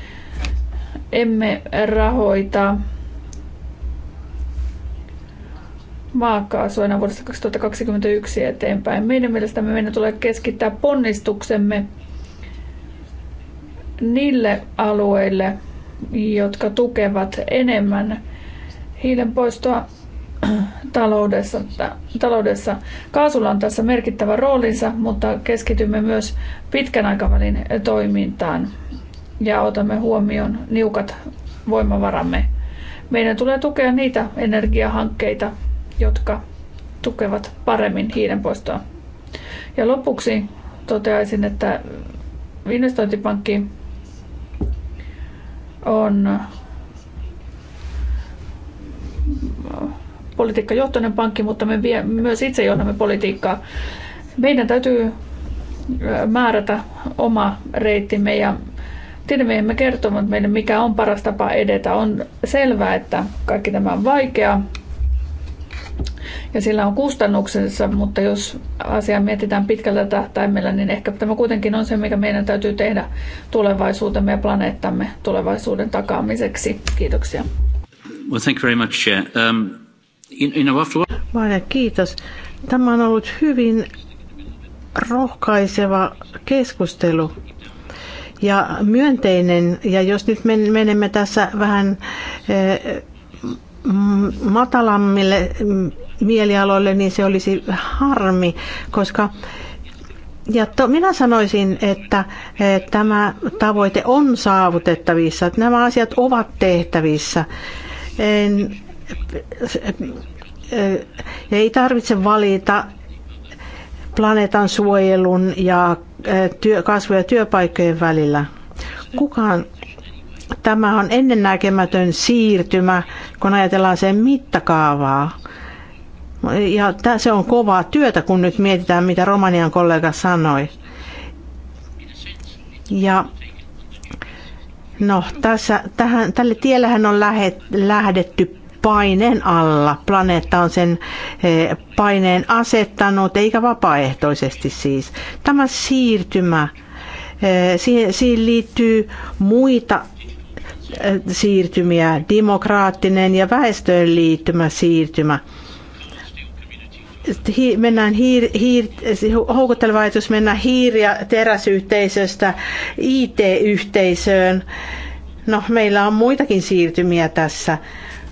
S1: emme rahoita maakaasua vuodesta 2021 eteenpäin. Meidän mielestämme meidän tulee keskittää ponnistuksemme niille alueille, jotka tukevat enemmän hiilen poistoa taloudessa, taloudessa. Kaasulla on tässä merkittävä roolinsa, mutta keskitymme myös pitkän aikavälin toimintaan ja otamme huomioon niukat voimavaramme. Meidän tulee tukea niitä energiahankkeita, jotka tukevat paremmin hiilenpoistoa. Ja lopuksi toteaisin, että investointipankki on politiikkajohtoinen pankki, mutta me myös itse johdamme politiikkaa. Meidän täytyy määrätä oma reittimme ja emme kertovat meille, mikä on paras tapa edetä. On selvää, että kaikki tämä on vaikea ja sillä on kustannuksensa, mutta jos asiaa mietitään pitkällä tähtäimellä, niin ehkä tämä kuitenkin on se, mikä meidän täytyy tehdä tulevaisuutemme ja planeettamme tulevaisuuden takaamiseksi. Kiitoksia.
S4: Well, thank you very much, Chair. Um, in, in Vale, kiitos. Tämä on ollut hyvin rohkaiseva keskustelu ja myönteinen. Ja jos nyt menemme tässä vähän eh, matalammille mielialoille, niin se olisi harmi, koska ja to, minä sanoisin, että e, tämä tavoite on saavutettavissa, että nämä asiat ovat tehtävissä. En, e, ei tarvitse valita planeetan suojelun ja työ, kasvu- ja työpaikkojen välillä. Kukaan Tämä on ennennäkemätön siirtymä, kun ajatellaan sen mittakaavaa. Ja se on kovaa työtä, kun nyt mietitään, mitä Romanian kollega sanoi. Ja no, tässä, tähän, tälle tiellähän on lähet, lähdetty paineen alla. Planeetta on sen eh, paineen asettanut, eikä vapaaehtoisesti siis. Tämä siirtymä, eh, siihen, liittyy muita eh, siirtymiä, demokraattinen ja väestöön liittymä siirtymä. Hi, mennään hiir, hiir, houkutteleva ajatus mennään hiiri- ja teräsyhteisöstä IT-yhteisöön. No, meillä on muitakin siirtymiä tässä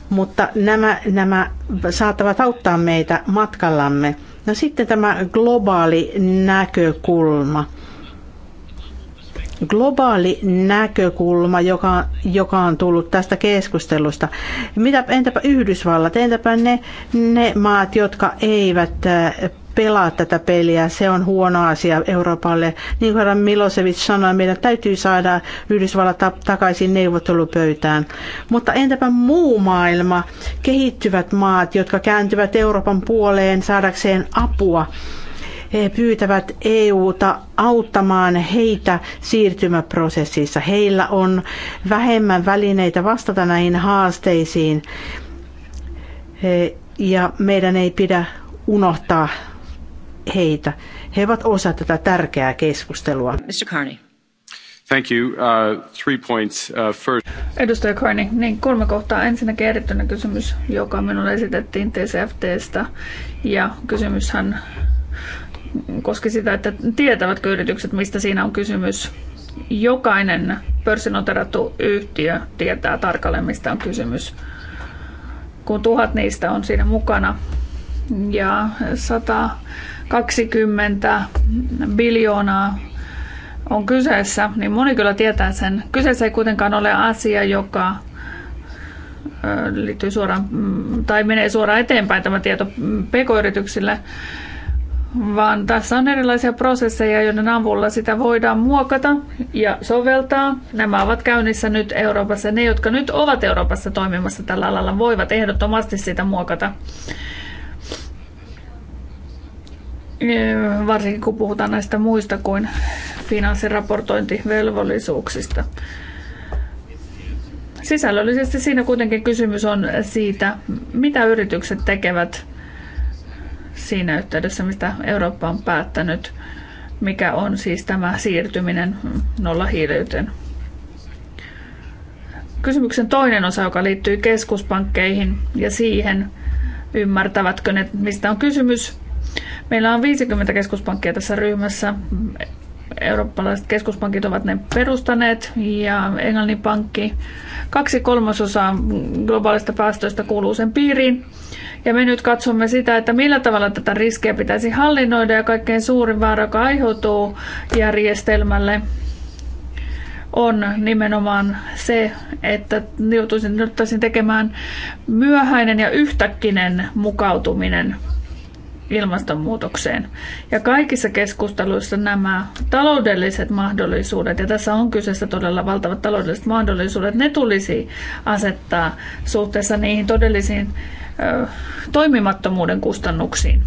S4: mutta nämä, nämä saattavat auttaa meitä matkallamme. No sitten tämä globaali näkökulma globaali näkökulma, joka, joka on tullut tästä keskustelusta. Mitä, entäpä Yhdysvallat, entäpä ne, ne maat, jotka eivät äh, pelaa tätä peliä, se on huono asia Euroopalle. Niin kuin Milosevic sanoi, meidän täytyy saada Yhdysvallat takaisin neuvottelupöytään. Mutta entäpä muu maailma, kehittyvät maat, jotka kääntyvät Euroopan puoleen saadakseen apua? He pyytävät EUta auttamaan heitä siirtymäprosessissa. Heillä on vähemmän välineitä vastata näihin haasteisiin ja meidän ei pidä unohtaa heitä. He ovat osa tätä tärkeää keskustelua. Mr. Carney.
S6: Thank you. Uh, three points. Uh, first.
S1: Edustaja Carney, niin kolme kohtaa. Ensinnäkin erityinen kysymys, joka minulle esitettiin TCFTstä. Ja kysymyshän koski sitä, että tietävätkö yritykset, mistä siinä on kysymys. Jokainen pörssinoterattu yhtiö tietää tarkalleen, mistä on kysymys, kun tuhat niistä on siinä mukana. Ja 120 biljoonaa on kyseessä, niin moni kyllä tietää sen. Kyseessä ei kuitenkaan ole asia, joka liittyy suoraan, tai menee suoraan eteenpäin tämä tieto pk-yrityksille vaan tässä on erilaisia prosesseja, joiden avulla sitä voidaan muokata ja soveltaa. Nämä ovat käynnissä nyt Euroopassa. Ne, jotka nyt ovat Euroopassa toimimassa tällä alalla, voivat ehdottomasti sitä muokata. Öö, varsinkin kun puhutaan näistä muista kuin finanssiraportointivelvollisuuksista. Sisällöllisesti siinä kuitenkin kysymys on siitä, mitä yritykset tekevät – siinä yhteydessä, mitä Eurooppa on päättänyt, mikä on siis tämä siirtyminen nollahiileyteen. Kysymyksen toinen osa, joka liittyy keskuspankkeihin ja siihen, ymmärtävätkö ne, mistä on kysymys. Meillä on 50 keskuspankkia tässä ryhmässä. Eurooppalaiset keskuspankit ovat ne perustaneet ja Englannin pankki. Kaksi kolmasosaa globaalista päästöistä kuuluu sen piiriin. Ja me nyt katsomme sitä, että millä tavalla tätä riskiä pitäisi hallinnoida ja kaikkein suurin vaara, joka aiheutuu järjestelmälle, on nimenomaan se, että joutuisin, joutuisin tekemään myöhäinen ja yhtäkkinen mukautuminen ilmastonmuutokseen. Ja kaikissa keskusteluissa nämä taloudelliset mahdollisuudet, ja tässä on kyseessä todella valtavat taloudelliset mahdollisuudet, ne tulisi asettaa suhteessa niihin todellisiin toimimattomuuden kustannuksiin.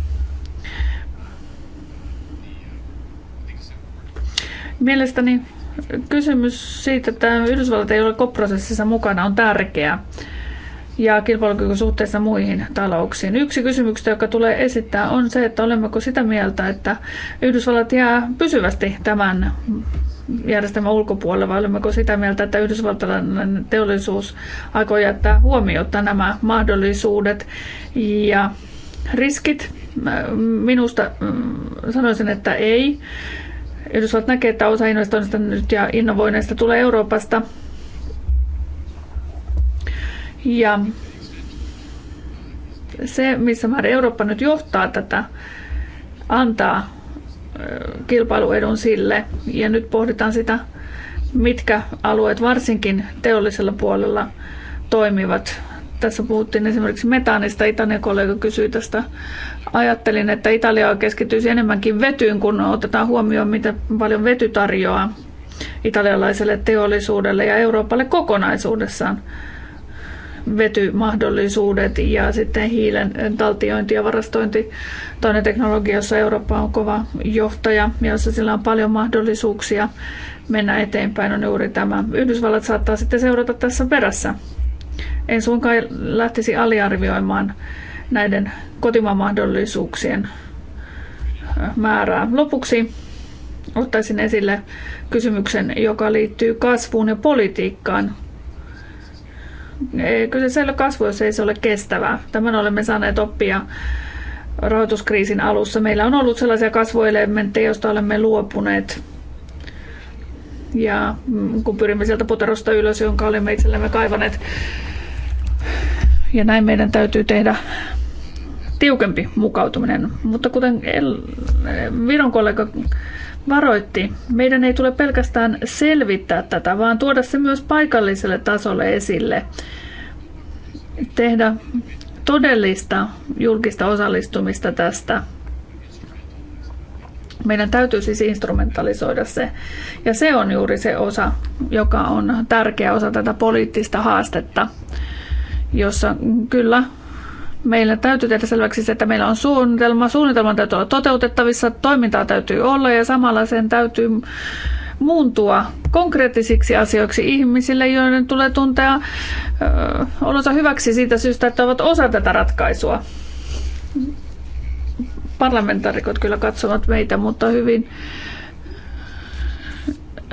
S1: Mielestäni kysymys siitä, että Yhdysvallat ei ole COP-prosessissa mukana, on tärkeä ja kilpailukyky suhteessa muihin talouksiin. Yksi kysymyksistä, joka tulee esittää, on se, että olemmeko sitä mieltä, että Yhdysvallat jää pysyvästi tämän järjestelmän ulkopuolella, vai olemmeko sitä mieltä, että yhdysvaltalainen teollisuus aikoo jättää huomiota nämä mahdollisuudet ja riskit? Minusta mm, sanoisin, että ei. Yhdysvallat näkee, että osa investoinnista nyt ja innovoinneista tulee Euroopasta ja se, missä määrin Eurooppa nyt johtaa tätä, antaa kilpailuedun sille. Ja nyt pohditaan sitä, mitkä alueet varsinkin teollisella puolella toimivat. Tässä puhuttiin esimerkiksi metaanista. Italian kollega kysyi tästä. Ajattelin, että Italia keskittyisi enemmänkin vetyyn, kun otetaan huomioon, mitä paljon vety tarjoaa italialaiselle teollisuudelle ja Euroopalle kokonaisuudessaan vetymahdollisuudet ja sitten hiilen taltiointi ja varastointi. Toinen teknologia, jossa Eurooppa on kova johtaja ja jossa sillä on paljon mahdollisuuksia mennä eteenpäin, on juuri tämä. Yhdysvallat saattaa sitten seurata tässä perässä. En suinkaan lähtisi aliarvioimaan näiden kotimaan mahdollisuuksien määrää. Lopuksi ottaisin esille kysymyksen, joka liittyy kasvuun ja politiikkaan kyseisellä kasvu, jos ei se ole kestävää. Tämän olemme saaneet oppia rahoituskriisin alussa. Meillä on ollut sellaisia kasvuelementtejä, joista olemme luopuneet. Ja mm, kun pyrimme sieltä poterosta ylös, jonka olemme itsellemme kaivaneet. Ja näin meidän täytyy tehdä tiukempi mukautuminen. Mutta kuten El- Viron kollega varoitti, meidän ei tule pelkästään selvittää tätä, vaan tuoda se myös paikalliselle tasolle esille. Tehdä todellista julkista osallistumista tästä. Meidän täytyy siis instrumentalisoida se. Ja se on juuri se osa, joka on tärkeä osa tätä poliittista haastetta, jossa kyllä meillä täytyy tehdä selväksi se, että meillä on suunnitelma, suunnitelman täytyy olla toteutettavissa, toimintaa täytyy olla ja samalla sen täytyy muuntua konkreettisiksi asioiksi ihmisille, joiden tulee tuntea ö, olonsa hyväksi siitä syystä, että ovat osa tätä ratkaisua. Parlamentaarikot kyllä katsovat meitä, mutta hyvin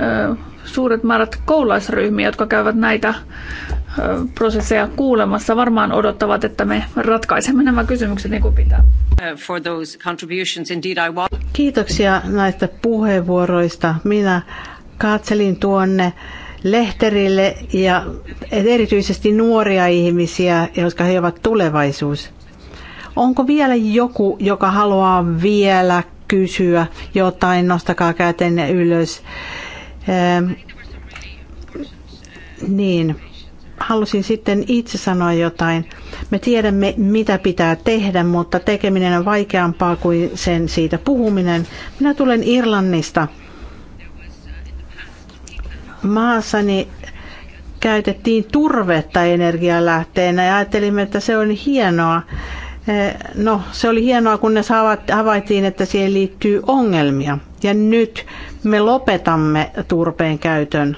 S1: ö, suuret määrät koululaisryhmiä, jotka käyvät näitä prosesseja kuulemassa, varmaan odottavat, että me ratkaisemme
S4: nämä kysymykset niin kuin pitää.
S5: Uh, for those contributions. Indeed, I want...
S4: Kiitoksia näistä puheenvuoroista. Minä katselin tuonne lehterille ja erityisesti nuoria ihmisiä, jotka he ovat tulevaisuus. Onko vielä joku, joka haluaa vielä kysyä jotain, nostakaa kätenne ylös. Ehm, niin, halusin sitten itse sanoa jotain. Me tiedämme, mitä pitää tehdä, mutta tekeminen on vaikeampaa kuin sen siitä puhuminen. Minä tulen Irlannista. Maassani käytettiin turvetta energialähteenä ja ajattelimme, että se on hienoa. Eh, no, se oli hienoa, kun ne havaittiin, että siihen liittyy ongelmia. Ja nyt me lopetamme turpeen käytön.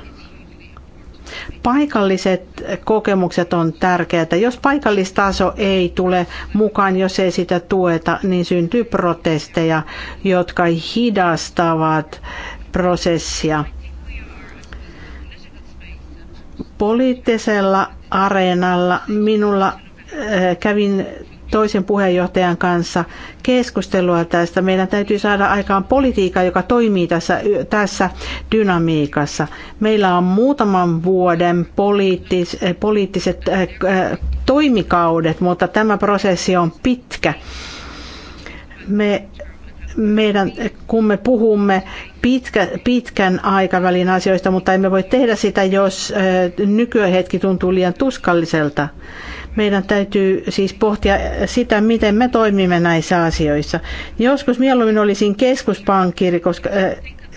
S4: Paikalliset kokemukset on tärkeitä. Jos paikallistaso ei tule mukaan, jos ei sitä tueta, niin syntyy protesteja, jotka hidastavat prosessia. Poliittisella areenalla minulla eh, kävin toisen puheenjohtajan kanssa keskustelua tästä. Meidän täytyy saada aikaan politiikka, joka toimii tässä, tässä dynamiikassa. Meillä on muutaman vuoden poliittis, poliittiset äh, äh, toimikaudet, mutta tämä prosessi on pitkä. Me meidän, kun me puhumme pitkä, pitkän aikavälin asioista, mutta emme voi tehdä sitä, jos äh, nykyhetki tuntuu liian tuskalliselta. Meidän täytyy siis pohtia sitä, miten me toimimme näissä asioissa. Joskus mieluummin olisin keskuspankkiiri, koska, äh,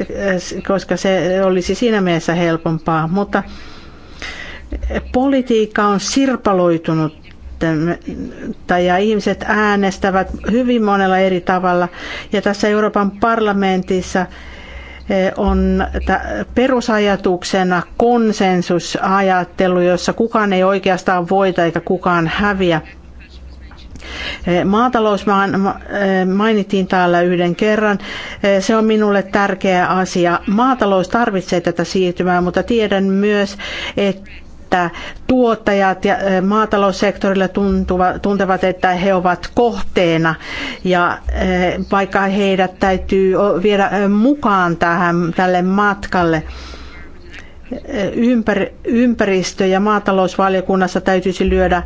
S4: äh, koska se olisi siinä mielessä helpompaa, mutta politiikka on sirpaloitunut ja ihmiset äänestävät hyvin monella eri tavalla. Ja tässä Euroopan parlamentissa on perusajatuksena konsensusajattelu, jossa kukaan ei oikeastaan voita eikä kukaan häviä. Maatalous mainittiin täällä yhden kerran. Se on minulle tärkeä asia. Maatalous tarvitsee tätä siirtymää, mutta tiedän myös, että että tuottajat ja eh, maataloussektorilla tuntuva, tuntevat, että he ovat kohteena ja eh, vaikka heidät täytyy viedä eh, mukaan tähän tälle matkalle ympäristö- ja maatalousvaliokunnassa täytyisi lyödä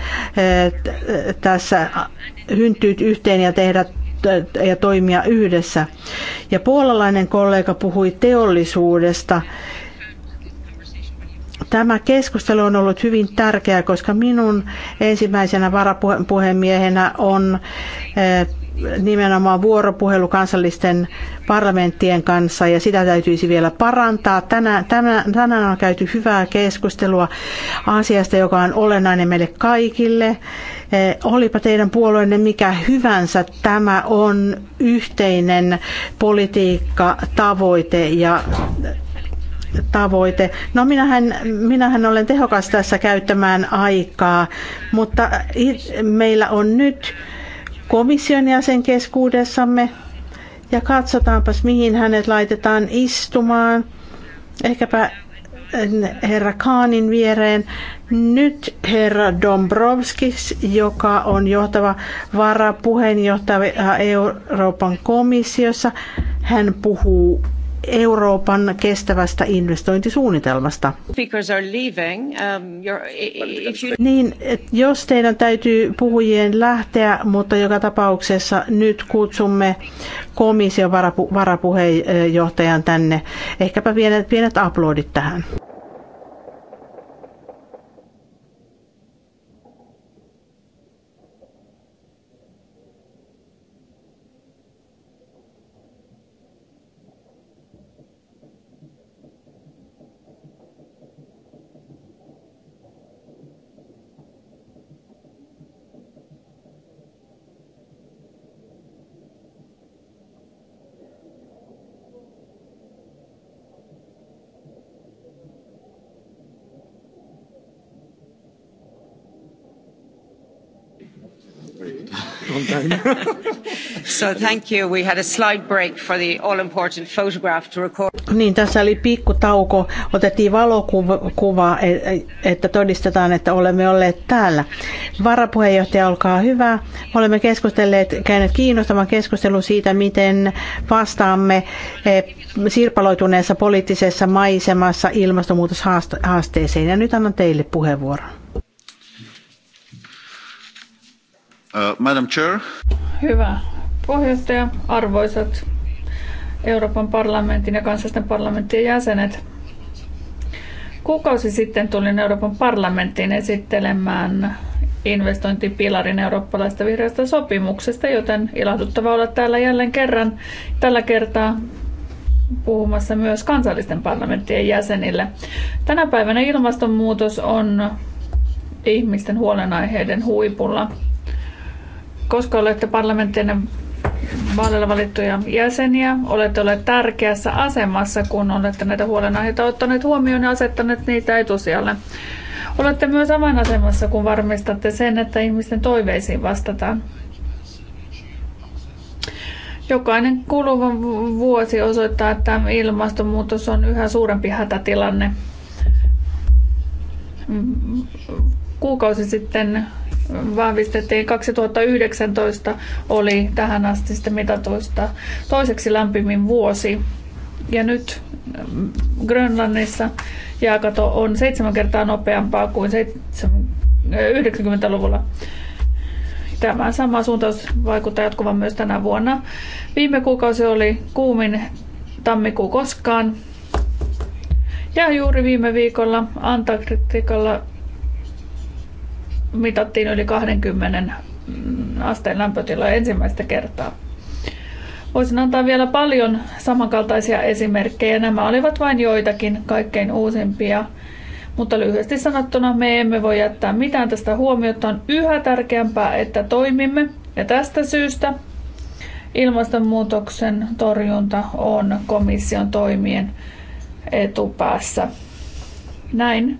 S4: tässä hyntyyt yhteen ja tehdä ja toimia yhdessä. Ja puolalainen kollega puhui teollisuudesta Tämä keskustelu on ollut hyvin tärkeä, koska minun ensimmäisenä varapuhemiehenä on eh, nimenomaan vuoropuhelu kansallisten parlamenttien kanssa ja sitä täytyisi vielä parantaa. Tänään, tänään on käyty hyvää keskustelua asiasta, joka on olennainen meille kaikille. Eh, olipa teidän puolueenne mikä hyvänsä, tämä on yhteinen politiikka, tavoite ja tavoite. No minähän, minähän olen tehokas tässä käyttämään aikaa, mutta meillä on nyt komission jäsen keskuudessamme ja katsotaanpas mihin hänet laitetaan istumaan. Ehkäpä eh, herra Kaanin viereen. Nyt herra Dombrovskis, joka on johtava varapuheenjohtaja Euroopan komissiossa, hän puhuu Euroopan kestävästä investointisuunnitelmasta. Um, niin, jos teidän täytyy puhujien lähteä, mutta joka tapauksessa nyt kutsumme komission varapu, varapuheenjohtajan tänne. Ehkäpä pienet, pienet aplodit tähän.
S6: on time.
S5: so thank you. We had a break for the all important photograph to record.
S4: Niin, tässä oli pikku tauko. Otettiin valokuva, e, e, että todistetaan, että olemme olleet täällä. Varapuheenjohtaja, olkaa hyvä. olemme keskustelleet, käyneet kiinnostavan keskustelun siitä, miten vastaamme e, sirpaloituneessa poliittisessa maisemassa ilmastonmuutoshaasteeseen. Ja nyt annan teille puheenvuoron.
S1: Uh, Madam Chair. Hyvä puheenjohtaja, arvoisat Euroopan parlamentin ja kansallisten parlamenttien jäsenet. Kuukausi sitten tulin Euroopan parlamenttiin esittelemään investointipilarin eurooppalaista vihreästä sopimuksesta, joten ilahduttava olla täällä jälleen kerran. Tällä kertaa puhumassa myös kansallisten parlamenttien jäsenille. Tänä päivänä ilmastonmuutos on ihmisten huolenaiheiden huipulla koska olette parlamenttien vaaleilla valittuja jäseniä, olette olleet tärkeässä asemassa, kun olette näitä huolenaiheita ottaneet huomioon ja asettaneet niitä etusijalle. Olette myös avainasemassa, kun varmistatte sen, että ihmisten toiveisiin vastataan. Jokainen kuluva vuosi osoittaa, että ilmastonmuutos on yhä suurempi hätätilanne. Kuukausi sitten vahvistettiin 2019 oli tähän asti sitten mitatuista toiseksi lämpimin vuosi. Ja nyt mm, Grönlannissa jääkato on seitsemän kertaa nopeampaa kuin 90-luvulla. Tämä sama suuntaus vaikuttaa jatkuvan myös tänä vuonna. Viime kuukausi oli kuumin tammikuu koskaan. Ja juuri viime viikolla Antarktikalla mitattiin yli 20 mm, asteen lämpötilaa ensimmäistä kertaa. Voisin antaa vielä paljon samankaltaisia esimerkkejä. Nämä olivat vain joitakin kaikkein uusimpia. Mutta lyhyesti sanottuna me emme voi jättää mitään tästä huomiota. On yhä tärkeämpää, että toimimme. Ja tästä syystä ilmastonmuutoksen torjunta on komission toimien etupäässä. Näin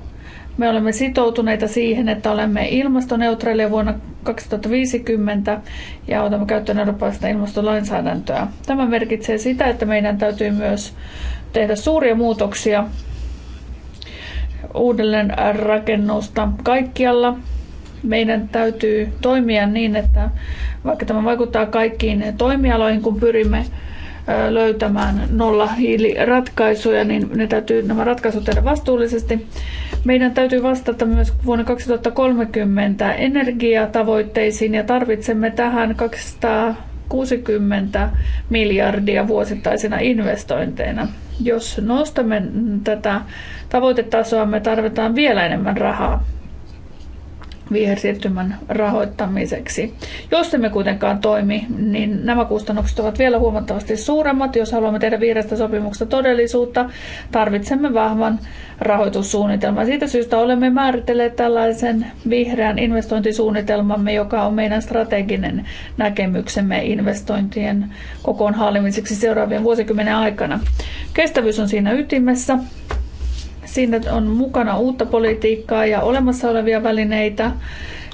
S1: me olemme sitoutuneita siihen, että olemme ilmastoneutraaleja vuonna 2050 ja otamme käyttöön eurooppalaista ilmastolainsäädäntöä. Tämä merkitsee sitä, että meidän täytyy myös tehdä suuria muutoksia uudelleen rakennusta kaikkialla. Meidän täytyy toimia niin, että vaikka tämä vaikuttaa kaikkiin toimialoihin, kun pyrimme löytämään nollahiiliratkaisuja, niin ne täytyy nämä ratkaisut tehdä vastuullisesti. Meidän täytyy vastata myös vuonna 2030 energiatavoitteisiin ja tarvitsemme tähän 260 miljardia vuosittaisena investointeina. Jos nostamme tätä tavoitetasoa, me tarvitaan vielä enemmän rahaa vihersiirtymän rahoittamiseksi. Jos emme kuitenkaan toimi, niin nämä kustannukset ovat vielä huomattavasti suuremmat. Jos haluamme tehdä vihreästä sopimuksesta todellisuutta, tarvitsemme vahvan rahoitussuunnitelman. Siitä syystä olemme määritelleet tällaisen vihreän investointisuunnitelmamme, joka on meidän strateginen näkemyksemme investointien kokoon hallimiseksi seuraavien vuosikymmenen aikana. Kestävyys on siinä ytimessä Siinä on mukana uutta politiikkaa ja olemassa olevia välineitä.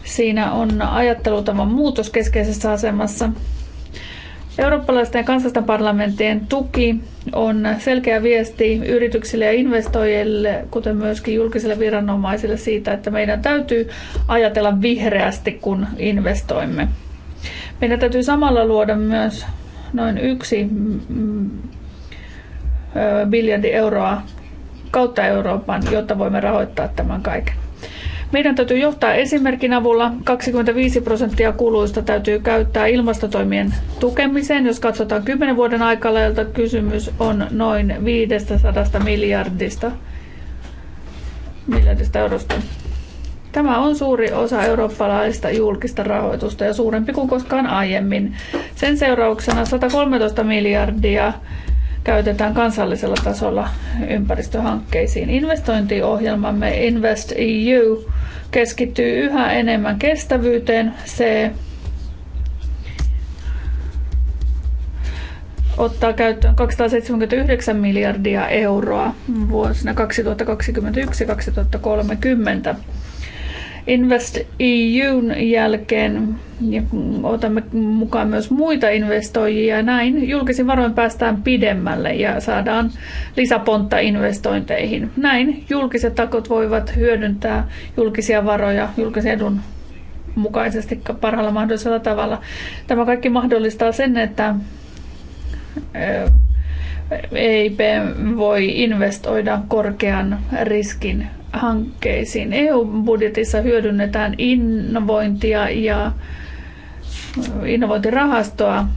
S1: Siinä on ajattelutavan muutos keskeisessä asemassa. Eurooppalaisten ja kansallisten parlamenttien tuki on selkeä viesti yrityksille ja investoijille, kuten myöskin julkisille viranomaisille siitä, että meidän täytyy ajatella vihreästi, kun investoimme. Meidän täytyy samalla luoda myös noin yksi mm, mm, biljardi euroa kautta Euroopan, jotta voimme rahoittaa tämän kaiken. Meidän täytyy johtaa esimerkin avulla. 25 prosenttia kuluista täytyy käyttää ilmastotoimien tukemiseen. Jos katsotaan 10 vuoden aikalailta, kysymys on noin 500 miljardista, miljardista eurosta. Tämä on suuri osa eurooppalaista julkista rahoitusta ja suurempi kuin koskaan aiemmin. Sen seurauksena 113 miljardia käytetään kansallisella tasolla ympäristöhankkeisiin. Investointiohjelmamme Invest EU keskittyy yhä enemmän kestävyyteen. Se ottaa käyttöön 279 miljardia euroa vuosina 2021-2030. Invest EUn jälkeen ja otamme mukaan myös muita investoijia. Näin julkisin varoin päästään pidemmälle ja saadaan lisäpontta investointeihin. Näin julkiset takot voivat hyödyntää julkisia varoja julkisen edun mukaisesti parhaalla mahdollisella tavalla. Tämä kaikki mahdollistaa sen, että EIP voi investoida korkean riskin hankkeisiin. EU-budjetissa hyödynnetään innovointia ja innovointirahastoa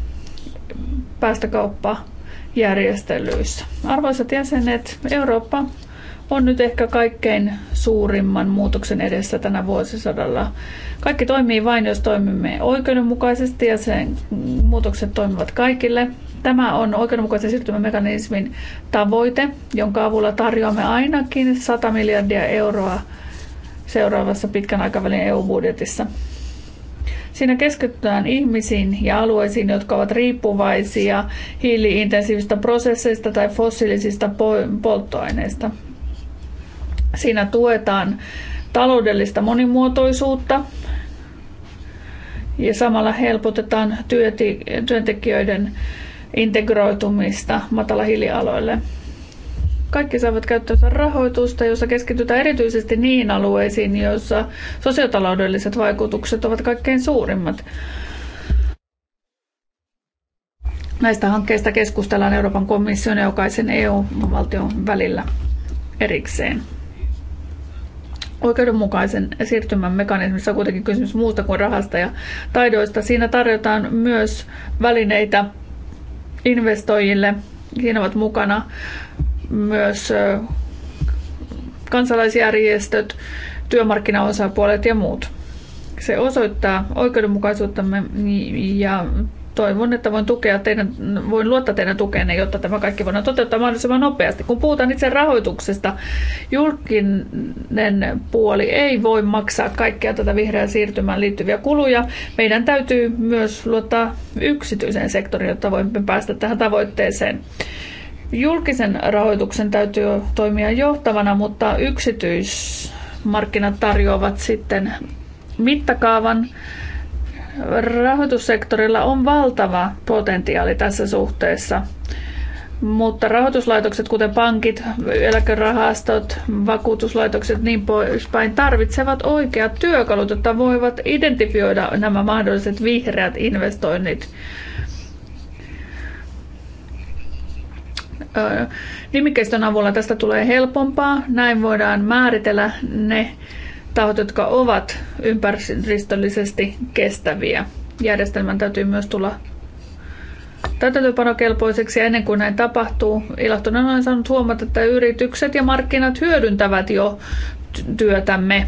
S1: päästökauppajärjestelyissä. Arvoisat jäsenet, Eurooppa on nyt ehkä kaikkein suurimman muutoksen edessä tänä vuosisadalla. Kaikki toimii vain, jos toimimme oikeudenmukaisesti ja sen muutokset toimivat kaikille. Tämä on oikeudenmukaisen siirtymämekanismin tavoite, jonka avulla tarjoamme ainakin 100 miljardia euroa seuraavassa pitkän aikavälin EU-budjetissa. Siinä keskitytään ihmisiin ja alueisiin, jotka ovat riippuvaisia hiiliintensiivisistä prosesseista tai fossiilisista polttoaineista. Siinä tuetaan taloudellista monimuotoisuutta ja samalla helpotetaan työti, työntekijöiden integroitumista matalahiilialoille. Kaikki saavat käyttöönsä rahoitusta, jossa keskitytään erityisesti niihin alueisiin, joissa sosiotaloudelliset vaikutukset ovat kaikkein suurimmat. Näistä hankkeista keskustellaan Euroopan komission ja jokaisen EU-valtion välillä erikseen. Oikeudenmukaisen siirtymän mekanismissa on kuitenkin kysymys muusta kuin rahasta ja taidoista. Siinä tarjotaan myös välineitä investoijille. Siinä ovat mukana myös kansalaisjärjestöt, työmarkkinaosapuolet ja muut. Se osoittaa oikeudenmukaisuuttamme ja toivon, että voin, tukea teidän, voin luottaa teidän tukeenne, jotta tämä kaikki voidaan toteuttaa mahdollisimman nopeasti. Kun puhutaan itse rahoituksesta, julkinen puoli ei voi maksaa kaikkea tätä vihreän siirtymään liittyviä kuluja. Meidän täytyy myös luottaa yksityiseen sektoriin, jotta voimme päästä tähän tavoitteeseen. Julkisen rahoituksen täytyy toimia johtavana, mutta yksityismarkkinat tarjoavat sitten mittakaavan rahoitussektorilla on valtava potentiaali tässä suhteessa. Mutta rahoituslaitokset, kuten pankit, eläkerahastot, vakuutuslaitokset niin poispäin, tarvitsevat oikeat työkalut, jotta voivat identifioida nämä mahdolliset vihreät investoinnit. Nimikkeistön avulla tästä tulee helpompaa. Näin voidaan määritellä ne tahot, jotka ovat ympäristöllisesti kestäviä. Järjestelmän täytyy myös tulla täytäntöpanokelpoiseksi ja ennen kuin näin tapahtuu, ilahtuneena olen saanut huomata, että yritykset ja markkinat hyödyntävät jo työtämme.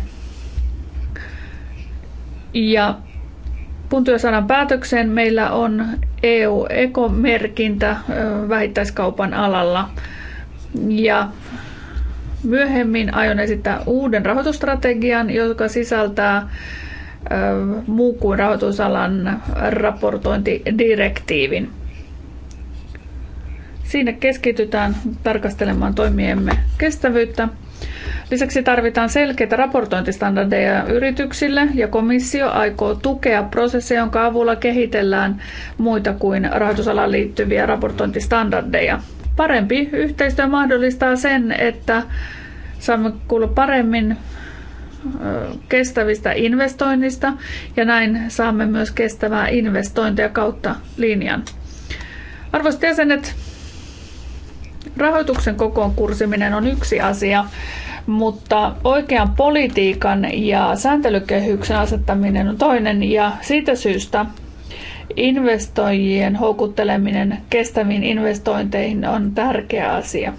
S1: Ja kun työ saadaan päätökseen, meillä on EU-ekomerkintä vähittäiskaupan alalla. Ja Myöhemmin aion esittää uuden rahoitusstrategian, joka sisältää muu kuin rahoitusalan raportointidirektiivin. Siinä keskitytään tarkastelemaan toimiemme kestävyyttä. Lisäksi tarvitaan selkeitä raportointistandardeja yrityksille ja komissio aikoo tukea prosessia, jonka avulla kehitellään muita kuin rahoitusalaan liittyviä raportointistandardeja. Parempi yhteistyö mahdollistaa sen, että saamme kuulla paremmin kestävistä investoinnista ja näin saamme myös kestävää investointia kautta linjan. Arvoisat jäsenet, rahoituksen kokoon kursiminen on yksi asia, mutta oikean politiikan ja sääntelykehyksen asettaminen on toinen ja siitä syystä investoijien houkutteleminen kestäviin investointeihin on tärkeä asia.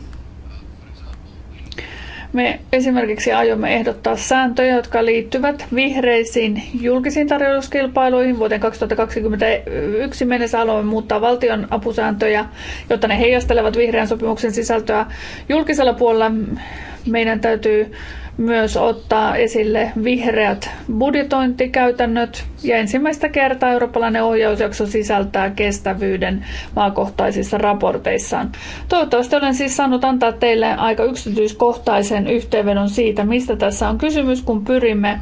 S1: Me esimerkiksi aiomme ehdottaa sääntöjä, jotka liittyvät vihreisiin julkisiin tarjouskilpailuihin. Vuoteen 2021 mennessä haluamme muuttaa valtion apusääntöjä, jotta ne heijastelevat vihreän sopimuksen sisältöä. Julkisella puolella meidän täytyy myös ottaa esille vihreät budjetointikäytännöt ja ensimmäistä kertaa eurooppalainen ohjausjakso sisältää kestävyyden maakohtaisissa raporteissaan. Toivottavasti olen siis saanut antaa teille aika yksityiskohtaisen yhteenvedon siitä, mistä tässä on kysymys, kun pyrimme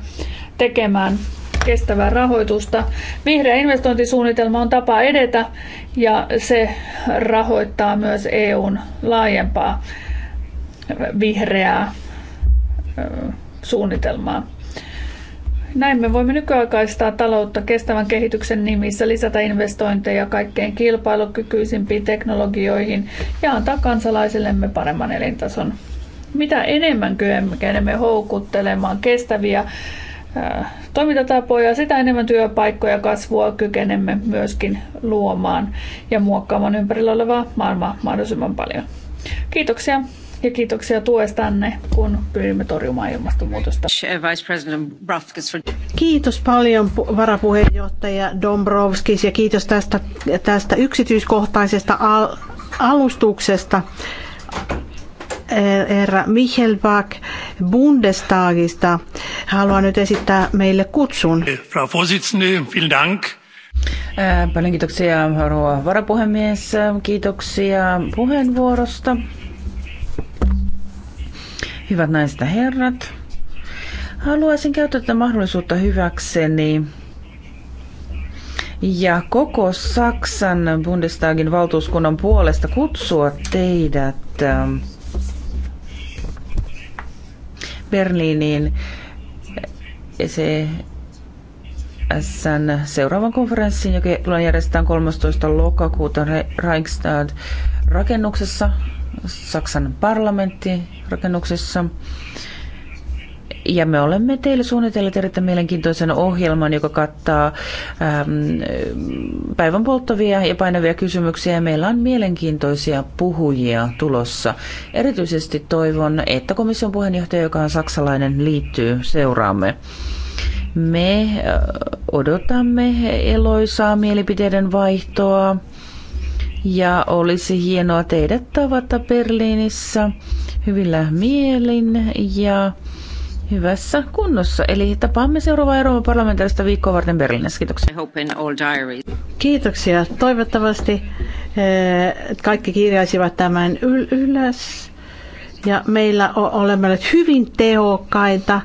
S1: tekemään kestävää rahoitusta. Vihreä investointisuunnitelma on tapa edetä ja se rahoittaa myös EUn laajempaa vihreää suunnitelmaa. Näin me voimme nykyaikaistaa taloutta kestävän kehityksen nimissä, lisätä investointeja kaikkein kilpailukykyisimpiin teknologioihin ja antaa kansalaisillemme paremman elintason. Mitä enemmän kyemme houkuttelemaan kestäviä toimintatapoja, sitä enemmän työpaikkoja ja kasvua kykenemme myöskin luomaan ja muokkaamaan ympärillä olevaa maailmaa mahdollisimman paljon. Kiitoksia. Ja kiitoksia tänne, kun pyrimme torjumaan ilmastonmuutosta.
S4: Kiitos paljon varapuheenjohtaja Dombrovskis ja kiitos tästä, tästä yksityiskohtaisesta al- alustuksesta. Eh, herra Bach Bundestagista haluaa nyt esittää meille kutsun.
S5: Eh, Frau Vorsitzende, vielen Dank.
S4: Eh,
S2: paljon kiitoksia, rouva varapuhemies. Kiitoksia puheenvuorosta. Hyvät naiset ja herrat, haluaisin käyttää tätä mahdollisuutta hyväkseni ja koko Saksan Bundestagin valtuuskunnan puolesta kutsua teidät ähm, Berliiniin se SN seuraavan konferenssin, joka tulee järjestetään 13. lokakuuta Reichstag rakennuksessa Saksan parlamenttirakennuksessa. Ja me olemme teille suunnitelleet erittäin mielenkiintoisen ohjelman, joka kattaa ähm, päivän polttavia ja painavia kysymyksiä. meillä on mielenkiintoisia puhujia tulossa. Erityisesti toivon, että komission puheenjohtaja, joka on saksalainen, liittyy seuraamme. Me äh, odotamme eloisaa mielipiteiden vaihtoa ja olisi hienoa teidät tavata Berliinissä hyvillä mielin ja hyvässä kunnossa.
S4: Eli tapaamme seuraavaa Euroopan parlamentaarista viikkoa varten Berliinissä. Kiitoksia. Kiitoksia. Toivottavasti eh, kaikki kirjaisivat tämän ylös. Ja meillä olemme olleet hyvin tehokkaita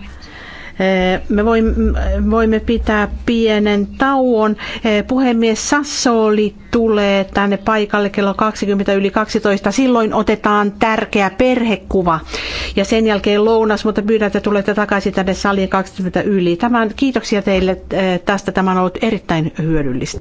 S4: me voimme pitää pienen tauon. Puhemies Sassoli tulee tänne paikalle kello 20 yli 12. Silloin otetaan tärkeä perhekuva ja sen jälkeen lounas, mutta pyydän, että tulette takaisin tänne saliin 20 yli. Tämän, kiitoksia teille eh, tästä. Tämä on ollut erittäin hyödyllistä.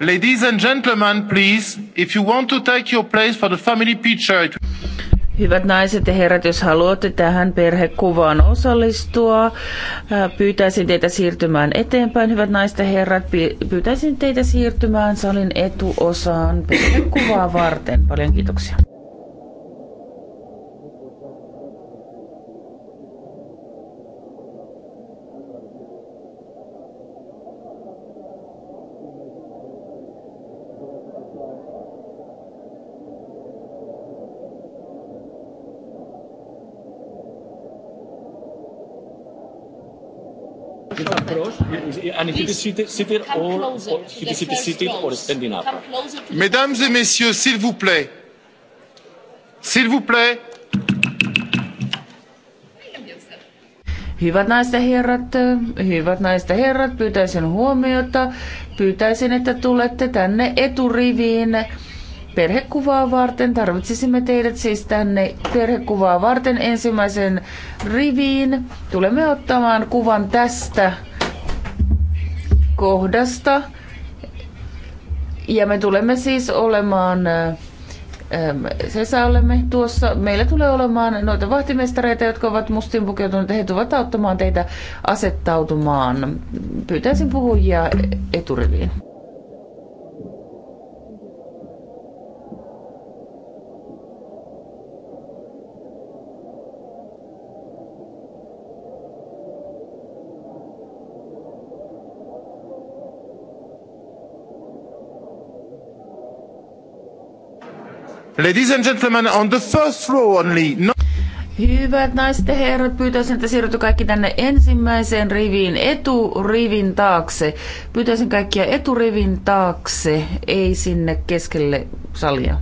S5: Ladies and gentlemen, please, if you want to take your place for the family picture. It...
S2: Hyvät naiset ja herrat, jos haluatte tähän perhekuvaan osallistua, äh, pyytäisin teitä siirtymään eteenpäin. Hyvät naiset ja herrat, pyytäisin teitä siirtymään salin etuosaan perhekuvaa varten. Paljon kiitoksia.
S6: and if you
S5: could sit, sit or, or if you could or standing up. Mesdames et messieurs, s'il vous plaît, s'il vous plaît.
S2: Hyvät naiset ja herrat, hyvät naiset ja herrat, pyytäisin huomiota. Pyytäisin, että tulette tänne eturiviin perhekuvaa varten. Tarvitsisimme teidät siis tänne perhekuvaa varten ensimmäisen riviin. Tulemme ottamaan kuvan tästä kohdasta. Ja me tulemme siis olemaan, ähm, sesä olemme tuossa, meillä tulee olemaan noita vahtimestareita, jotka ovat mustiin pukeutuneet. he tulevat auttamaan teitä asettautumaan. Pyytäisin puhujia
S1: eturiviin.
S5: Ladies and gentlemen, on the first row only. No.
S2: Hyvät naiset ja herrat, pyytäisin, että siirrytty kaikki tänne ensimmäiseen riviin, eturivin taakse. Pyytäisin kaikkia eturivin taakse, ei sinne keskelle salia.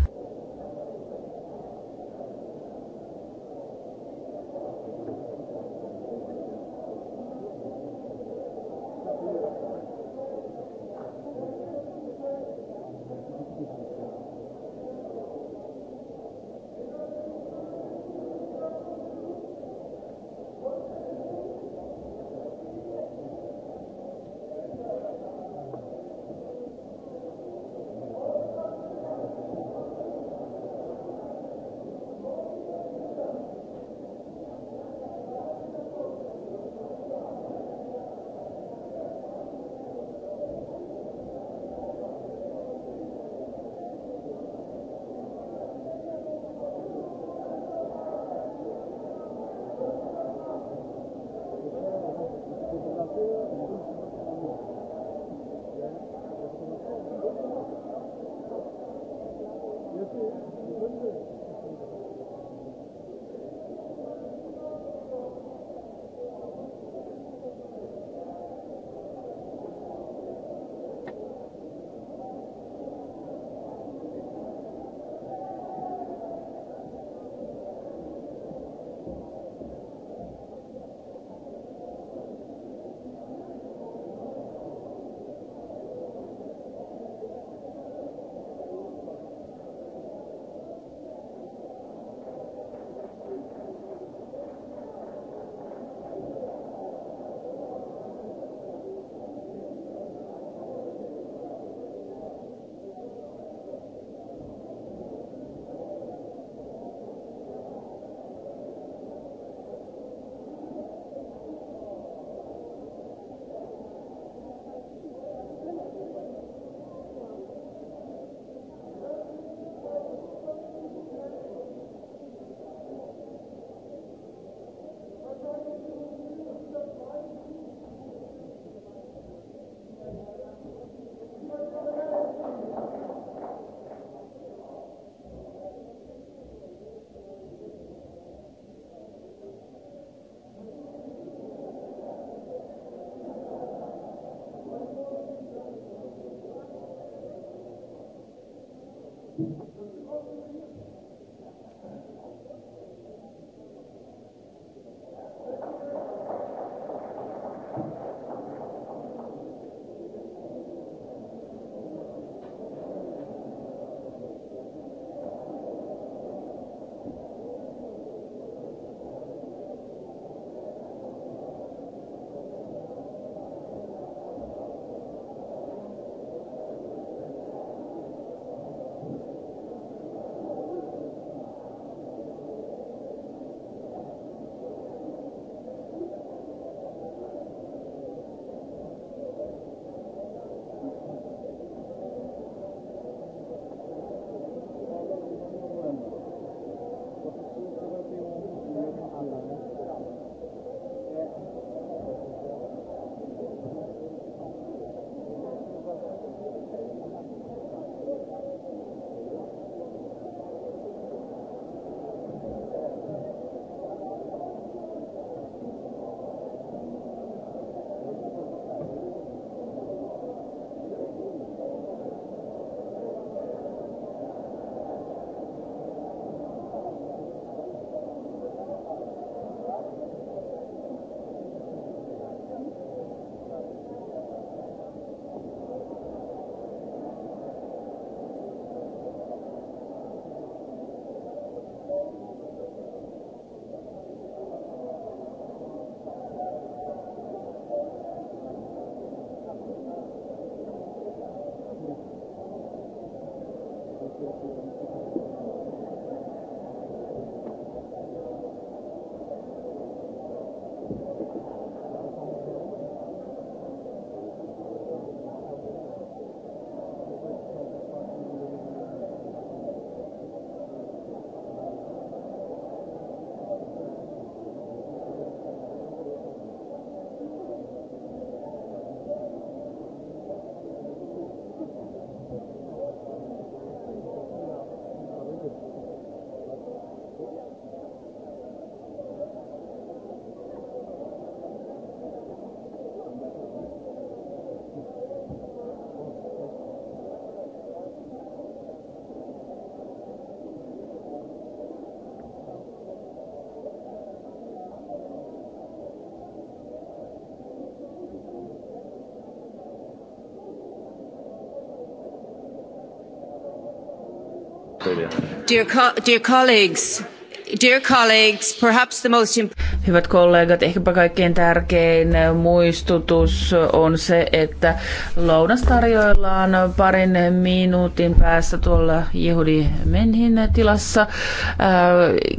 S2: Hyvät kollegat, ehkäpä kaikkein tärkein muistutus on se, että lounas tarjoillaan parin minuutin päässä tuolla Jehudi Menhin tilassa. Äh,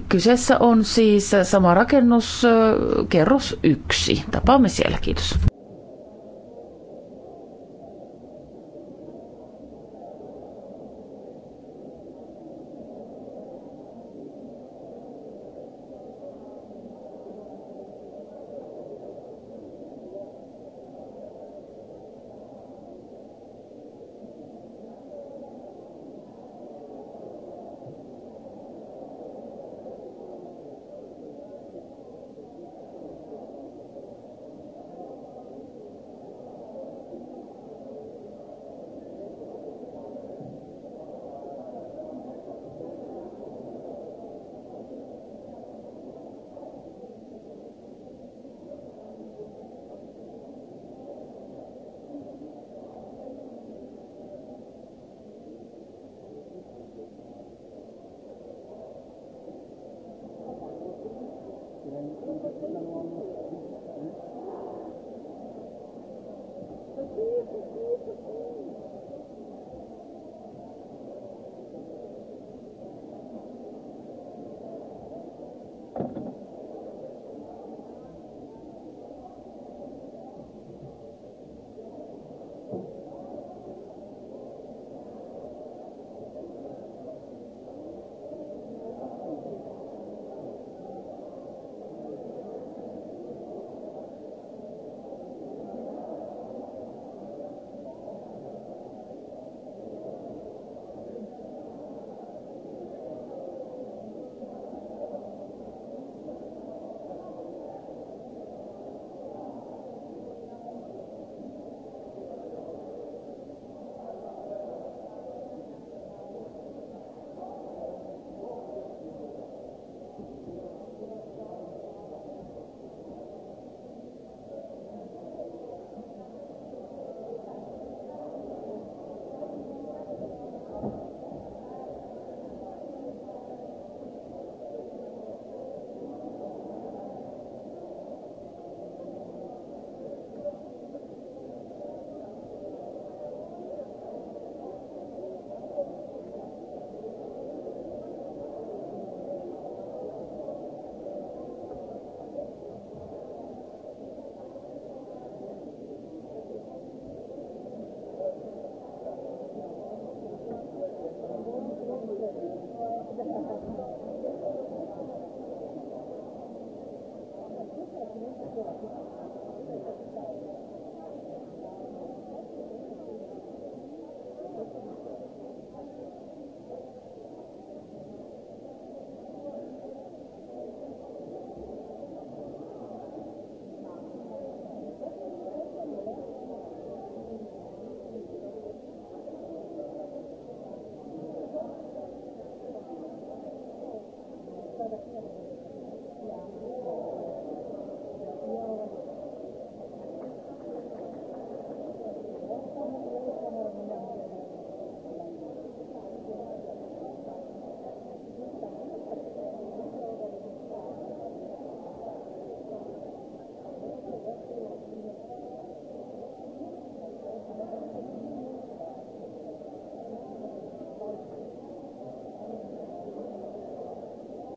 S2: kyseessä on siis sama rakennus, äh, kerros yksi. Tapaamme siellä, kiitos.